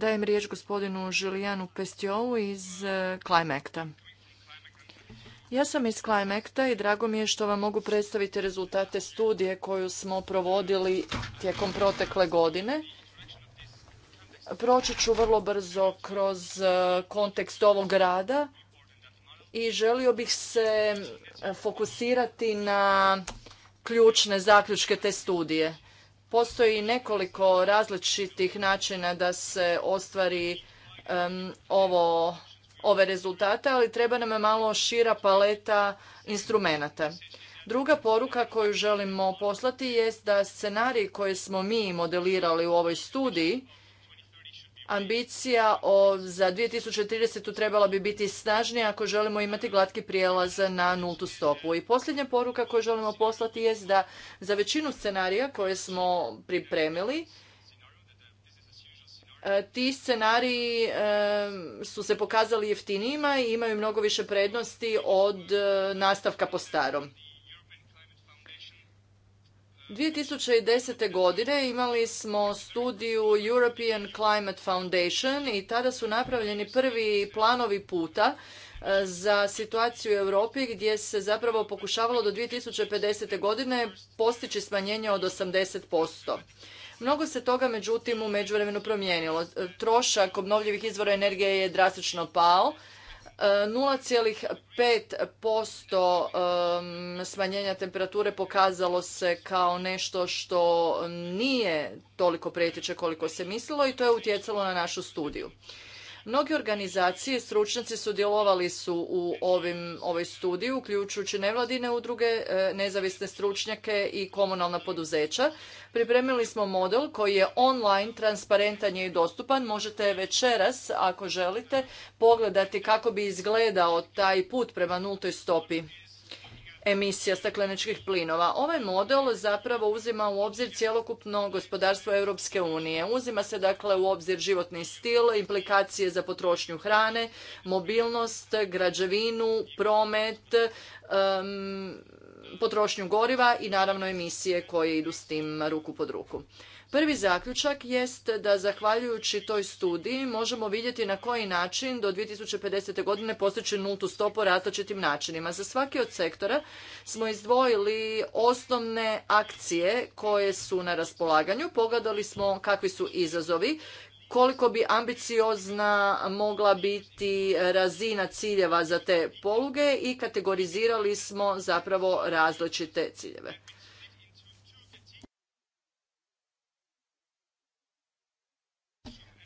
Dajem riječ gospodinu Žilijanu Pestiovu iz e, Climacta. Ja sam iz Climacta i drago mi je što vam mogu predstaviti rezultate studije koju smo provodili tijekom protekle godine Proći ću vrlo brzo kroz e, kontekst ovog rada i želio bih se e, fokusirati na ključne zaključke te studije. Postoji nekoliko različitih načina da se ostvari ovo, ove rezultate, ali treba nam malo šira paleta instrumenata. Druga poruka koju želimo poslati jest da scenarij koji smo mi modelirali u ovoj studiji ambicija o, za 2030. trebala bi biti snažnija ako želimo imati glatki prijelaz na nultu stopu. I posljednja poruka koju želimo poslati jest da za većinu scenarija koje smo pripremili, e, ti scenariji e, su se pokazali jeftinijima i imaju mnogo više prednosti od e, nastavka po starom. 2010. godine imali smo studiju European Climate Foundation i tada su napravljeni prvi planovi puta e, za situaciju u Europi gdje se zapravo pokušavalo do 2050. godine postići smanjenje od 80%. Mnogo se toga međutim u međuvremenu promijenilo. E, trošak obnovljivih izvora energije je drastično pao 0,5% smanjenja temperature pokazalo se kao nešto što nije toliko prijeteće koliko se mislilo i to je utjecalo na našu studiju. Mnogi organizacije i stručnjaci sudjelovali su u ovim, ovoj studiju, uključujući nevladine udruge, e, nezavisne stručnjake i komunalna poduzeća. Pripremili smo model koji je online, transparentan i dostupan. Možete večeras, ako želite, pogledati kako bi izgledao taj put prema nultoj stopi emisija stakleničkih plinova. Ovaj model zapravo uzima u obzir cjelokupno gospodarstvo Europske unije. Uzima se dakle u obzir životni stil, implikacije za potrošnju hrane, mobilnost, građevinu, promet, potrošnju goriva i naravno emisije koje idu s tim ruku pod ruku. Prvi zaključak jest da zahvaljujući toj studiji možemo vidjeti na koji način do 2050. godine postići nultu stopu različitim načinima. Za svaki od sektora smo izdvojili osnovne akcije koje su na raspolaganju, pogledali smo kakvi su izazovi, koliko bi ambiciozna mogla biti razina ciljeva za te poluge i kategorizirali smo zapravo različite ciljeve.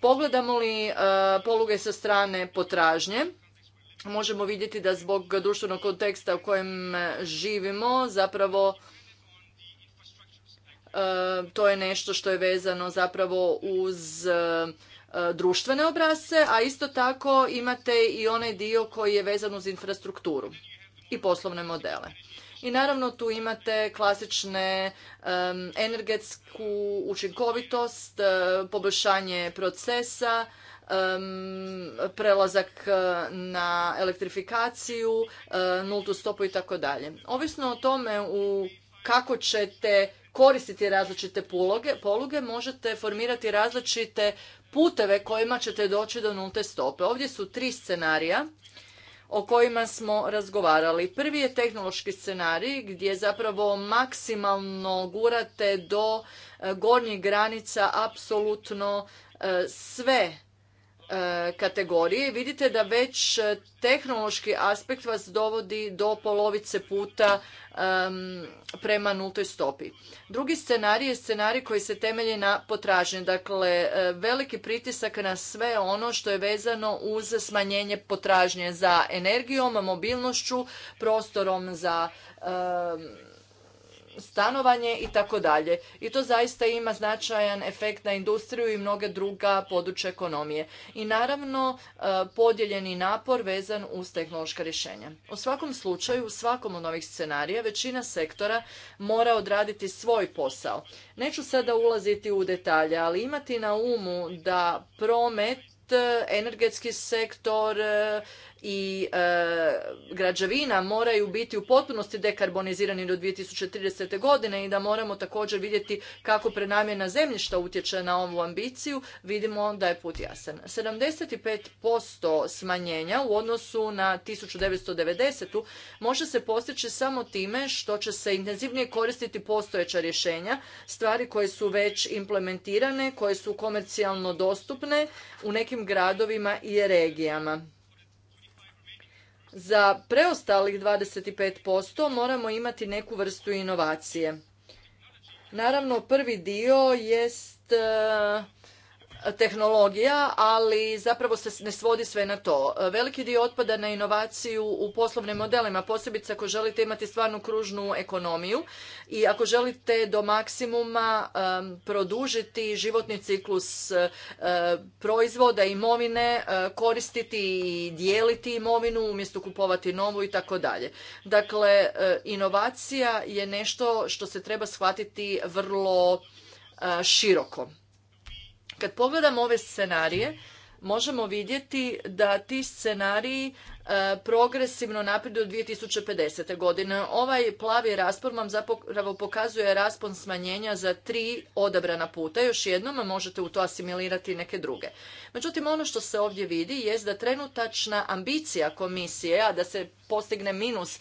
Pogledamo li e, poluge sa strane potražnje, možemo vidjeti da zbog društvenog konteksta u kojem živimo zapravo e, to je nešto što je vezano zapravo uz e, društvene obrase, a isto tako imate i onaj dio koji je vezan uz infrastrukturu i poslovne modele. I naravno tu imate klasične energetsku učinkovitost, e, poboljšanje procesa, prelazak e, na elektrifikaciju, e, nultu stopu i tako dalje. Ovisno o tome u kako ćete koristiti različite poluge, možete formirati različite puteve kojima ćete doći do nulte stope. Ovdje su tri scenarija o kojima smo razgovarali. Prvi je tehnološki scenarij gdje zapravo maksimalno gurate do e, gornjih granica apsolutno e, sve e, kategorije. Vidite da već tehnološki aspekt vas dovodi do polovice puta prema nultoj stopi. Drugi scenarij je scenarij koji se temelji na potražnje, dakle e, veliki pritisak na sve ono što je vezano uz smanjenje potražnje za energijom, mobilnošću, prostorom za stanovanje i tako dalje. I to zaista ima značajan efekt na industriju i mnoge druga područja ekonomije. I naravno e, podijeljeni napor vezan uz tehnološka rješenja. U svakom slučaju, u svakom od novih scenarija većina sektora mora odraditi svoj posao. Neću sada ulaziti u detalje, ali imati na umu da promet e, energetski sektor, e, i e, građevina moraju biti u potpunosti dekarbonizirani do 2030. godine i da moramo također vidjeti kako prenamjena zemljišta utječe na ovu ambiciju, vidimo da je put jasan. 75% smanjenja u odnosu na 1990. može se postići samo time što će se intenzivnije koristiti postojeća rješenja, stvari koje su već implementirane, koje su komercijalno dostupne u nekim gradovima i regijama za preostalih 25% moramo imati neku vrstu inovacije. Naravno, prvi dio jest eh, tehnologija, ali zapravo se ne svodi sve na to. Veliki dio otpada na inovaciju u poslovnim modelima, posebice ako želite imati stvarnu kružnu ekonomiju i ako želite do maksimuma produžiti životni ciklus proizvoda, imovine, koristiti i dijeliti imovinu umjesto kupovati novu i tako dalje. Dakle, inovacija je nešto što se treba shvatiti vrlo široko. Kad pogledamo ove scenarije, možemo vidjeti da ti scenariji e, progresivno napreduju do 2050. godine. Ovaj plavi raspon vam zapravo pokazuje raspon smanjenja za tri odabrana puta. Još jednom možete u to asimilirati neke druge. Međutim, ono što se ovdje vidi je da trenutačna ambicija komisije, a da se postigne minus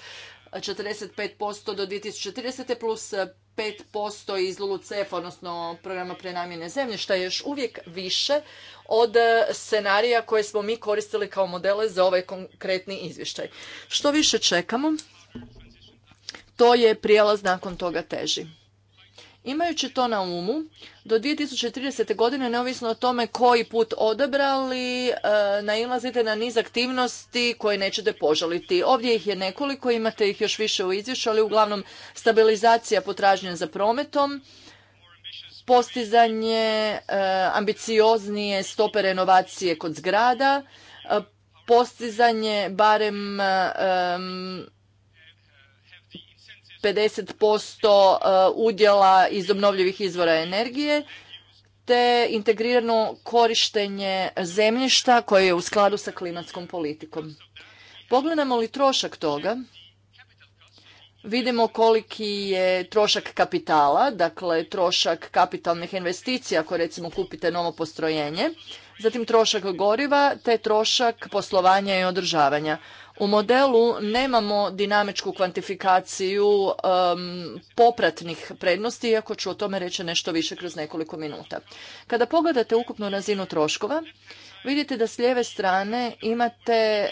45% do 2030. plus 5% iz LULUCEF, odnosno programa prenamjene što je još uvijek više od scenarija koje smo mi koristili kao modele za ovaj konkretni izvještaj. Što više čekamo, to je prijelaz nakon toga teži. Imajući to na umu, do 2030. godine, neovisno o tome koji put odabrali, e, nailazite na niz aktivnosti koje nećete požaliti. Ovdje ih je nekoliko, imate ih još više u izvješću, ali uglavnom stabilizacija potražnje za prometom, postizanje e, ambicioznije stope renovacije kod zgrada, e, postizanje barem 50% e, udjela iz obnovljivih izvora energije te integrirano korištenje zemljišta koje je u skladu sa klimatskom politikom. Pogledamo li trošak toga, vidimo koliki je trošak kapitala, dakle trošak kapitalnih investicija ako recimo kupite novo postrojenje, zatim trošak goriva te trošak poslovanja i održavanja. U modelu nemamo dinamičku kvantifikaciju popratnih prednosti, iako ću o tome reći nešto više kroz nekoliko minuta. Kada pogledate ukupnu razinu troškova, vidite da s lijeve strane imate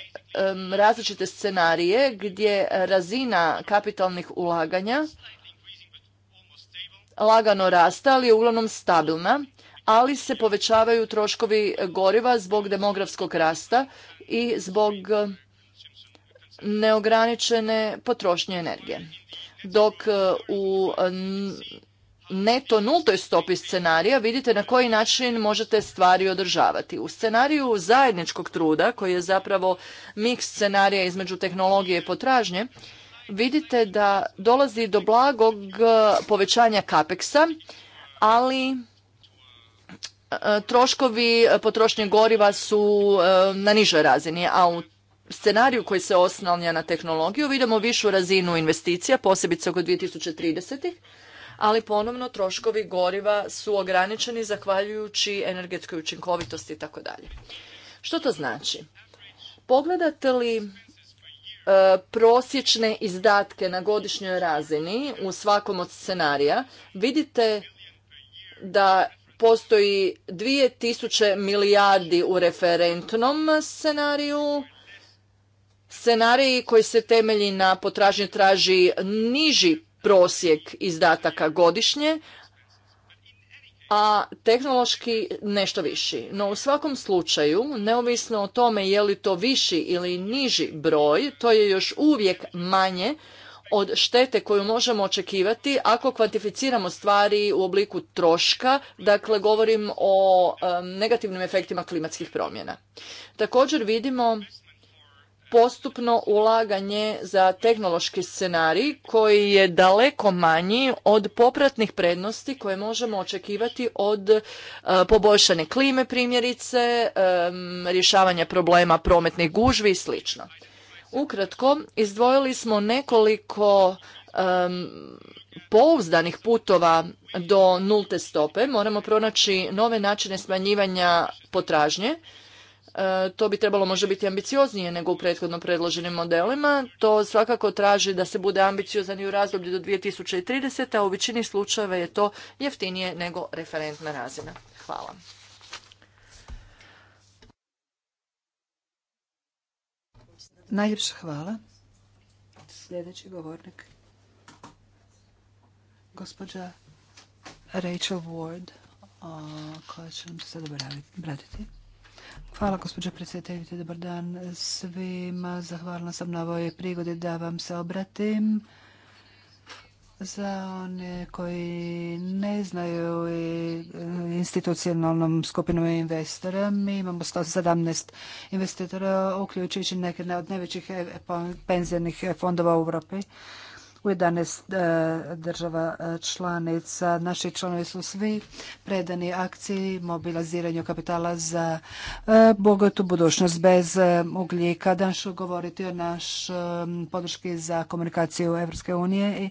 različite scenarije gdje razina kapitalnih ulaganja lagano rasta, ali je uglavnom stabilna, ali se povećavaju troškovi goriva zbog demografskog rasta i zbog neograničene potrošnje energije. Dok e, u e, neto nultoj stopi scenarija vidite na koji način možete stvari održavati. U scenariju zajedničkog truda, koji je zapravo miks scenarija između tehnologije i potražnje, vidite da dolazi do blagog e, povećanja kapeksa, ali troškovi potrošnje goriva su na nižoj razini, a u scenariju koji se osnalnja na tehnologiju vidimo višu razinu investicija, posebice oko 2030 ali ponovno troškovi goriva su ograničeni zahvaljujući energetskoj učinkovitosti i tako dalje. Što to znači? Pogledate li e, prosječne izdatke na godišnjoj razini u svakom od scenarija, vidite da postoji 2000 milijardi u referentnom scenariju, Scenarij koji se temelji na potražnje traži niži prosjek izdataka godišnje, a tehnološki nešto viši. No u svakom slučaju, neovisno o tome je li to viši ili niži broj, to je još uvijek manje od štete koju možemo očekivati ako kvantificiramo stvari u obliku troška, dakle govorim o negativnim efektima klimatskih promjena. Također vidimo postupno ulaganje za tehnološki scenarij koji je daleko manji od popratnih prednosti koje možemo očekivati od e, poboljšane klime primjerice, e, rješavanja problema prometnih gužvi i sl. Ukratko, izdvojili smo nekoliko e, pouzdanih putova do nulte stope. Moramo pronaći nove načine smanjivanja potražnje E, to bi trebalo možda biti ambicioznije nego u prethodno predloženim modelima. To svakako traži da se bude ambiciozan i u razdoblju do 2030. a u većini slučajeva je to jeftinije nego referentna razina. Hvala. Najljepša hvala. Sljedeći govornik. Gospođa Rachel Ward, koja će nam se sada obratiti. Hvala gospođo predsjedateljice, dobar dan svima. Zahvalna sam na ovoj prigodi da vam se obratim. Za one koji ne znaju e, institucionalnom skupinom investora, mi imamo 117 investitora, uključujući neke od najvećih e, penzijenih fondova u Europi u 11 e, država e, članica. Naši članovi su svi predani akciji mobiliziranju kapitala za e, bogatu budućnost bez ugljika. Danas ću govoriti o našoj podrški za komunikaciju Evropske unije i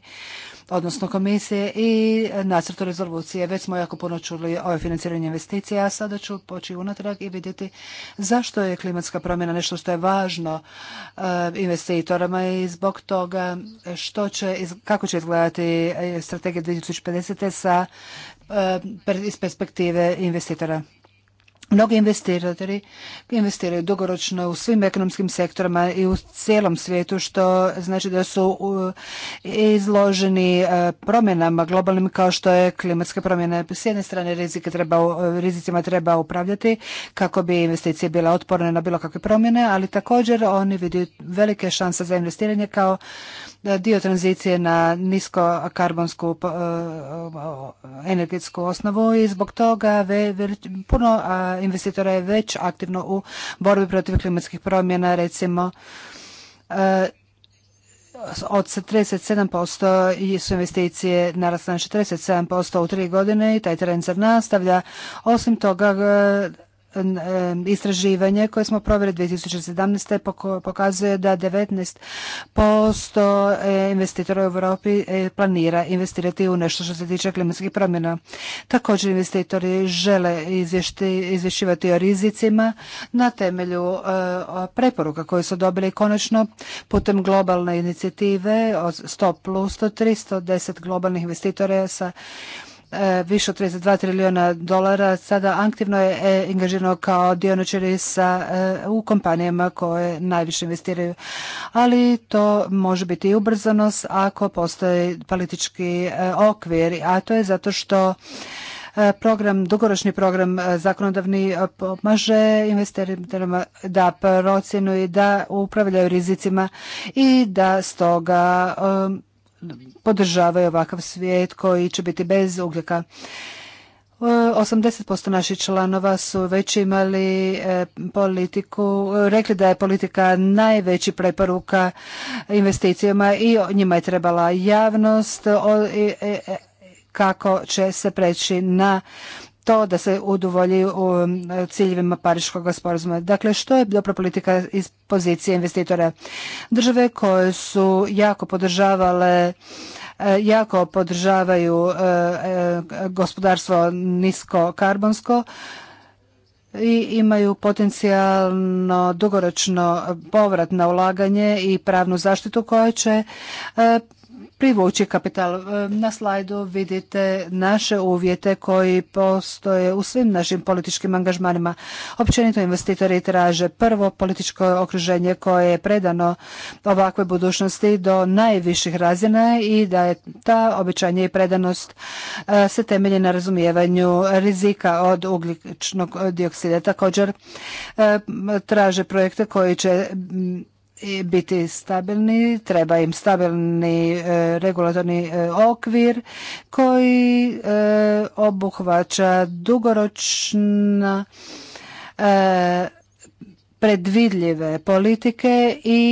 odnosno komisije i nacrtu rezolucije. Već smo jako puno čuli o financiranju investicija, a sada ću poći unatrag i vidjeti zašto je klimatska promjena nešto što je važno e, investitorama i zbog toga što će, kako će izgledati e, strategija 2050. sa e, iz perspektive investitora. Mnogi investiratori investiraju dugoročno u svim ekonomskim sektorima i u cijelom svijetu, što znači da su izloženi e, promjenama globalnim kao što je klimatske promjene. S jedne strane rizike treba, rizicima treba upravljati kako bi investicije bile otporne na bilo kakve promjene, ali također oni vidi velike šanse za investiranje kao dio tranzicije na niskokarbonsku e, energetsku osnovu i zbog toga puno investitora je već aktivno u borbi protiv klimatskih promjena, recimo e, od 37% su investicije narasle na 47% u tri godine i taj trend se nastavlja. Osim toga, E, istraživanje koje smo proveli 2017. pokazuje da 19% e, investitora u Europi e, planira investirati u nešto što se tiče klimatskih promjena. Također investitori žele izvješćivati o rizicima na temelju preporuka koje su dobili konačno putem globalne inicijative od 100 plus 100, 310 globalnih investitora sa E, više od 32 trilijuna dolara sada aktivno je e, angažirano kao dioničari sa, e, u kompanijama koje najviše investiraju. Ali to može biti i ubrzano ako postoji politički okvir, a to je zato što program, dugoročni program zakonodavni pomaže investitorima da procjenu i da upravljaju rizicima i da stoga podržavaju ovakav svijet koji će biti bez ugljika. 80% e, naših članova su već imali e, politiku, rekli da je politika najveći preporuka investicijama i njima je trebala javnost e, kako će se preći na to da se udovolji u um, ciljevima Pariškog sporazuma. Dakle, što je dobra politika iz pozicije investitora? Države koje su jako podržavale e, jako podržavaju e, e, gospodarstvo nisko karbonsko i imaju potencijalno dugoročno na ulaganje i pravnu zaštitu koja će privući kapital. E, na slajdu vidite naše uvjete koji postoje u svim našim političkim angažmanima. Općenito investitori traže prvo političko okruženje koje je predano ovakvoj budućnosti do najviših razina i da je ta obećanje i predanost e, se temelji na razumijevanju rizika od ugljičnog dioksida. Također e, traže projekte koji će biti stabilni, treba im stabilni e, regulatorni e, okvir koji e, obuhvaća dugoročna predvidljive politike i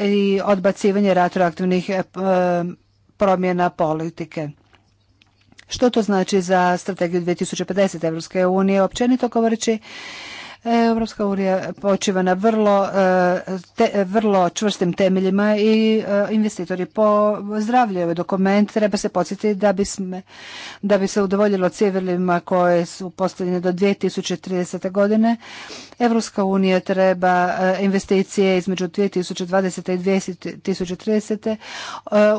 i odbacivanje retroaktivnih promjena politike. Što to znači za strategiju 2050 Europske unije? Općenito govoreći, Europska unija počiva na vrlo, eh, te, vrlo čvrstim temeljima i eh, investitori pozdravljaju dokument. Treba se podsjetiti da bi, da bi se udovoljilo civilima koje su postavljene do 2030. godine. Europska unija treba eh, investicije između 2020. i 2030.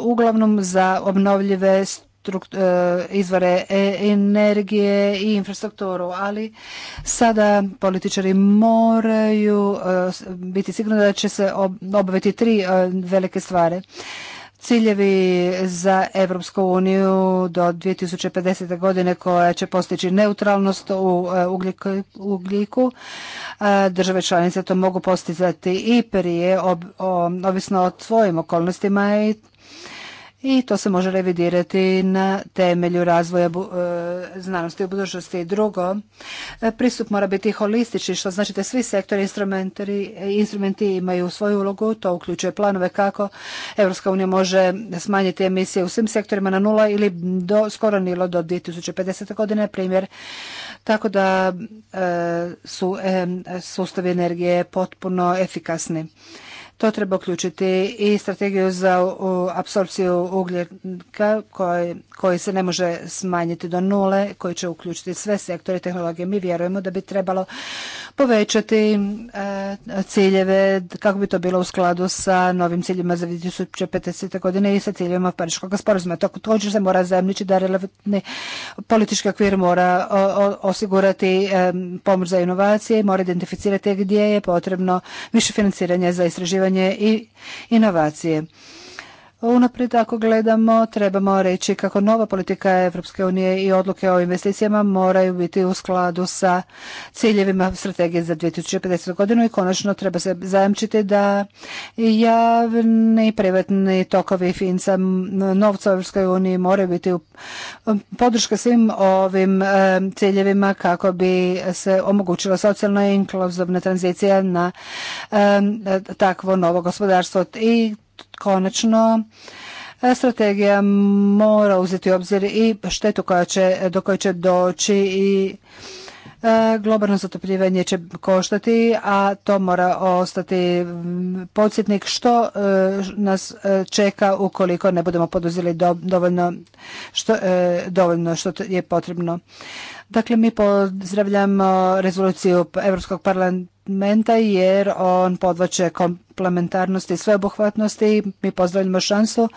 uglavnom za obnovljive E, izvore e, energije i infrastrukturu, ali sada političari moraju e, biti sigurni da će se obaviti tri velike stvari. Ciljevi za Europsku uniju do 2050. godine koja će postići neutralnost u ugljiku. Države članice to mogu postizati i prije, ovisno o svojim okolnostima i i to se može revidirati na temelju razvoja e, znanosti u budućnosti. Drugo, e, pristup mora biti holistični, što znači da svi sektori e, instrumenti imaju svoju ulogu, to uključuje planove kako Europska unija može smanjiti emisije u svim sektorima na nula ili do, skoro nilo do 2050. godine, primjer, tako da su sustavi energije potpuno efikasni. To treba uključiti i strategiju za apsorpciju ugljika koji, se ne može smanjiti do nule, koji će uključiti sve sektore tehnologije. Mi vjerujemo da bi trebalo povećati e, ciljeve kako bi to bilo u skladu sa novim ciljima za 2050. godine i sa ciljevima Pariškog sporazuma. Također se mora zajemnići da relevantni politički okvir mora osigurati e, pomoć za inovacije i mora identificirati gdje je potrebno više financiranja za istraživanje istraživanje i inovacije. Unaprijed ako gledamo, trebamo reći kako nova politika Evropske unije i odluke o investicijama moraju biti u skladu sa ciljevima strategije za 2050. godinu i konačno treba se zajamčiti da javni i privatni tokovi finca novca u Europskoj uniji moraju biti u podrška svim ovim e, ciljevima kako bi se omogućila socijalna i inkluzivna tranzicija na e, takvo novo gospodarstvo. I Konačno, e, strategija mora uzeti u obzir i štetu do koje će doći i E, globalno zatopljivanje će koštati, a to mora ostati podsjetnik što e, nas e, čeka ukoliko ne budemo poduzeli dovoljno što, dovoljno što je potrebno. Dakle, mi pozdravljamo rezoluciju Europskog parlamenta jer on podvoče komplementarnosti i sveobuhvatnosti. Mi pozdravljamo šansu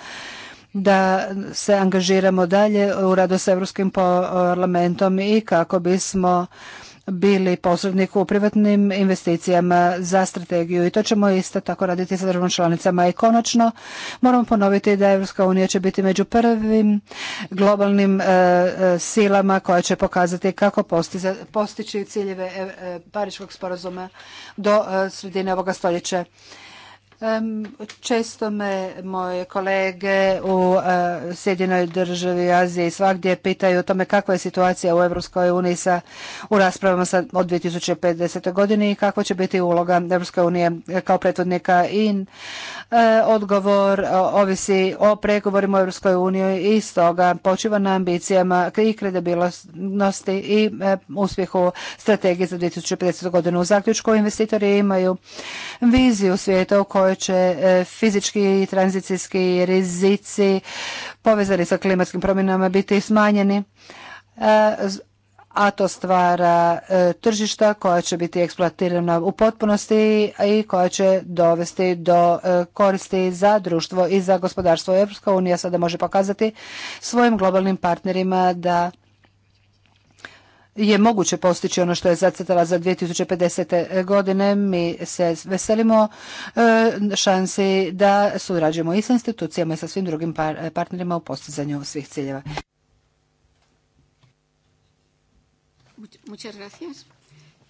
da se angažiramo dalje u radu s Europskim parlamentom i kako bismo bili posrednik u privatnim investicijama za strategiju i to ćemo isto tako raditi sa državnim članicama. I konačno moramo ponoviti da Evropska unija će biti među prvim globalnim e, e, silama koja će pokazati kako postići ciljeve e, Pariškog sporazuma do sredine ovoga stoljeća. Često me moje kolege u e, Sjedinoj državi Azije i svakdje pitaju o tome kakva je situacija u Europskoj uniji sa, u raspravama sa, od 2050. godini i kakva će biti uloga Europske unije kao pretvodnika i E, odgovor ovisi o pregovorima u Europskoj uniji i stoga počiva na ambicijama i kredibilnosti i e, uspjehu strategije za 2050. godinu. U zaključku investitori imaju viziju svijeta u kojoj će e, fizički i tranzicijski rizici povezani sa klimatskim promjenama biti smanjeni a to stvara e, tržišta koja će biti eksploatirana u potpunosti i koja će dovesti do e, koristi za društvo i za gospodarstvo. Europska unija sada može pokazati svojim globalnim partnerima da je moguće postići ono što je zacetala za 2050. godine. Mi se veselimo e, šansi da surađujemo i sa institucijama i sa svim drugim partnerima u postizanju svih ciljeva. Muchas gracias.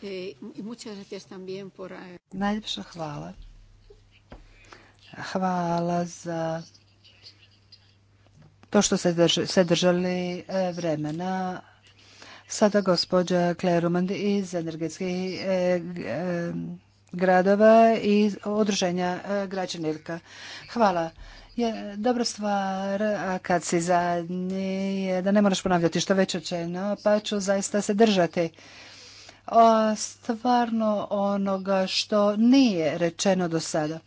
Eh, muchas gracias por... Eh, Najljepša hvala. Hvala za to što ste se držali e, vremena. Sada gospođa Klerumand iz energetskih e, e, gradova i odruženja građanilka. Hvala je dobra stvar, kad si zadnji, je da ne moraš ponavljati što već rečeno, pa ću zaista se držati. stvarno onoga što nije rečeno do sada.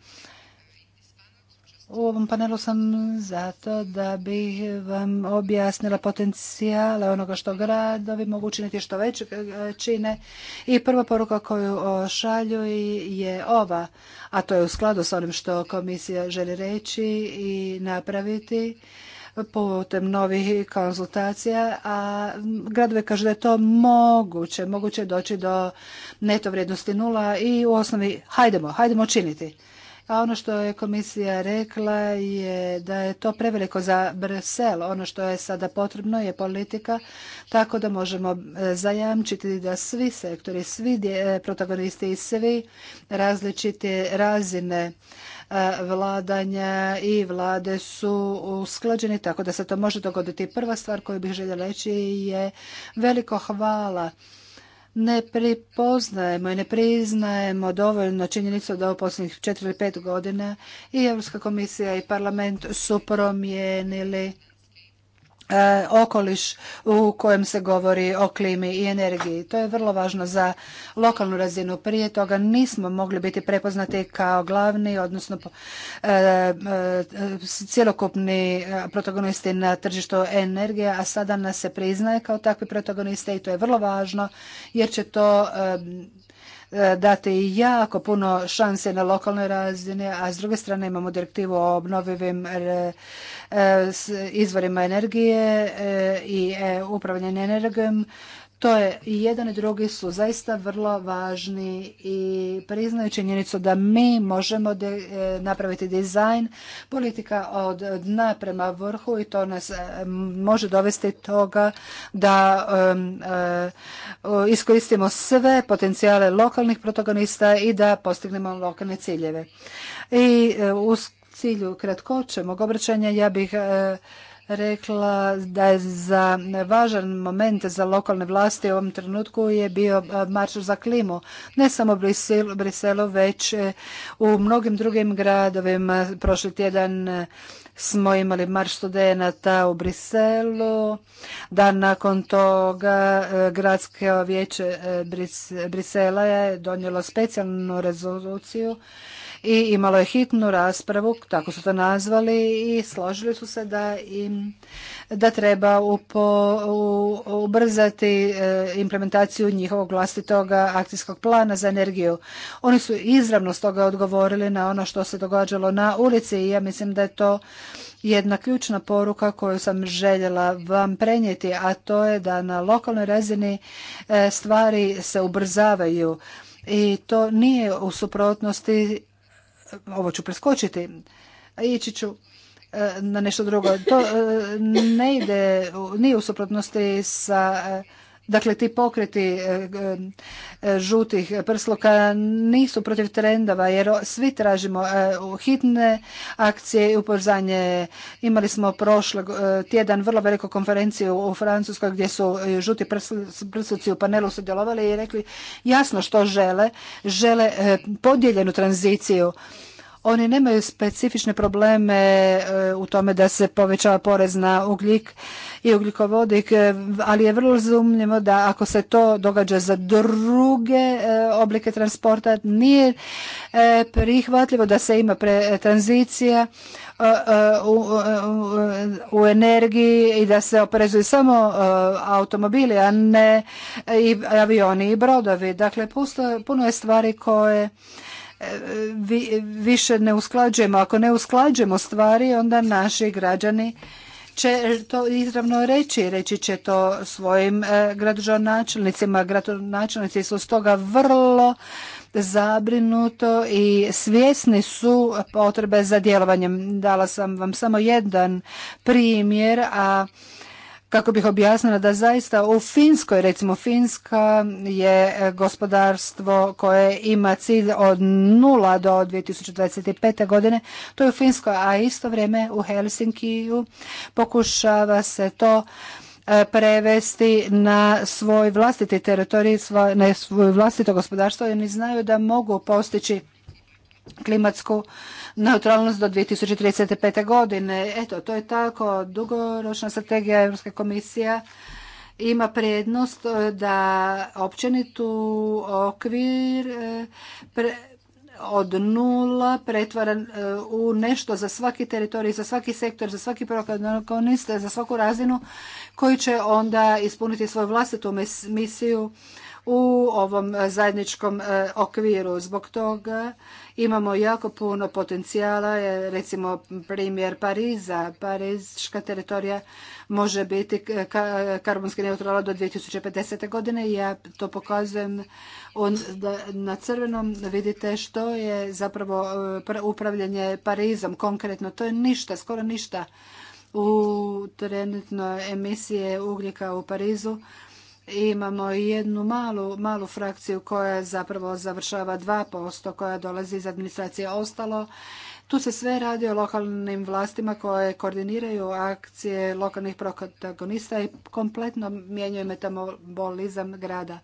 U ovom panelu sam zato da bih vam objasnila potencijale onoga što gradovi mogu učiniti što već čine. I prva poruka koju šalju je ova, a to je u skladu s onim što komisija želi reći i napraviti putem novih konzultacija, a gradovi kažu da je to moguće, moguće doći do neto vrijednosti nula i u osnovi hajdemo, hajdemo činiti a ono što je komisija rekla je da je to preveliko za Brsel. Ono što je sada potrebno je politika tako da možemo e, zajamčiti da svi sektori, svi e, protagonisti i svi različite razine e, vladanja i vlade su usklađeni tako da se to može dogoditi. Prva stvar koju bih željela reći je veliko hvala ne pripoznajemo i ne priznajemo dovoljno činjenicu da u posljednjih četiri ili 5 godina i Europska komisija i parlament su promijenili E, okoliš u kojem se govori o klimi i energiji. To je vrlo važno za lokalnu razinu. Prije toga nismo mogli biti prepoznati kao glavni, odnosno e, e, cjelokupni protagonisti na tržištu energije, a sada nas se priznaje kao takvi protagoniste i to je vrlo važno jer će to dati jako puno šanse na lokalnoj razini, a s druge strane imamo direktivu o obnovivim e, izvorima energije e, i e, upravljanje energijom to je i jedan i drugi su zaista vrlo važni i priznaju činjenicu da mi možemo de, e, napraviti dizajn politika od dna prema vrhu i to nas e, može dovesti toga da e, iskoristimo sve potencijale lokalnih protagonista i da postignemo lokalne ciljeve. I u cilju kratkoće mog obraćanja ja bih rekla da je za važan moment za lokalne vlasti u ovom trenutku je bio e, marš za klimu. Ne samo u Briselu, već e, u mnogim drugim gradovima. Prošli tjedan e, smo imali marš studenata u Briselu, dan nakon toga gradske vijeće Brisela je donijelo specijalnu rezoluciju i imalo je hitnu raspravu, tako su to nazvali i složili su se da im da treba ubrzati e, implementaciju njihovog vlastitoga akcijskog plana za energiju. Oni su izravno stoga odgovorili na ono što se događalo na ulici i ja mislim da je to jedna ključna poruka koju sam željela vam prenijeti, a to je da na lokalnoj razini e, stvari se ubrzavaju i to nije u suprotnosti ovo ću preskočiti, ići ću e, na nešto drugo. To e, ne ide, nije u suprotnosti sa e, Dakle, ti pokreti e, e, žutih prsloka nisu protiv trendova jer svi tražimo e, hitne akcije i upozanje. Imali smo prošlog tjedan vrlo veliku konferenciju u Francuskoj gdje su žuti prsluci u panelu sudjelovali i rekli jasno što žele. Žele podijeljenu tranziciju oni nemaju specifične probleme e, u tome da se povećava porez na ugljik i ugljikovodik, e, ali je vrlo razumljivo da ako se to događa za druge e, oblike transporta, nije prihvatljivo da se ima pre tranzicija u, energiji i da se operezuju samo automobili, a ne i avioni i brodovi. Dakle, puno je stvari koje više ne usklađujemo. Ako ne usklađujemo stvari, onda naši građani će to izravno reći. Reći će to svojim e, gradonačelnicima. Gradonačelnici su stoga vrlo zabrinuto i svjesni su potrebe za djelovanjem. Dala sam vam samo jedan primjer, a kako bih objasnila da zaista u Finskoj, recimo Finska je e, gospodarstvo koje ima cilj od nula do 2025. godine, to je u Finskoj, a isto vrijeme u Helsinkiju pokušava se to e, prevesti na svoj vlastiti teritorij, na svoje vlastito gospodarstvo jer oni znaju da mogu postići klimatsku neutralnost do 2035. godine. Eto, to je tako. Dugoročna strategija Europske komisija ima prednost e, da općenitu okvir e, od nula pretvara e, u nešto za svaki teritorij, za svaki sektor, za svaki prokonist, za svaku razinu koji će onda ispuniti svoju vlastitu misiju u ovom zajedničkom okviru. Zbog toga Imamo jako puno potencijala, recimo primjer Pariza. Parizška teritorija može biti karbonski neutrala do 2050. godine. Ja to pokazujem na crvenom. Vidite što je zapravo e, upravljanje Parizom konkretno. To je ništa, skoro ništa u trenutnoj emisije ugljika u Parizu imamo i jednu malu, malu frakciju koja zapravo završava 2%, koja dolazi iz administracije ostalo. Tu se sve radi o lokalnim vlastima koje koordiniraju akcije lokalnih protagonista i kompletno mijenjaju metabolizam grada.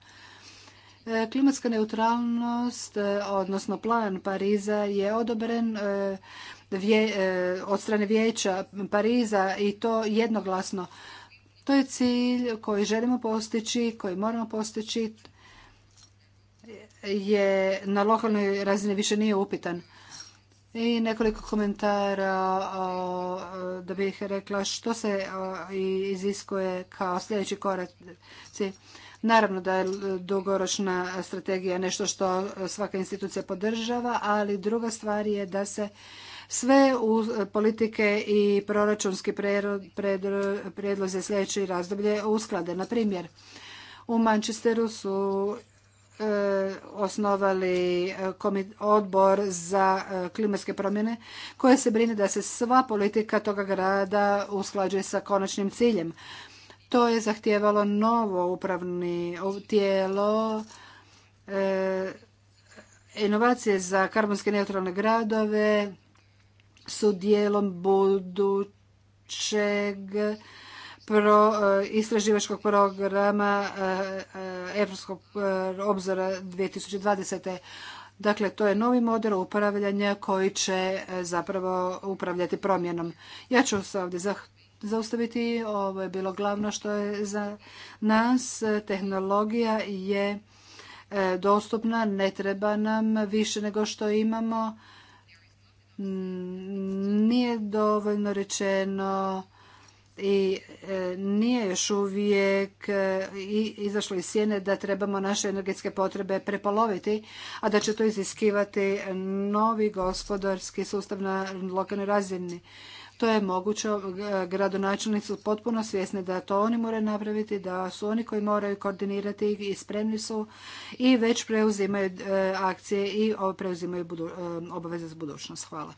E, klimatska neutralnost, e, odnosno plan Pariza je odobren e, od strane vijeća Pariza i to jednoglasno. To je cilj koji želimo postići, koji moramo postići je na lokalnoj razini više nije upitan. I nekoliko komentara da bih rekla što se iziskuje kao sljedeći koraci. Naravno da je dugoročna strategija nešto što svaka institucija podržava, ali druga stvar je da se sve u e, politike i proračunski prijedlozi sljedeće razdoblje usklade. Na primjer, u Manchesteru su e, osnovali e, odbor za klimatske promjene koje se brine da se sva politika toga grada usklađuje sa konačnim ciljem. To je zahtijevalo novo upravni tijelo inovacije za karbonske neutralne gradove su dijelom budućeg pro, eh, istraživačkog programa Evropskog eh, eh, obzora 2020. Dakle, to je novi model upravljanja koji će zapravo upravljati promjenom. Ja ću se ovdje zaustaviti. Ovo je bilo glavno što je za nas. Tehnologija je dostupna, ne treba nam više nego što imamo nije dovoljno rečeno i e, nije još uvijek e, izašlo iz sjene da trebamo naše energetske potrebe prepoloviti, a da će to iziskivati novi gospodarski sustav na lokalnoj razini. To je moguće. E, gradonačelnici su potpuno svjesni da to oni moraju napraviti, da su oni koji moraju koordinirati i spremni su i već preuzimaju e, akcije i preuzimaju e, obaveze za budućnost. Hvala.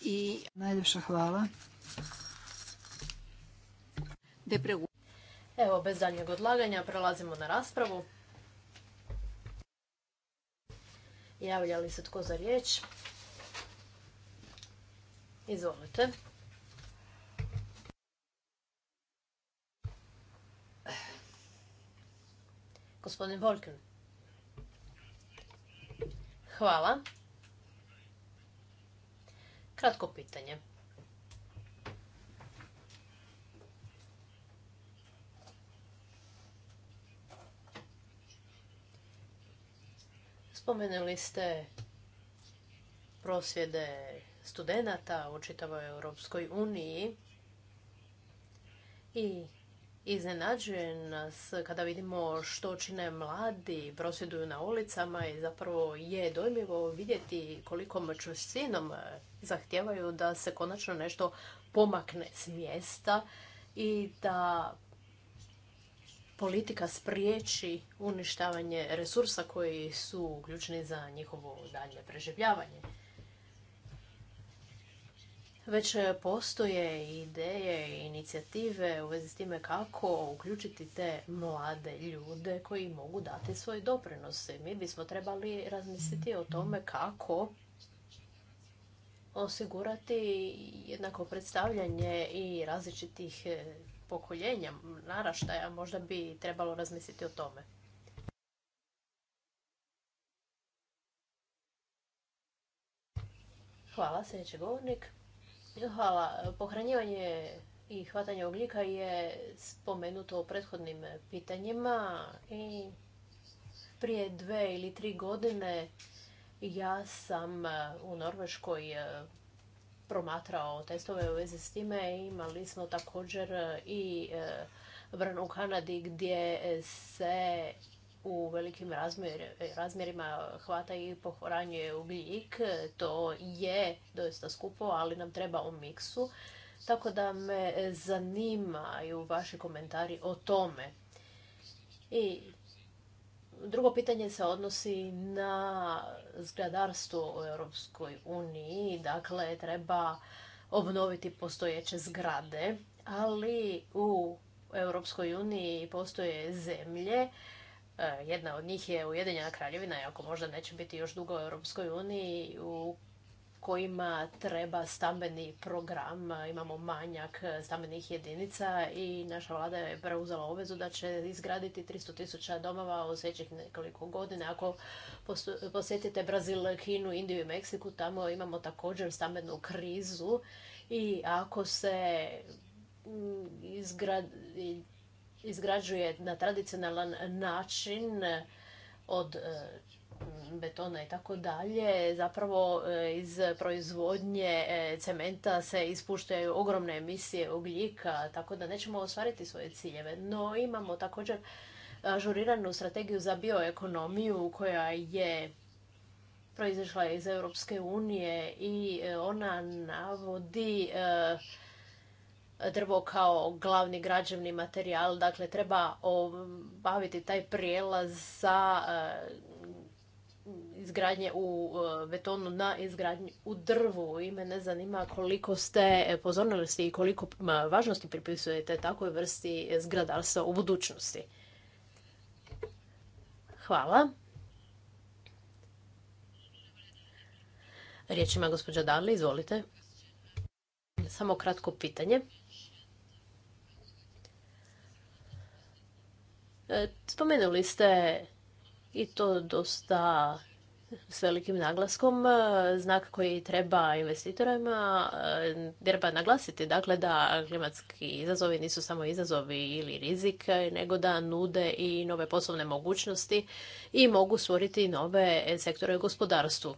I... Najljepša hvala. Evo, bez daljnjeg odlaganja prelazimo na raspravu. Javlja li se tko za riječ? Izvolite. Gospodin Volken. Hvala. Kratko pitanje. Spomenuli ste prosvjede studenta u čitavoj Europskoj uniji i iznenađuje nas kada vidimo što čine mladi, prosvjeduju na ulicama i zapravo je dojmivo vidjeti koliko čvrstinom zahtijevaju da se konačno nešto pomakne s mjesta i da politika spriječi uništavanje resursa koji su ključni za njihovo dalje preživljavanje. Već postoje ideje i inicijative u vezi s time kako uključiti te mlade ljude koji mogu dati svoj doprinos. Mi bismo trebali razmisliti o tome kako osigurati jednako predstavljanje i različitih pokoljenja, naraštaja, možda bi trebalo razmisliti o tome. Hvala, sljedeći govornik. Hvala. Pohranjivanje i hvatanje ugljika je spomenuto u prethodnim pitanjima i prije dve ili tri godine ja sam u Norveškoj promatrao testove u vezi s time. Imali smo također i e, vrn u Kanadi gdje se u velikim razmjerima hvata i pohranjuje ugljik. To je doista skupo, ali nam treba u miksu. Tako da me zanimaju vaši komentari o tome. I Drugo pitanje se odnosi na zgradarstvo u Europskoj uniji. Dakle, treba obnoviti postojeće zgrade, ali u Europskoj uniji postoje zemlje e, jedna od njih je Ujedinjena kraljevina, iako možda neće biti još dugo u Europskoj uniji, u kojima treba stambeni program. Imamo manjak stambenih jedinica i naša vlada je preuzela obvezu da će izgraditi 300.000 tisuća domova u sljedećih nekoliko godina. Ako posjetite Brazil, Kinu, Indiju i Meksiku, tamo imamo također stambenu krizu i ako se mm, izgrađuje na tradicionalan način od e, betona i tako dalje, zapravo e, iz proizvodnje e, cementa se ispuštaju ogromne emisije ugljika, tako da nećemo ostvariti svoje ciljeve. No imamo također ažuriranu strategiju za bioekonomiju koja je proizašla iz Europske unije i e, ona navodi drvo kao glavni građevni materijal, dakle treba baviti taj prijelaz sa izgradnje u e, betonu na izgradnju u drvu i mene zanima koliko ste pozornosti i koliko e, važnosti pripisujete takvoj vrsti zgradarstva u budućnosti. Hvala. Riječ ima gospođa Darli, izvolite. Samo kratko pitanje. E, spomenuli ste i to dosta s velikim naglaskom. Znak koji treba investitorima eh, treba naglasiti dakle da klimatski izazovi nisu samo izazovi ili rizik, nego da nude i nove poslovne mogućnosti i mogu stvoriti nove sektore u gospodarstvu.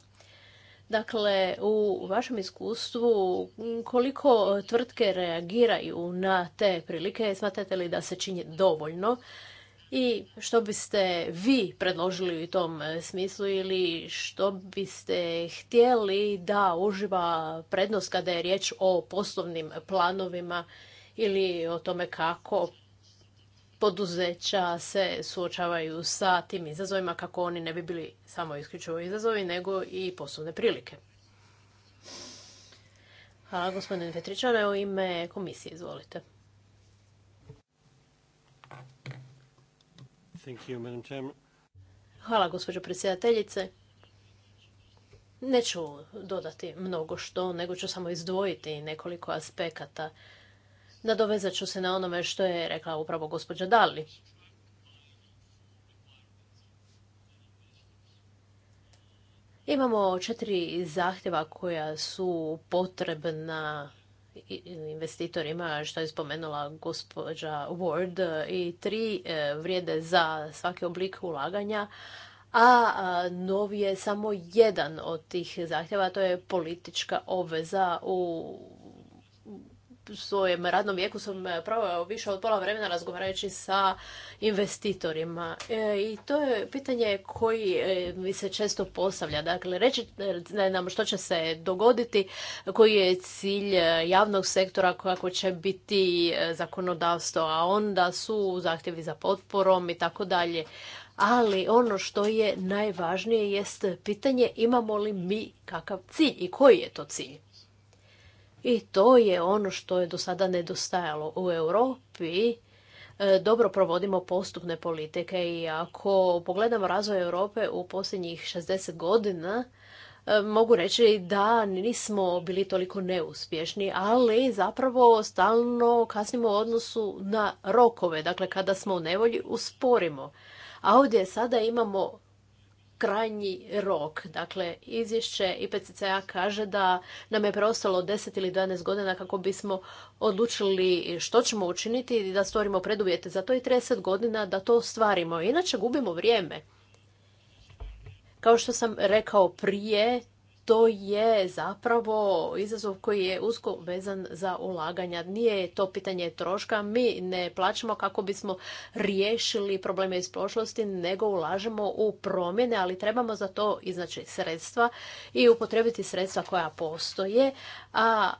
Dakle, u vašem iskustvu koliko tvrtke reagiraju na te prilike? Smatrate li da se čini dovoljno? i što biste vi predložili u tom e, smislu ili što biste htjeli da uživa prednost kada je riječ o poslovnim planovima ili o tome kako poduzeća se suočavaju sa tim izazovima kako oni ne bi bili samo isključivo izazovi nego i poslovne prilike. Hvala gospodine Petričane, u ime komisije izvolite. Hvala, gospođo predsjedateljice. Neću dodati mnogo što, nego ću samo izdvojiti nekoliko aspekata. Nadovezat ću se na onome što je rekla upravo gospođa Dali. Imamo četiri zahtjeva koja su potrebna investitorima, što je spomenula gospođa Ward, e, i tri e, vrijede za svaki oblik ulaganja, a novi je samo jedan od tih zahtjeva, to je politička obveza u svojem radnom vijeku sam e, proveo više od pola vremena razgovarajući sa investitorima. E, I to je pitanje koji e, mi se često postavlja. Dakle, reći nam što će se dogoditi, koji je cilj javnog sektora, kako će biti zakonodavstvo, a onda su zahtjevi za potporom i tako dalje. Ali ono što je najvažnije jest pitanje imamo li mi kakav cilj i koji je to cilj. I to je ono što je do sada nedostajalo u Europi. E, dobro provodimo postupne politike i ako pogledamo razvoj Europe u posljednjih 60 godina, e, mogu reći da nismo bili toliko neuspješni, ali zapravo stalno kasnimo u odnosu na rokove. Dakle, kada smo u nevolji, usporimo. A ovdje sada imamo krajnji rok. Dakle, izvješće IPCC-a kaže da nam je preostalo 10 ili 12 godina kako bismo odlučili što ćemo učiniti i da stvorimo preduvjete. Za to i 30 godina da to stvarimo. Inače, gubimo vrijeme. Kao što sam rekao prije, to je zapravo izazov koji je usko vezan za ulaganja. Nije to pitanje troška, mi ne plaćamo kako bismo riješili probleme iz prošlosti, nego ulažemo u promjene, ali trebamo za to iznaći sredstva i upotrebiti sredstva koja postoje, a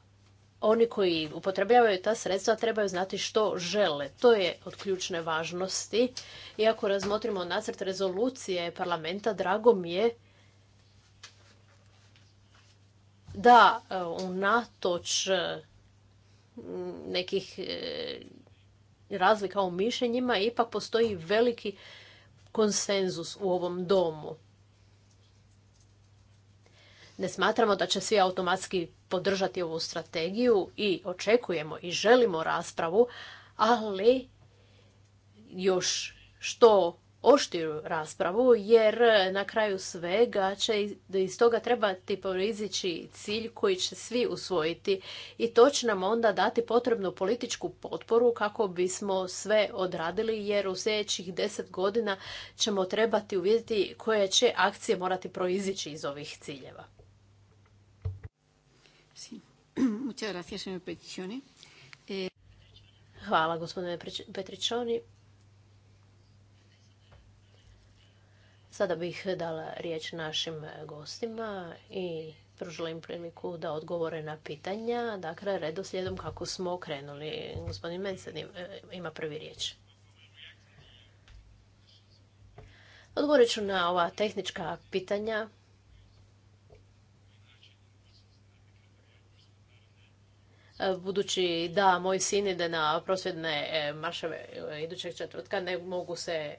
oni koji upotrebljavaju ta sredstva trebaju znati što žele. To je od ključne važnosti. Iako razmotrimo nacrt rezolucije parlamenta, drago mi je da unatoč e, nekih e, razlika u mišljenjima ipak postoji veliki konsenzus u ovom domu. Ne smatramo da će svi automatski podržati ovu strategiju i očekujemo i želimo raspravu, ali još što oštiru raspravu jer e, na kraju svega će iz toga trebati proizići cilj koji će svi usvojiti i to će nam onda dati potrebnu političku potporu kako bismo sve odradili jer u sljedećih deset godina ćemo trebati uvidjeti koje će akcije morati proizići iz ovih ciljeva. Eh, Hvala gospodine Petričoni. Sada bih dala riječ našim gostima i pružila im priliku da odgovore na pitanja. Dakle, redoslijedom kako smo krenuli. Gospodin Mensen e, ima prvi riječ. Odgovorit ću na ova tehnička pitanja. E, budući da moj sin ide na prosvjedne e, marševe idućeg četvrtka, ne mogu se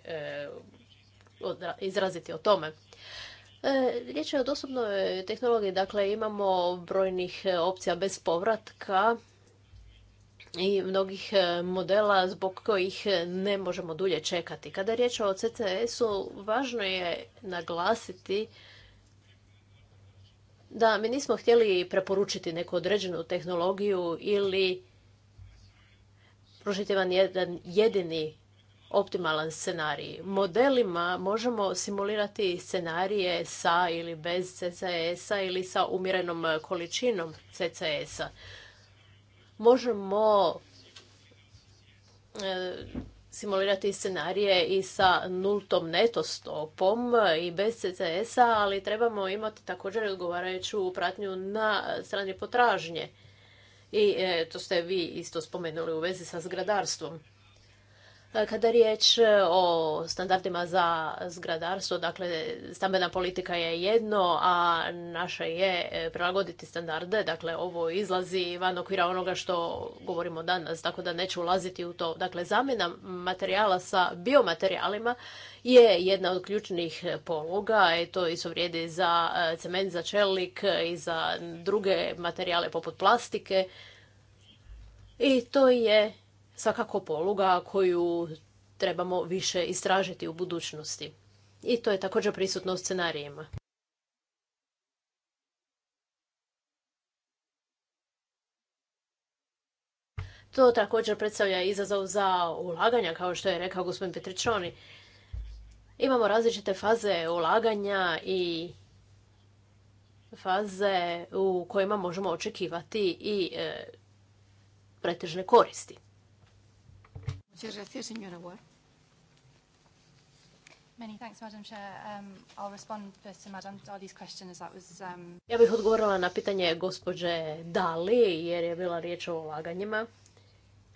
izraziti o tome. E, riječ je o dostupnoj tehnologiji, dakle imamo brojnih e, opcija bez povratka i mnogih e, modela zbog kojih ne možemo dulje čekati. Kada je riječ o CCS-u, važno je naglasiti da mi nismo htjeli preporučiti neku određenu tehnologiju ili pružiti vam jedan jedini optimalan scenarij. Modelima možemo simulirati scenarije sa ili bez CCS-a ili sa umjerenom količinom CCS-a. Možemo e, simulirati scenarije i sa nultom netostopom i bez CCS-a, ali trebamo imati također odgovarajuću pratnju na strani potražnje. I e, to ste vi isto spomenuli u vezi sa zgradarstvom. E, kada je riječ e, o standardima za zgradarstvo, dakle stambena politika je jedno, a naše je e, prilagoditi standarde, dakle ovo izlazi van okvira onoga što govorimo danas, tako da neću ulaziti u to. Dakle, zamjena materijala sa biomaterijalima je jedna od ključnih poluga i to isto vrijedi za cement, za čelik i za druge materijale poput plastike. I to je svakako poluga koju trebamo više istražiti u budućnosti. I to je također prisutno u scenarijima. To također predstavlja izazov za ulaganja, kao što je rekao gospodin Petričoni. Imamo različite faze ulaganja i faze u kojima možemo očekivati i e, pretežne koristi. Muchas gracias, señora Ja bih odgovorila na pitanje gospođe Dali, jer je bila riječ o ulaganjima.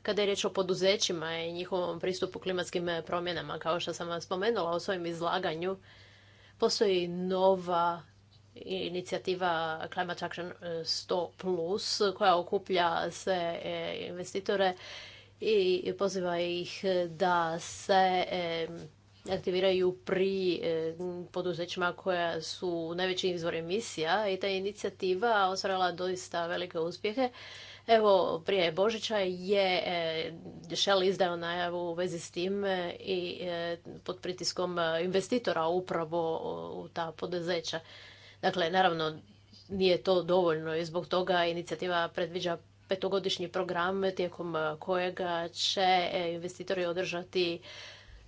Kada je riječ o poduzećima i njihovom pristupu klimatskim promjenama, kao što sam vam spomenula o svojim izlaganju, postoji nova inicijativa Climate Action 100+, koja okuplja sve e, investitore i poziva ih da se e, aktiviraju pri e, poduzećima koja su najveći izvor emisija i ta inicijativa ostvarila doista velike uspjehe. Evo, prije Božića je e, Shell izdao najavu u vezi s tim i pod pritiskom investitora upravo u ta poduzeća. Dakle, naravno, nije to dovoljno i zbog toga inicijativa predviđa petogodišnji program tijekom e, kojega će e, investitori održati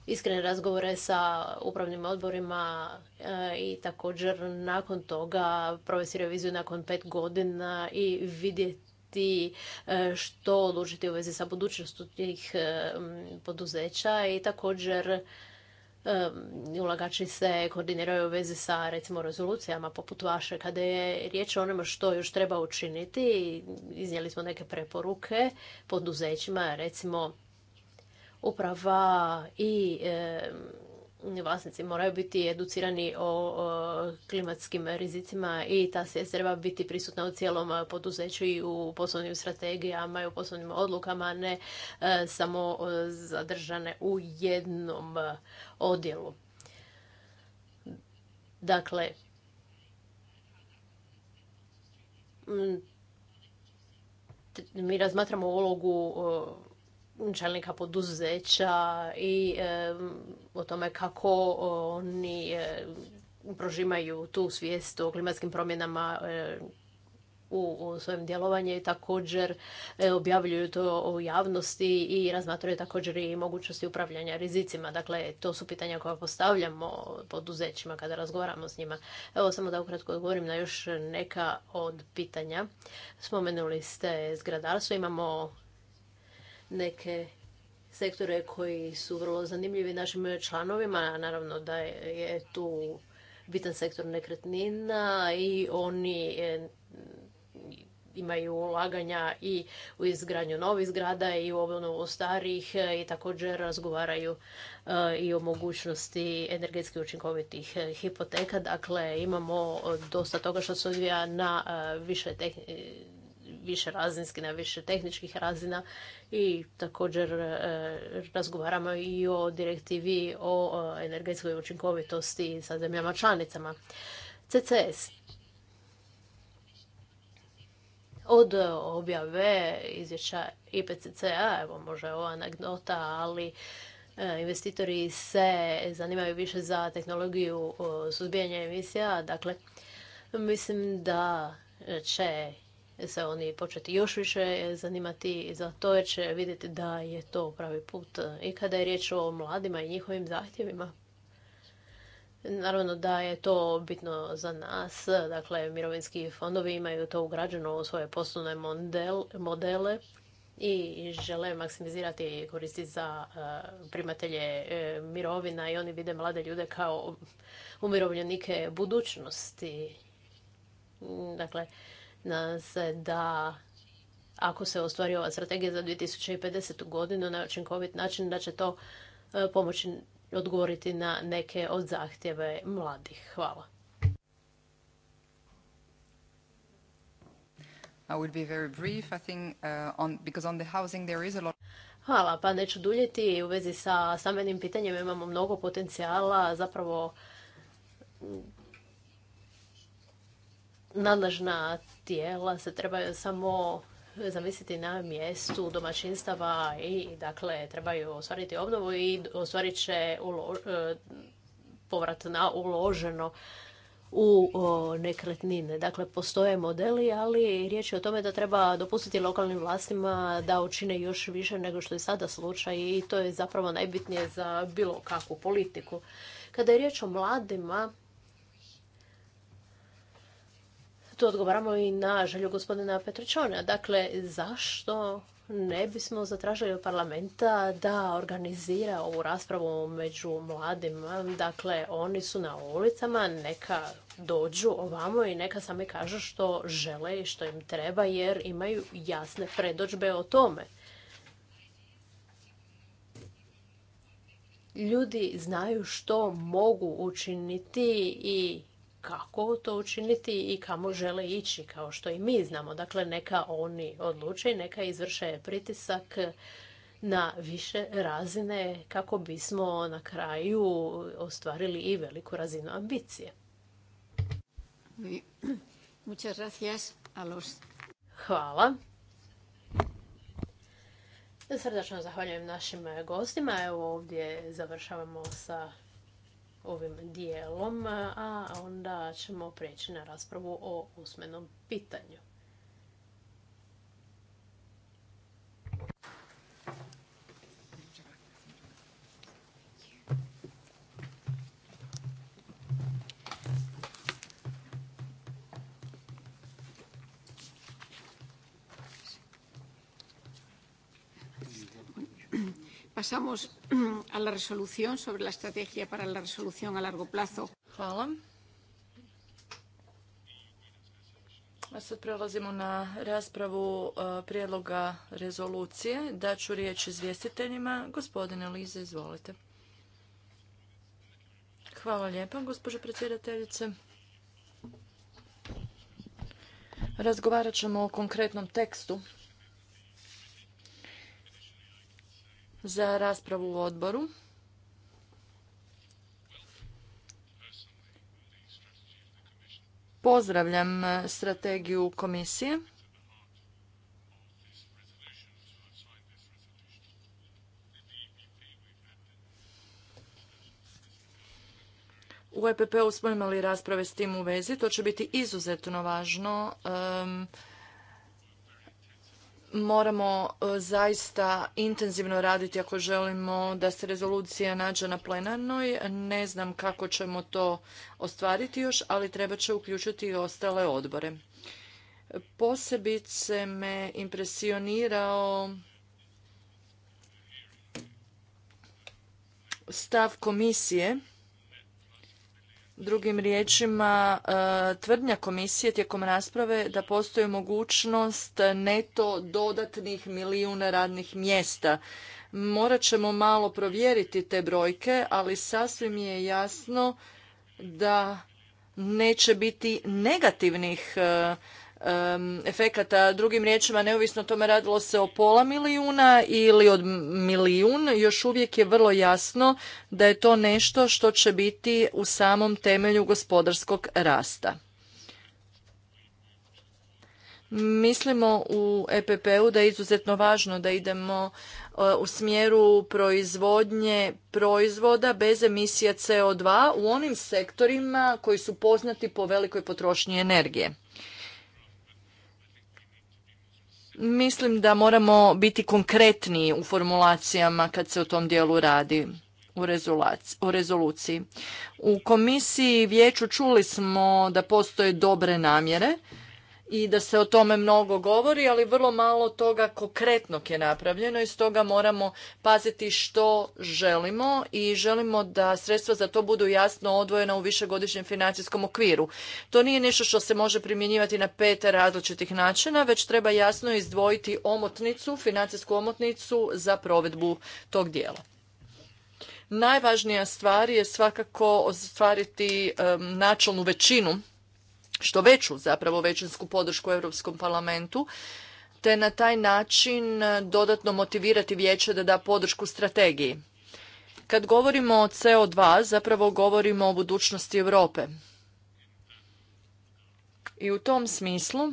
iskrene razgovore sa upravnim odborima e, i također nakon toga provesti reviziju nakon pet godina i vidjeti što odlučiti u vezi sa budućnosti tih poduzeća i također ulagači se koordiniraju u vezi sa recimo rezolucijama poput vaše kada je riječ o onome što još treba učiniti iznijeli smo neke preporuke poduzećima recimo uprava i vlasnici moraju biti educirani o klimatskim rizicima i ta svijest treba biti prisutna u cijelom poduzeću i u poslovnim strategijama i u poslovnim odlukama, ne e, samo e, zadržane u jednom e, odjelu. Dakle, mi razmatramo ulogu čelnika poduzeća i o tome kako oni prožimaju tu svijest o klimatskim promjenama u svojem djelovanju i također objavljuju to u javnosti i razmatraju također i mogućnosti upravljanja rizicima. Dakle, to su pitanja koja postavljamo poduzećima kada razgovaramo s njima. Evo samo da ukratko odgovorim na još neka od pitanja. Spomenuli ste zgradarstvo, imamo neke sektore koji su vrlo zanimljivi našim članovima. Naravno da je tu bitan sektor nekretnina i oni e, imaju ulaganja i u izgradnju novih zgrada i u obnovu starih e, i također razgovaraju e, i o mogućnosti energetski učinkovitih hipoteka. Dakle, imamo dosta toga što se odvija na više više razinski, na više tehničkih razina i također e, razgovaramo i o direktivi o e, energetskoj učinkovitosti sa zemljama članicama. CCS. Od e, objave izvješća IPCC-a, evo može ova anegdota, ali investitori se zanimaju više za tehnologiju suzbijanja emisija. Dakle, mislim da će se oni početi još više zanimati za to jer će vidjeti da je to pravi put. I kada je riječ o mladima i njihovim zahtjevima, Naravno da je to bitno za nas, dakle mirovinski fondovi imaju to ugrađeno u svoje poslovne modele i žele maksimizirati koristi za e, primatelje e, mirovina i oni vide mlade ljude kao umirovljenike budućnosti. Dakle, Nadam se da ako se ostvari ova strategija za 2050. godinu na učinkovit način, da će to e, pomoći odgovoriti na neke od zahtjeve mladih. Hvala. I Hvala, pa neću duljeti. U vezi sa stambenim pitanjem imamo mnogo potencijala. Zapravo nadležna tijela se trebaju samo zamisliti na mjestu domaćinstava i dakle trebaju ostvariti obnovu i ostvarit će e, povrat na uloženo u nekretnine. Dakle, postoje modeli, ali riječ je o tome da treba dopustiti lokalnim vlastima da učine još više nego što je sada slučaj i to je zapravo najbitnije za bilo kakvu politiku. Kada je riječ o mladima, tu odgovaramo i na želju gospodina Petričona. Dakle, zašto ne bismo zatražili od parlamenta da organizira ovu raspravu među mladima. Dakle, oni su na ulicama, neka dođu ovamo i neka sami kažu što žele i što im treba jer imaju jasne predođbe o tome. Ljudi znaju što mogu učiniti i kako to učiniti i kamo žele ići, kao što i mi znamo. Dakle, neka oni odluče i neka izvrše pritisak na više razine kako bismo na kraju ostvarili i veliku razinu ambicije. Hvala. Srdačno zahvaljujem našim gostima. Evo ovdje završavamo sa ovim dijelom, a onda ćemo prijeći na raspravu o usmenom pitanju. Pasamos a la resolución sobre la estrategia para la resolución a largo plazo. Hvala. A sad prelazimo na raspravu eh, prijedloga rezolucije. Daću riječ izvjestiteljima. Gospodine Lize, izvolite. Hvala lijepa, gospođo predsjedateljice. Razgovarat ćemo o konkretnom tekstu za raspravu u odboru. Pozdravljam e, strategiju komisije. U EPP-u smo imali rasprave s tim u vezi. To će biti izuzetno važno moramo e, zaista intenzivno raditi ako želimo da se rezolucija nađe na plenarnoj. Ne znam kako ćemo to ostvariti još, ali treba će uključiti i ostale odbore. Posebice me impresionirao stav komisije Drugim riječima, e, tvrdnja komisije tijekom rasprave da postoji mogućnost neto dodatnih milijuna radnih mjesta. Morat ćemo malo provjeriti te brojke, ali sasvim je jasno da neće biti negativnih e, efekata. Drugim riječima, neovisno o tome radilo se o pola milijuna ili od milijun, još uvijek je vrlo jasno da je to nešto što će biti u samom temelju gospodarskog rasta. Mislimo u EPP-u da je izuzetno važno da idemo e, u smjeru proizvodnje proizvoda bez emisija CO2 u onim sektorima koji su poznati po velikoj potrošnji energije. Mislim da moramo biti konkretniji u formulacijama kad se o tom dijelu radi u rezoluciji. U komisiji vijeću čuli smo da postoje dobre namjere, i da se o tome mnogo govori, ali vrlo malo toga konkretnog je napravljeno i stoga moramo paziti što želimo i želimo da sredstva za to budu jasno odvojena u višegodišnjem financijskom okviru. To nije nešto što se može primjenjivati na pet različitih načina, već treba jasno izdvojiti omotnicu, financijsku omotnicu za provedbu tog dijela. Najvažnija stvar je svakako ostvariti načelnu većinu što veću, zapravo većinsku podršku u Europskom parlamentu, te na taj način e, dodatno motivirati vijeće da da podršku strategiji. Kad govorimo o CO2, zapravo govorimo o budućnosti Europe. I u tom smislu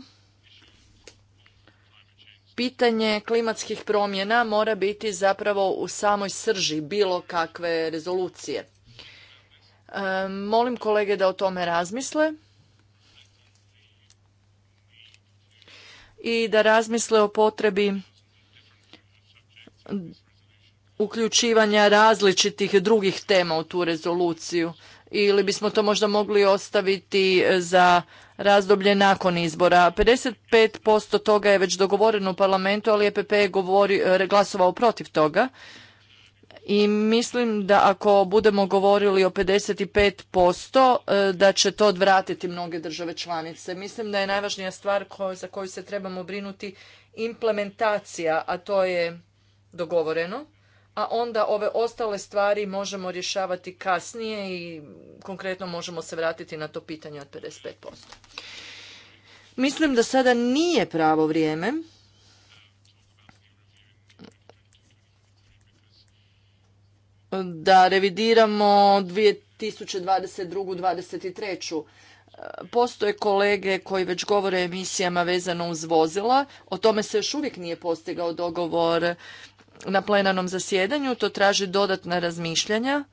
pitanje klimatskih promjena mora biti zapravo u samoj srži bilo kakve rezolucije. E, molim kolege da o tome razmisle. i da razmisle o potrebi uključivanja različitih drugih tema u tu rezoluciju ili bismo to možda mogli ostaviti e, za razdoblje nakon izbora. 55% toga je već dogovoreno u parlamentu, ali EPP je govori, e, glasovao protiv toga i mislim da ako budemo govorili o 55% e, da će to odvratiti mnoge države članice. Mislim da je najvažnija stvar za koju se trebamo brinuti implementacija, a to je dogovoreno, a onda ove ostale stvari možemo rješavati kasnije i konkretno možemo se vratiti na to pitanje od 55%. Mislim da sada nije pravo vrijeme da revidiramo 2022-2023. E, postoje kolege koji već govore o emisijama vezano uz vozila. O tome se još uvijek nije postigao dogovor na plenarnom zasjedanju. To traži dodatna razmišljanja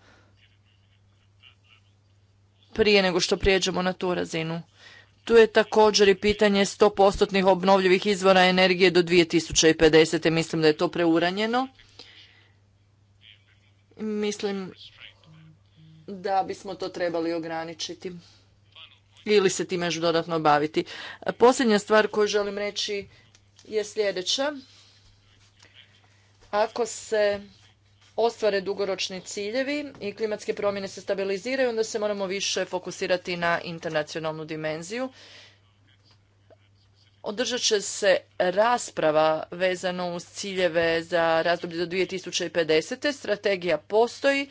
prije nego što prijeđemo na tu razinu. Tu je također i pitanje 100% obnovljivih izvora energije do 2050. Mislim da je to preuranjeno. Mislim da bismo to trebali ograničiti ili se time još dodatno baviti. Posljednja stvar koju želim reći je sljedeća. Ako se ostvare dugoročni ciljevi i klimatske promjene se stabiliziraju, onda se moramo više fokusirati na internacionalnu dimenziju održat će se rasprava vezano uz ciljeve za razdoblje do 2050. Strategija postoji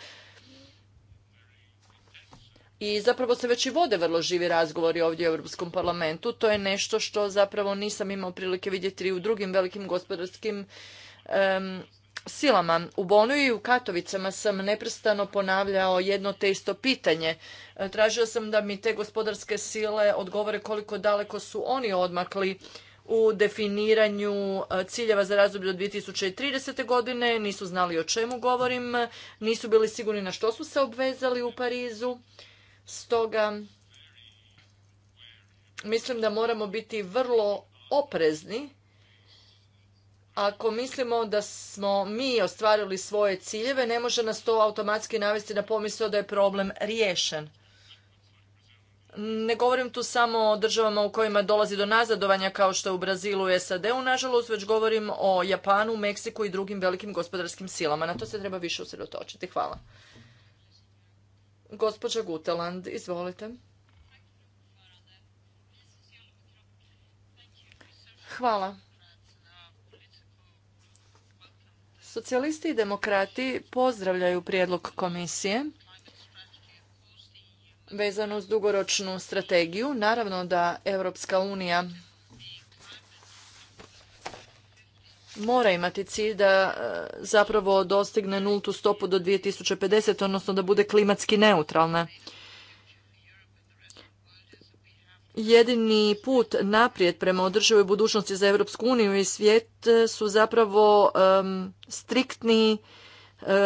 i zapravo se već i vode vrlo živi razgovori ovdje u Europskom parlamentu. To je nešto što zapravo nisam imao prilike vidjeti u drugim velikim gospodarskim silama. U Bonu i u Katovicama sam neprestano ponavljao jedno te isto pitanje. E, tražio sam da mi te gospodarske sile odgovore koliko daleko su oni odmakli u definiranju e, ciljeva za razdoblje od 2030. godine, nisu znali o čemu govorim, nisu bili sigurni na što su se obvezali u Parizu. Stoga mislim da moramo biti vrlo oprezni ako mislimo da smo mi ostvarili svoje ciljeve, ne može nas to automatski navesti na pomisao da je problem riješen. Ne govorim tu samo o državama u kojima dolazi do nazadovanja kao što je u Brazilu i SAD-u, nažalost, već govorim o Japanu, Meksiku i drugim velikim gospodarskim silama. Na to se treba više usredotočiti. Hvala. Gospođa Guteland, izvolite. Hvala. Socijalisti i demokrati pozdravljaju prijedlog komisije vezano uz dugoročnu strategiju. Naravno da Europska unija mora imati cilj da e, zapravo dostigne nultu stopu do 2050, odnosno da bude klimatski neutralna jedini put naprijed prema održivoj budućnosti za Europsku uniju i svijet e, su zapravo striktni e,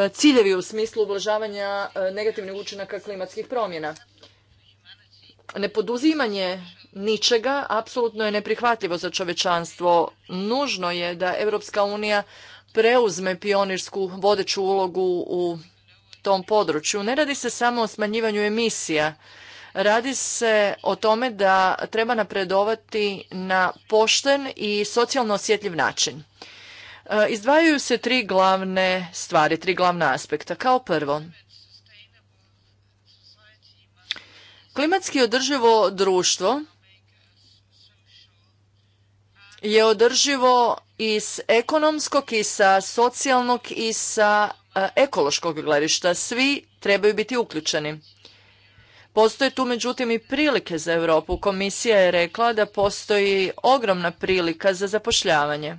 ciljevi u smislu ublažavanja e, negativnih učinaka klimatskih promjena. Nepoduzimanje ničega apsolutno je neprihvatljivo za čovečanstvo. Nužno je da Europska unija preuzme pionirsku vodeću ulogu u tom području. Ne radi se samo o smanjivanju emisija, Radi se o tome da treba napredovati na pošten i socijalno osjetljiv način. E, izdvajaju se tri glavne stvari, tri glavna aspekta. Kao prvo, klimatski održivo društvo je održivo iz ekonomskog i sa socijalnog i sa e, ekološkog gledišta. Svi trebaju biti uključeni. Postoje tu međutim i prilike za Europu. Komisija je rekla da postoji ogromna prilika za zapošljavanje.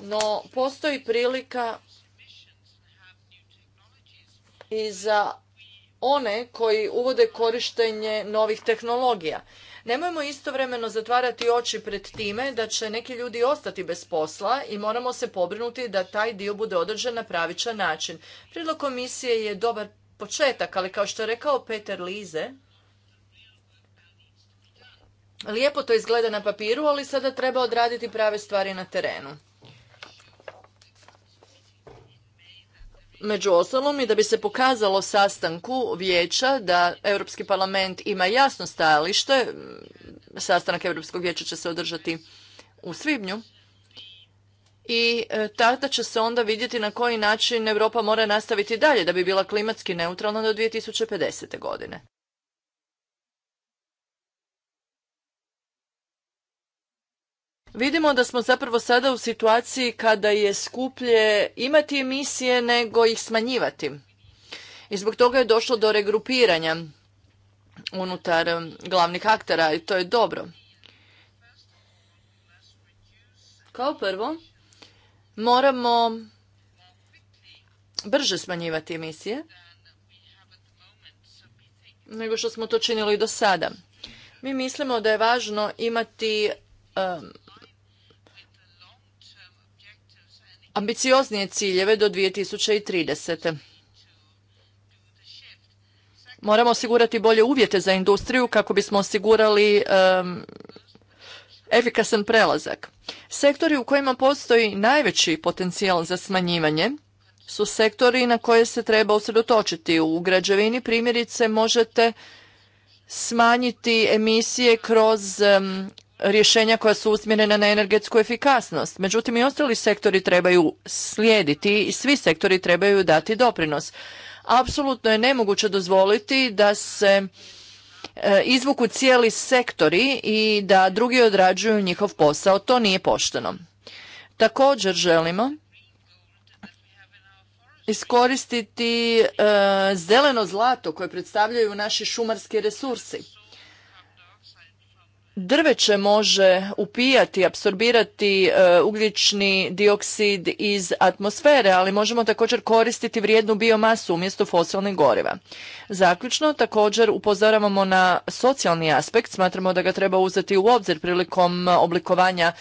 No, postoji prilika i za one koji uvode korištenje novih tehnologija. Nemojmo istovremeno zatvarati oči pred time da će neki ljudi ostati bez posla i moramo se pobrinuti da taj dio bude određen na pravičan način. Prijedlog komisije je dobar početak, ali kao što je rekao Peter Lize, lijepo to izgleda na papiru, ali sada treba odraditi prave stvari na terenu. među ostalom i da bi se pokazalo sastanku vijeća da Europski parlament ima jasno stajalište, sastanak Europskog vijeća će se održati u svibnju, i e, tada će se onda vidjeti na koji način Europa mora nastaviti dalje da bi bila klimatski neutralna do 2050. godine. Vidimo da smo zapravo sada u situaciji kada je skuplje imati emisije nego ih smanjivati. I zbog toga je došlo do regrupiranja unutar um, glavnih aktera i to je dobro. Kao prvo, moramo brže smanjivati emisije nego što smo to činili do sada. Mi mislimo da je važno imati um, ambicioznije ciljeve do 2030. Moramo osigurati bolje uvjete za industriju kako bismo osigurali efikasan prelazak. Sektori u kojima postoji najveći potencijal za smanjivanje su sektori na koje se treba usredotočiti. U građevini primjerice možete smanjiti emisije kroz rješenja koja su usmjerena na energetsku efikasnost. Međutim, i ostali sektori trebaju slijediti i svi sektori trebaju dati doprinos. Apsolutno je nemoguće dozvoliti da se e, izvuku cijeli sektori i da drugi odrađuju njihov posao. To nije pošteno. Također želimo iskoristiti e, zeleno zlato koje predstavljaju naši šumarski resursi drveće može upijati, apsorbirati e, ugljični dioksid iz atmosfere, ali možemo također koristiti vrijednu biomasu umjesto fosilnih goriva. Zaključno, također upozoravamo na socijalni aspekt, smatramo da ga treba uzeti u obzir prilikom oblikovanja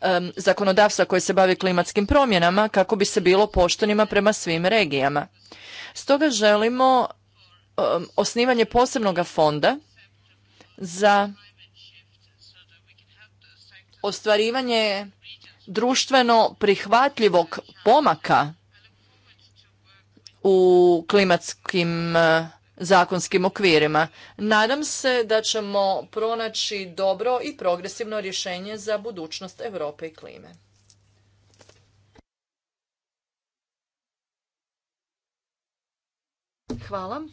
e, zakonodavstva koje se bavi klimatskim promjenama kako bi se bilo poštenima prema svim regijama. Stoga želimo e, osnivanje posebnog fonda za ostvarivanje društveno prihvatljivog pomaka u klimatskim e, zakonskim okvirima. Nadam se da ćemo pronaći dobro i progresivno rješenje za budućnost Europe i klime. Hvala.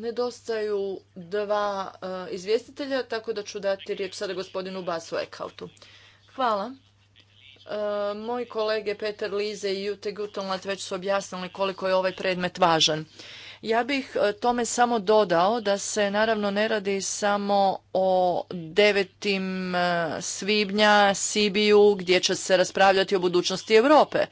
Nedostaju dva e, izvjestitelja, tako da ću dati riječ sada gospodinu Basu Ekautu. Hvala. E, moji kolege Peter Lize i Jute Gutonlat već su objasnili koliko je ovaj predmet važan. Ja bih e, tome samo dodao da se naravno ne radi samo o 9. svibnja Sibiju gdje će se raspravljati o budućnosti Europe.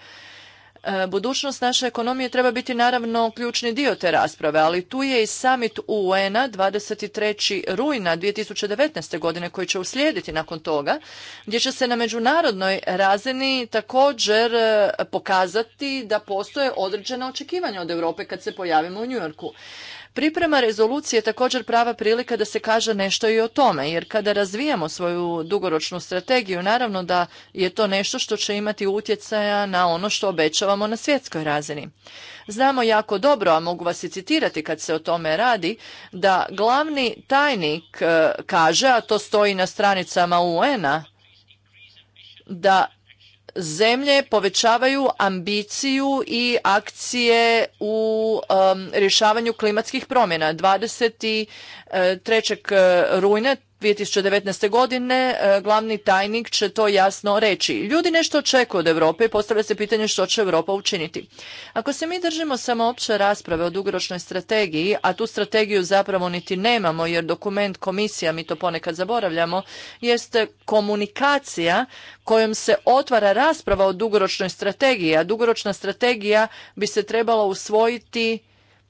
E, budućnost naše ekonomije treba biti naravno ključni dio te rasprave, ali tu je i summit UN-a 23. rujna 2019. godine koji će uslijediti nakon toga, gdje će se na međunarodnoj razini također e, pokazati da postoje određena očekivanja od Europe kad se pojavimo u yorku. Priprema rezolucije je također prava prilika da se kaže nešto i o tome, jer kada razvijamo svoju dugoročnu strategiju, naravno da je to nešto što će imati utjecaja na ono što obećavamo na svjetskoj razini. Znamo jako dobro, a mogu vas i citirati kad se o tome radi, da glavni tajnik e, kaže, a to stoji na stranicama UN-a, da zemlje povećavaju ambiciju i akcije u um, rješavanju klimatskih promjena. 23. E, e, rujna 2019. godine e, glavni tajnik će to jasno reći. Ljudi nešto očekuju od Europe i postavlja se pitanje što će Europa učiniti. Ako se mi držimo samo opće rasprave o dugoročnoj strategiji, a tu strategiju zapravo niti nemamo jer dokument komisija, mi to ponekad zaboravljamo, jeste komunikacija kojom se otvara rasprava o dugoročnoj strategiji, a dugoročna strategija bi se trebala usvojiti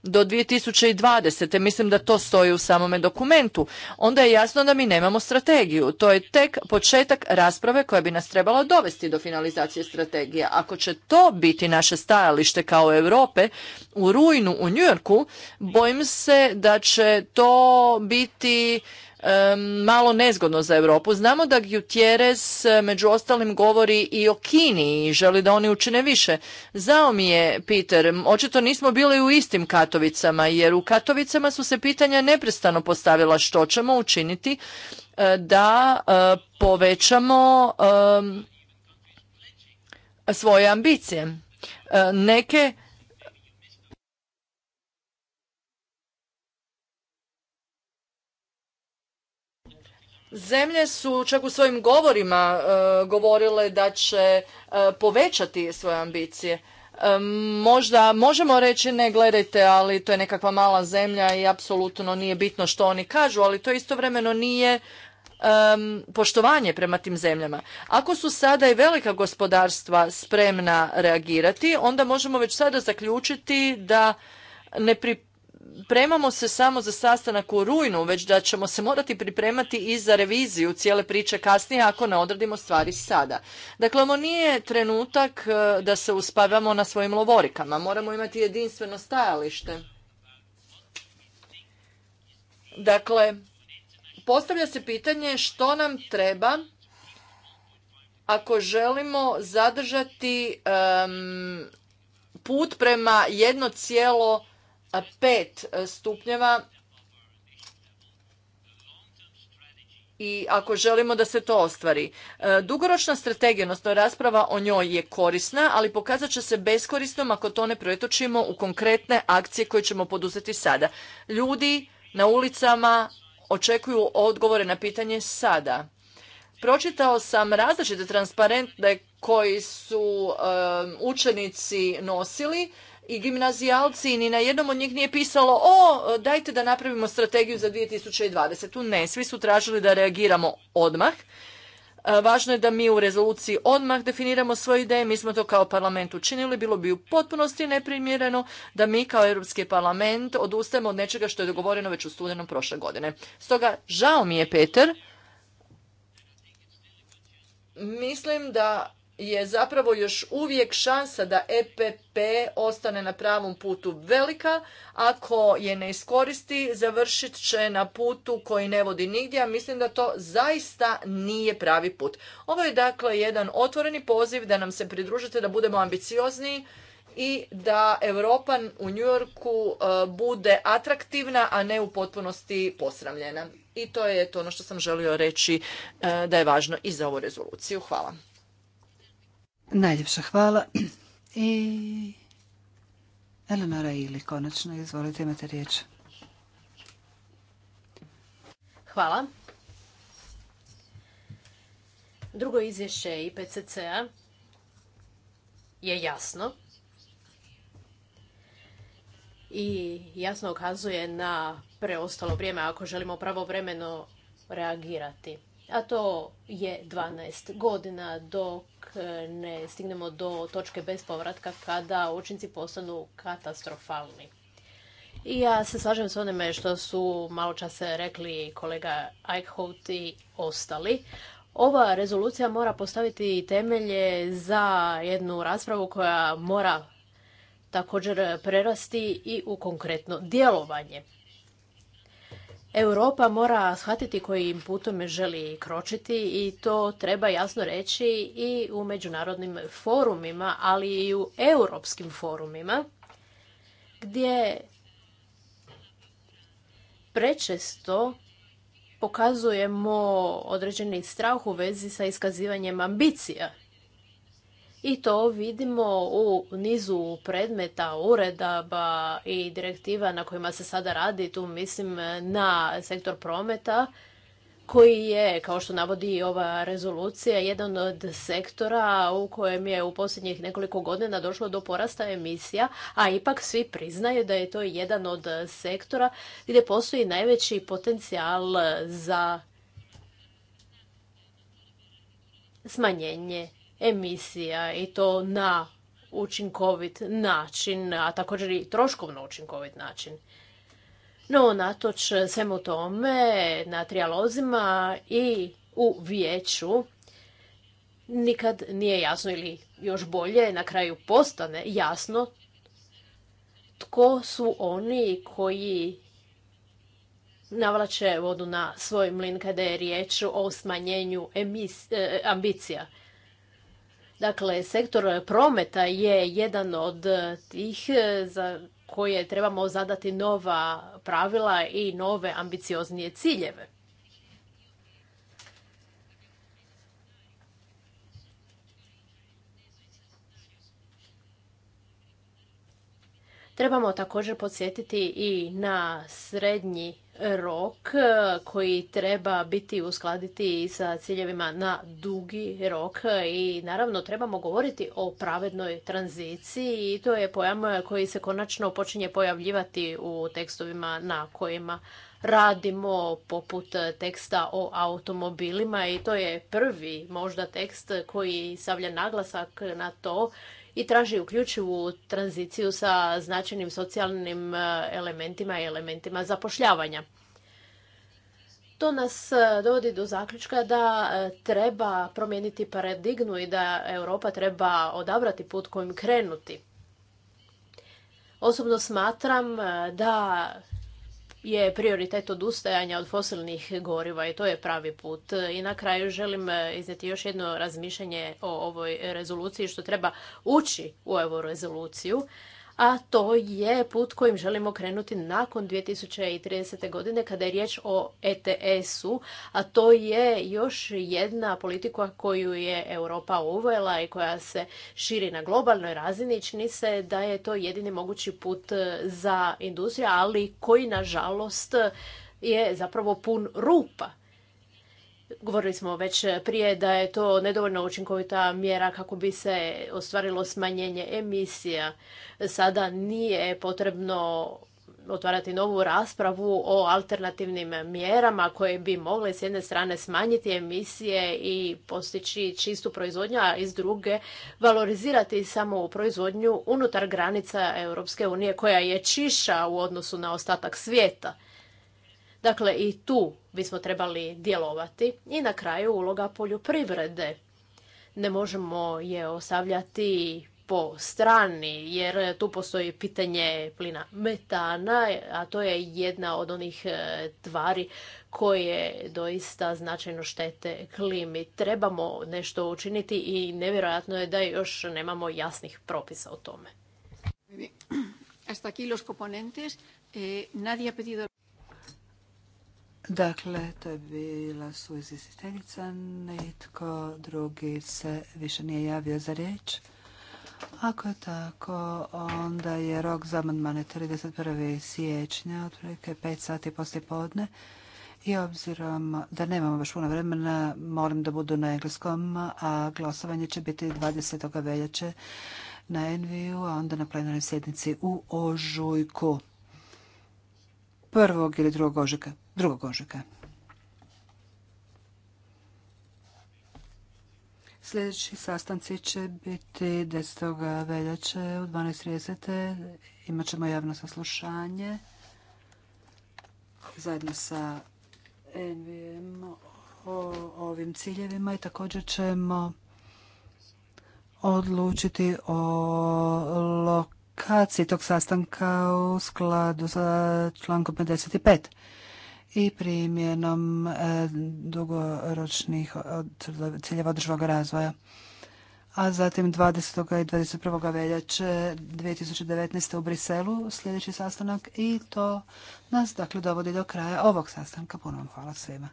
do 2020. Mislim da to stoji u samome dokumentu. Onda je jasno da mi nemamo strategiju. To je tek početak rasprave koja bi nas trebala dovesti do finalizacije strategije. Ako će to biti naše stajalište kao Europe u rujnu u Njujorku, bojim se da će to biti malo nezgodno za Europu. Znamo da Gutierrez e, među ostalim govori i o Kini i želi da oni učine više. Zao mi je, Peter, očito nismo bili u istim Katovicama, jer u Katovicama su se pitanja neprestano postavila što ćemo učiniti e, da e, povećamo svoje ambicije. Neke Zemlje su čak u svojim govorima e, govorile da će e, povećati svoje ambicije. E, možda možemo reći ne gledajte, ali to je nekakva mala zemlja i apsolutno nije bitno što oni kažu, ali to istovremeno nije poštovanje prema tim zemljama. Ako su sada i velika gospodarstva spremna reagirati, onda možemo već sada zaključiti da ne pri pripremamo se samo za sastanak u rujnu, već da ćemo se morati pripremati i za reviziju cijele priče kasnije ako ne odradimo stvari sada. Dakle, ovo nije trenutak e, da se uspavamo na svojim lovorikama. Moramo imati jedinstveno stajalište. Dakle, postavlja se pitanje što nam treba ako želimo zadržati put prema jedno cijelo pet e, stupnjeva i ako želimo da se to ostvari. E, dugoročna strategija, odnosno rasprava o njoj je korisna, ali pokazat će se beskorisnom ako to ne pretočimo u konkretne akcije koje ćemo poduzeti sada. Ljudi na ulicama očekuju odgovore na pitanje sada. Pročitao sam različite transparente koji su e, učenici nosili i gimnazijalci ni na jednom od njih nije pisalo o, dajte da napravimo strategiju za 2020. ne, svi su tražili da reagiramo odmah. Važno je da mi u rezoluciji odmah definiramo svoje ideje, mi smo to kao parlament učinili, bilo bi u potpunosti neprimjereno da mi kao Europski parlament odustajemo od nečega što je dogovoreno već u studenom prošle godine. Stoga, žao mi je, Peter, mislim da je zapravo još uvijek šansa da EPP ostane na pravom putu velika. Ako je ne iskoristi, završit će na putu koji ne vodi nigdje, a mislim da to zaista nije pravi put. Ovo je dakle jedan otvoreni poziv da nam se pridružite, da budemo ambiciozniji i da Europa u Yorku e, bude atraktivna, a ne u potpunosti posramljena. I to je to ono što sam želio reći e, da je važno i za ovu rezoluciju. Hvala. Najljepša hvala. I Eleonora Ili, konačno, izvolite, imate riječ. Hvala. Drugo izvješće IPCC-a je jasno i jasno ukazuje na preostalo vrijeme ako želimo pravovremeno reagirati a to je 12 godina dok e, ne stignemo do točke bez povratka kada učinci postanu katastrofalni. I ja se slažem s onime što su malo čas rekli kolega Eichhout i ostali. Ova rezolucija mora postaviti temelje za jednu raspravu koja mora također prerasti i u konkretno djelovanje. Europa mora shvatiti kojim putom želi kročiti i to treba jasno reći i u međunarodnim forumima, ali i u europskim forumima, gdje prečesto pokazujemo određeni strah u vezi sa iskazivanjem ambicija i to vidimo u nizu predmeta, uredaba i direktiva na kojima se sada radi, tu mislim na sektor prometa, koji je, kao što navodi ova rezolucija, jedan od sektora u kojem je u posljednjih nekoliko godina došlo do porasta emisija, a ipak svi priznaju da je to jedan od sektora gdje postoji najveći potencijal za smanjenje emisija i to na učinkovit način, a također i troškovno učinkovit način. No, natoč svemu tome, na trijalozima i u vijeću nikad nije jasno ili još bolje na kraju postane jasno tko su oni koji navlače vodu na svoj mlin kada je riječ o smanjenju eh, ambicija. Dakle, sektor prometa je jedan od tih e, za koje trebamo zadati nova pravila i nove ambicioznije ciljeve. Trebamo također podsjetiti i na srednji rok e, koji treba biti uskladiti sa ciljevima na dugi rok i naravno trebamo govoriti o pravednoj tranziciji i to je pojam koji se konačno počinje pojavljivati u tekstovima na kojima radimo poput teksta o automobilima i to je prvi možda tekst koji stavlja naglasak na to i traži uključivu tranziciju sa značajnim socijalnim e, elementima i elementima zapošljavanja. To nas e, dovodi do zaključka da e, treba promijeniti paradignu i da Europa treba odabrati put kojim krenuti. Osobno smatram da je prioritet odustajanja od fosilnih goriva i to je pravi put. I na kraju želim eh, izneti još jedno razmišljanje o ovoj rezoluciji što treba ući u ovu rezoluciju a to je put kojim želimo krenuti nakon 2030. godine kada je riječ o ETS-u, a to je još jedna politika koju je Europa uvela i koja se širi na globalnoj razini. Čini se da je to jedini mogući put e, za industriju, ali koji nažalost je zapravo pun rupa. Govorili smo već prije da je to nedovoljno učinkovita mjera kako bi se ostvarilo smanjenje emisija. Sada nije potrebno otvarati novu raspravu o alternativnim mjerama koje bi mogle s jedne strane smanjiti emisije i postići čistu proizvodnju, a iz druge valorizirati samo proizvodnju unutar granica Europske unije koja je čiša u odnosu na ostatak svijeta. Dakle, i tu bismo trebali djelovati. I na kraju uloga poljoprivrede. Ne možemo je ostavljati po strani, jer tu postoji pitanje plina metana, a to je jedna od onih e, tvari koje doista značajno štete klimi. Trebamo nešto učiniti i nevjerojatno je da još nemamo jasnih propisa o tome. Hasta aquí los componentes. Eh, nadie pedido... Dakle, to je bila suizvjestiteljica. Nitko drugi se više nije javio za riječ. Ako je tako, onda je rok za amandmane 31. siječnja, otprilike 5 sati poslije podne. I obzirom da nemamo baš puno vremena, molim da budu na engleskom, a glasovanje će biti 20. veljače na Enviju, a onda na plenarnoj sjednici u Ožujku. Prvog ili drugog ožujka. 2. ožujka. Sljedeći sastanci će biti 10. veljače u 12.30. Imat ćemo javno saslušanje zajedno sa NVM o ovim ciljevima i također ćemo odlučiti o lokaciji tog sastanka u skladu sa člankom 55 i primjenom e, dugoročnih ciljeva održivog razvoja. A zatim 20. i 21. veljače 2019. u Briselu sljedeći sastanak i to nas dakle dovodi do kraja ovog sastanka. Puno vam hvala svima.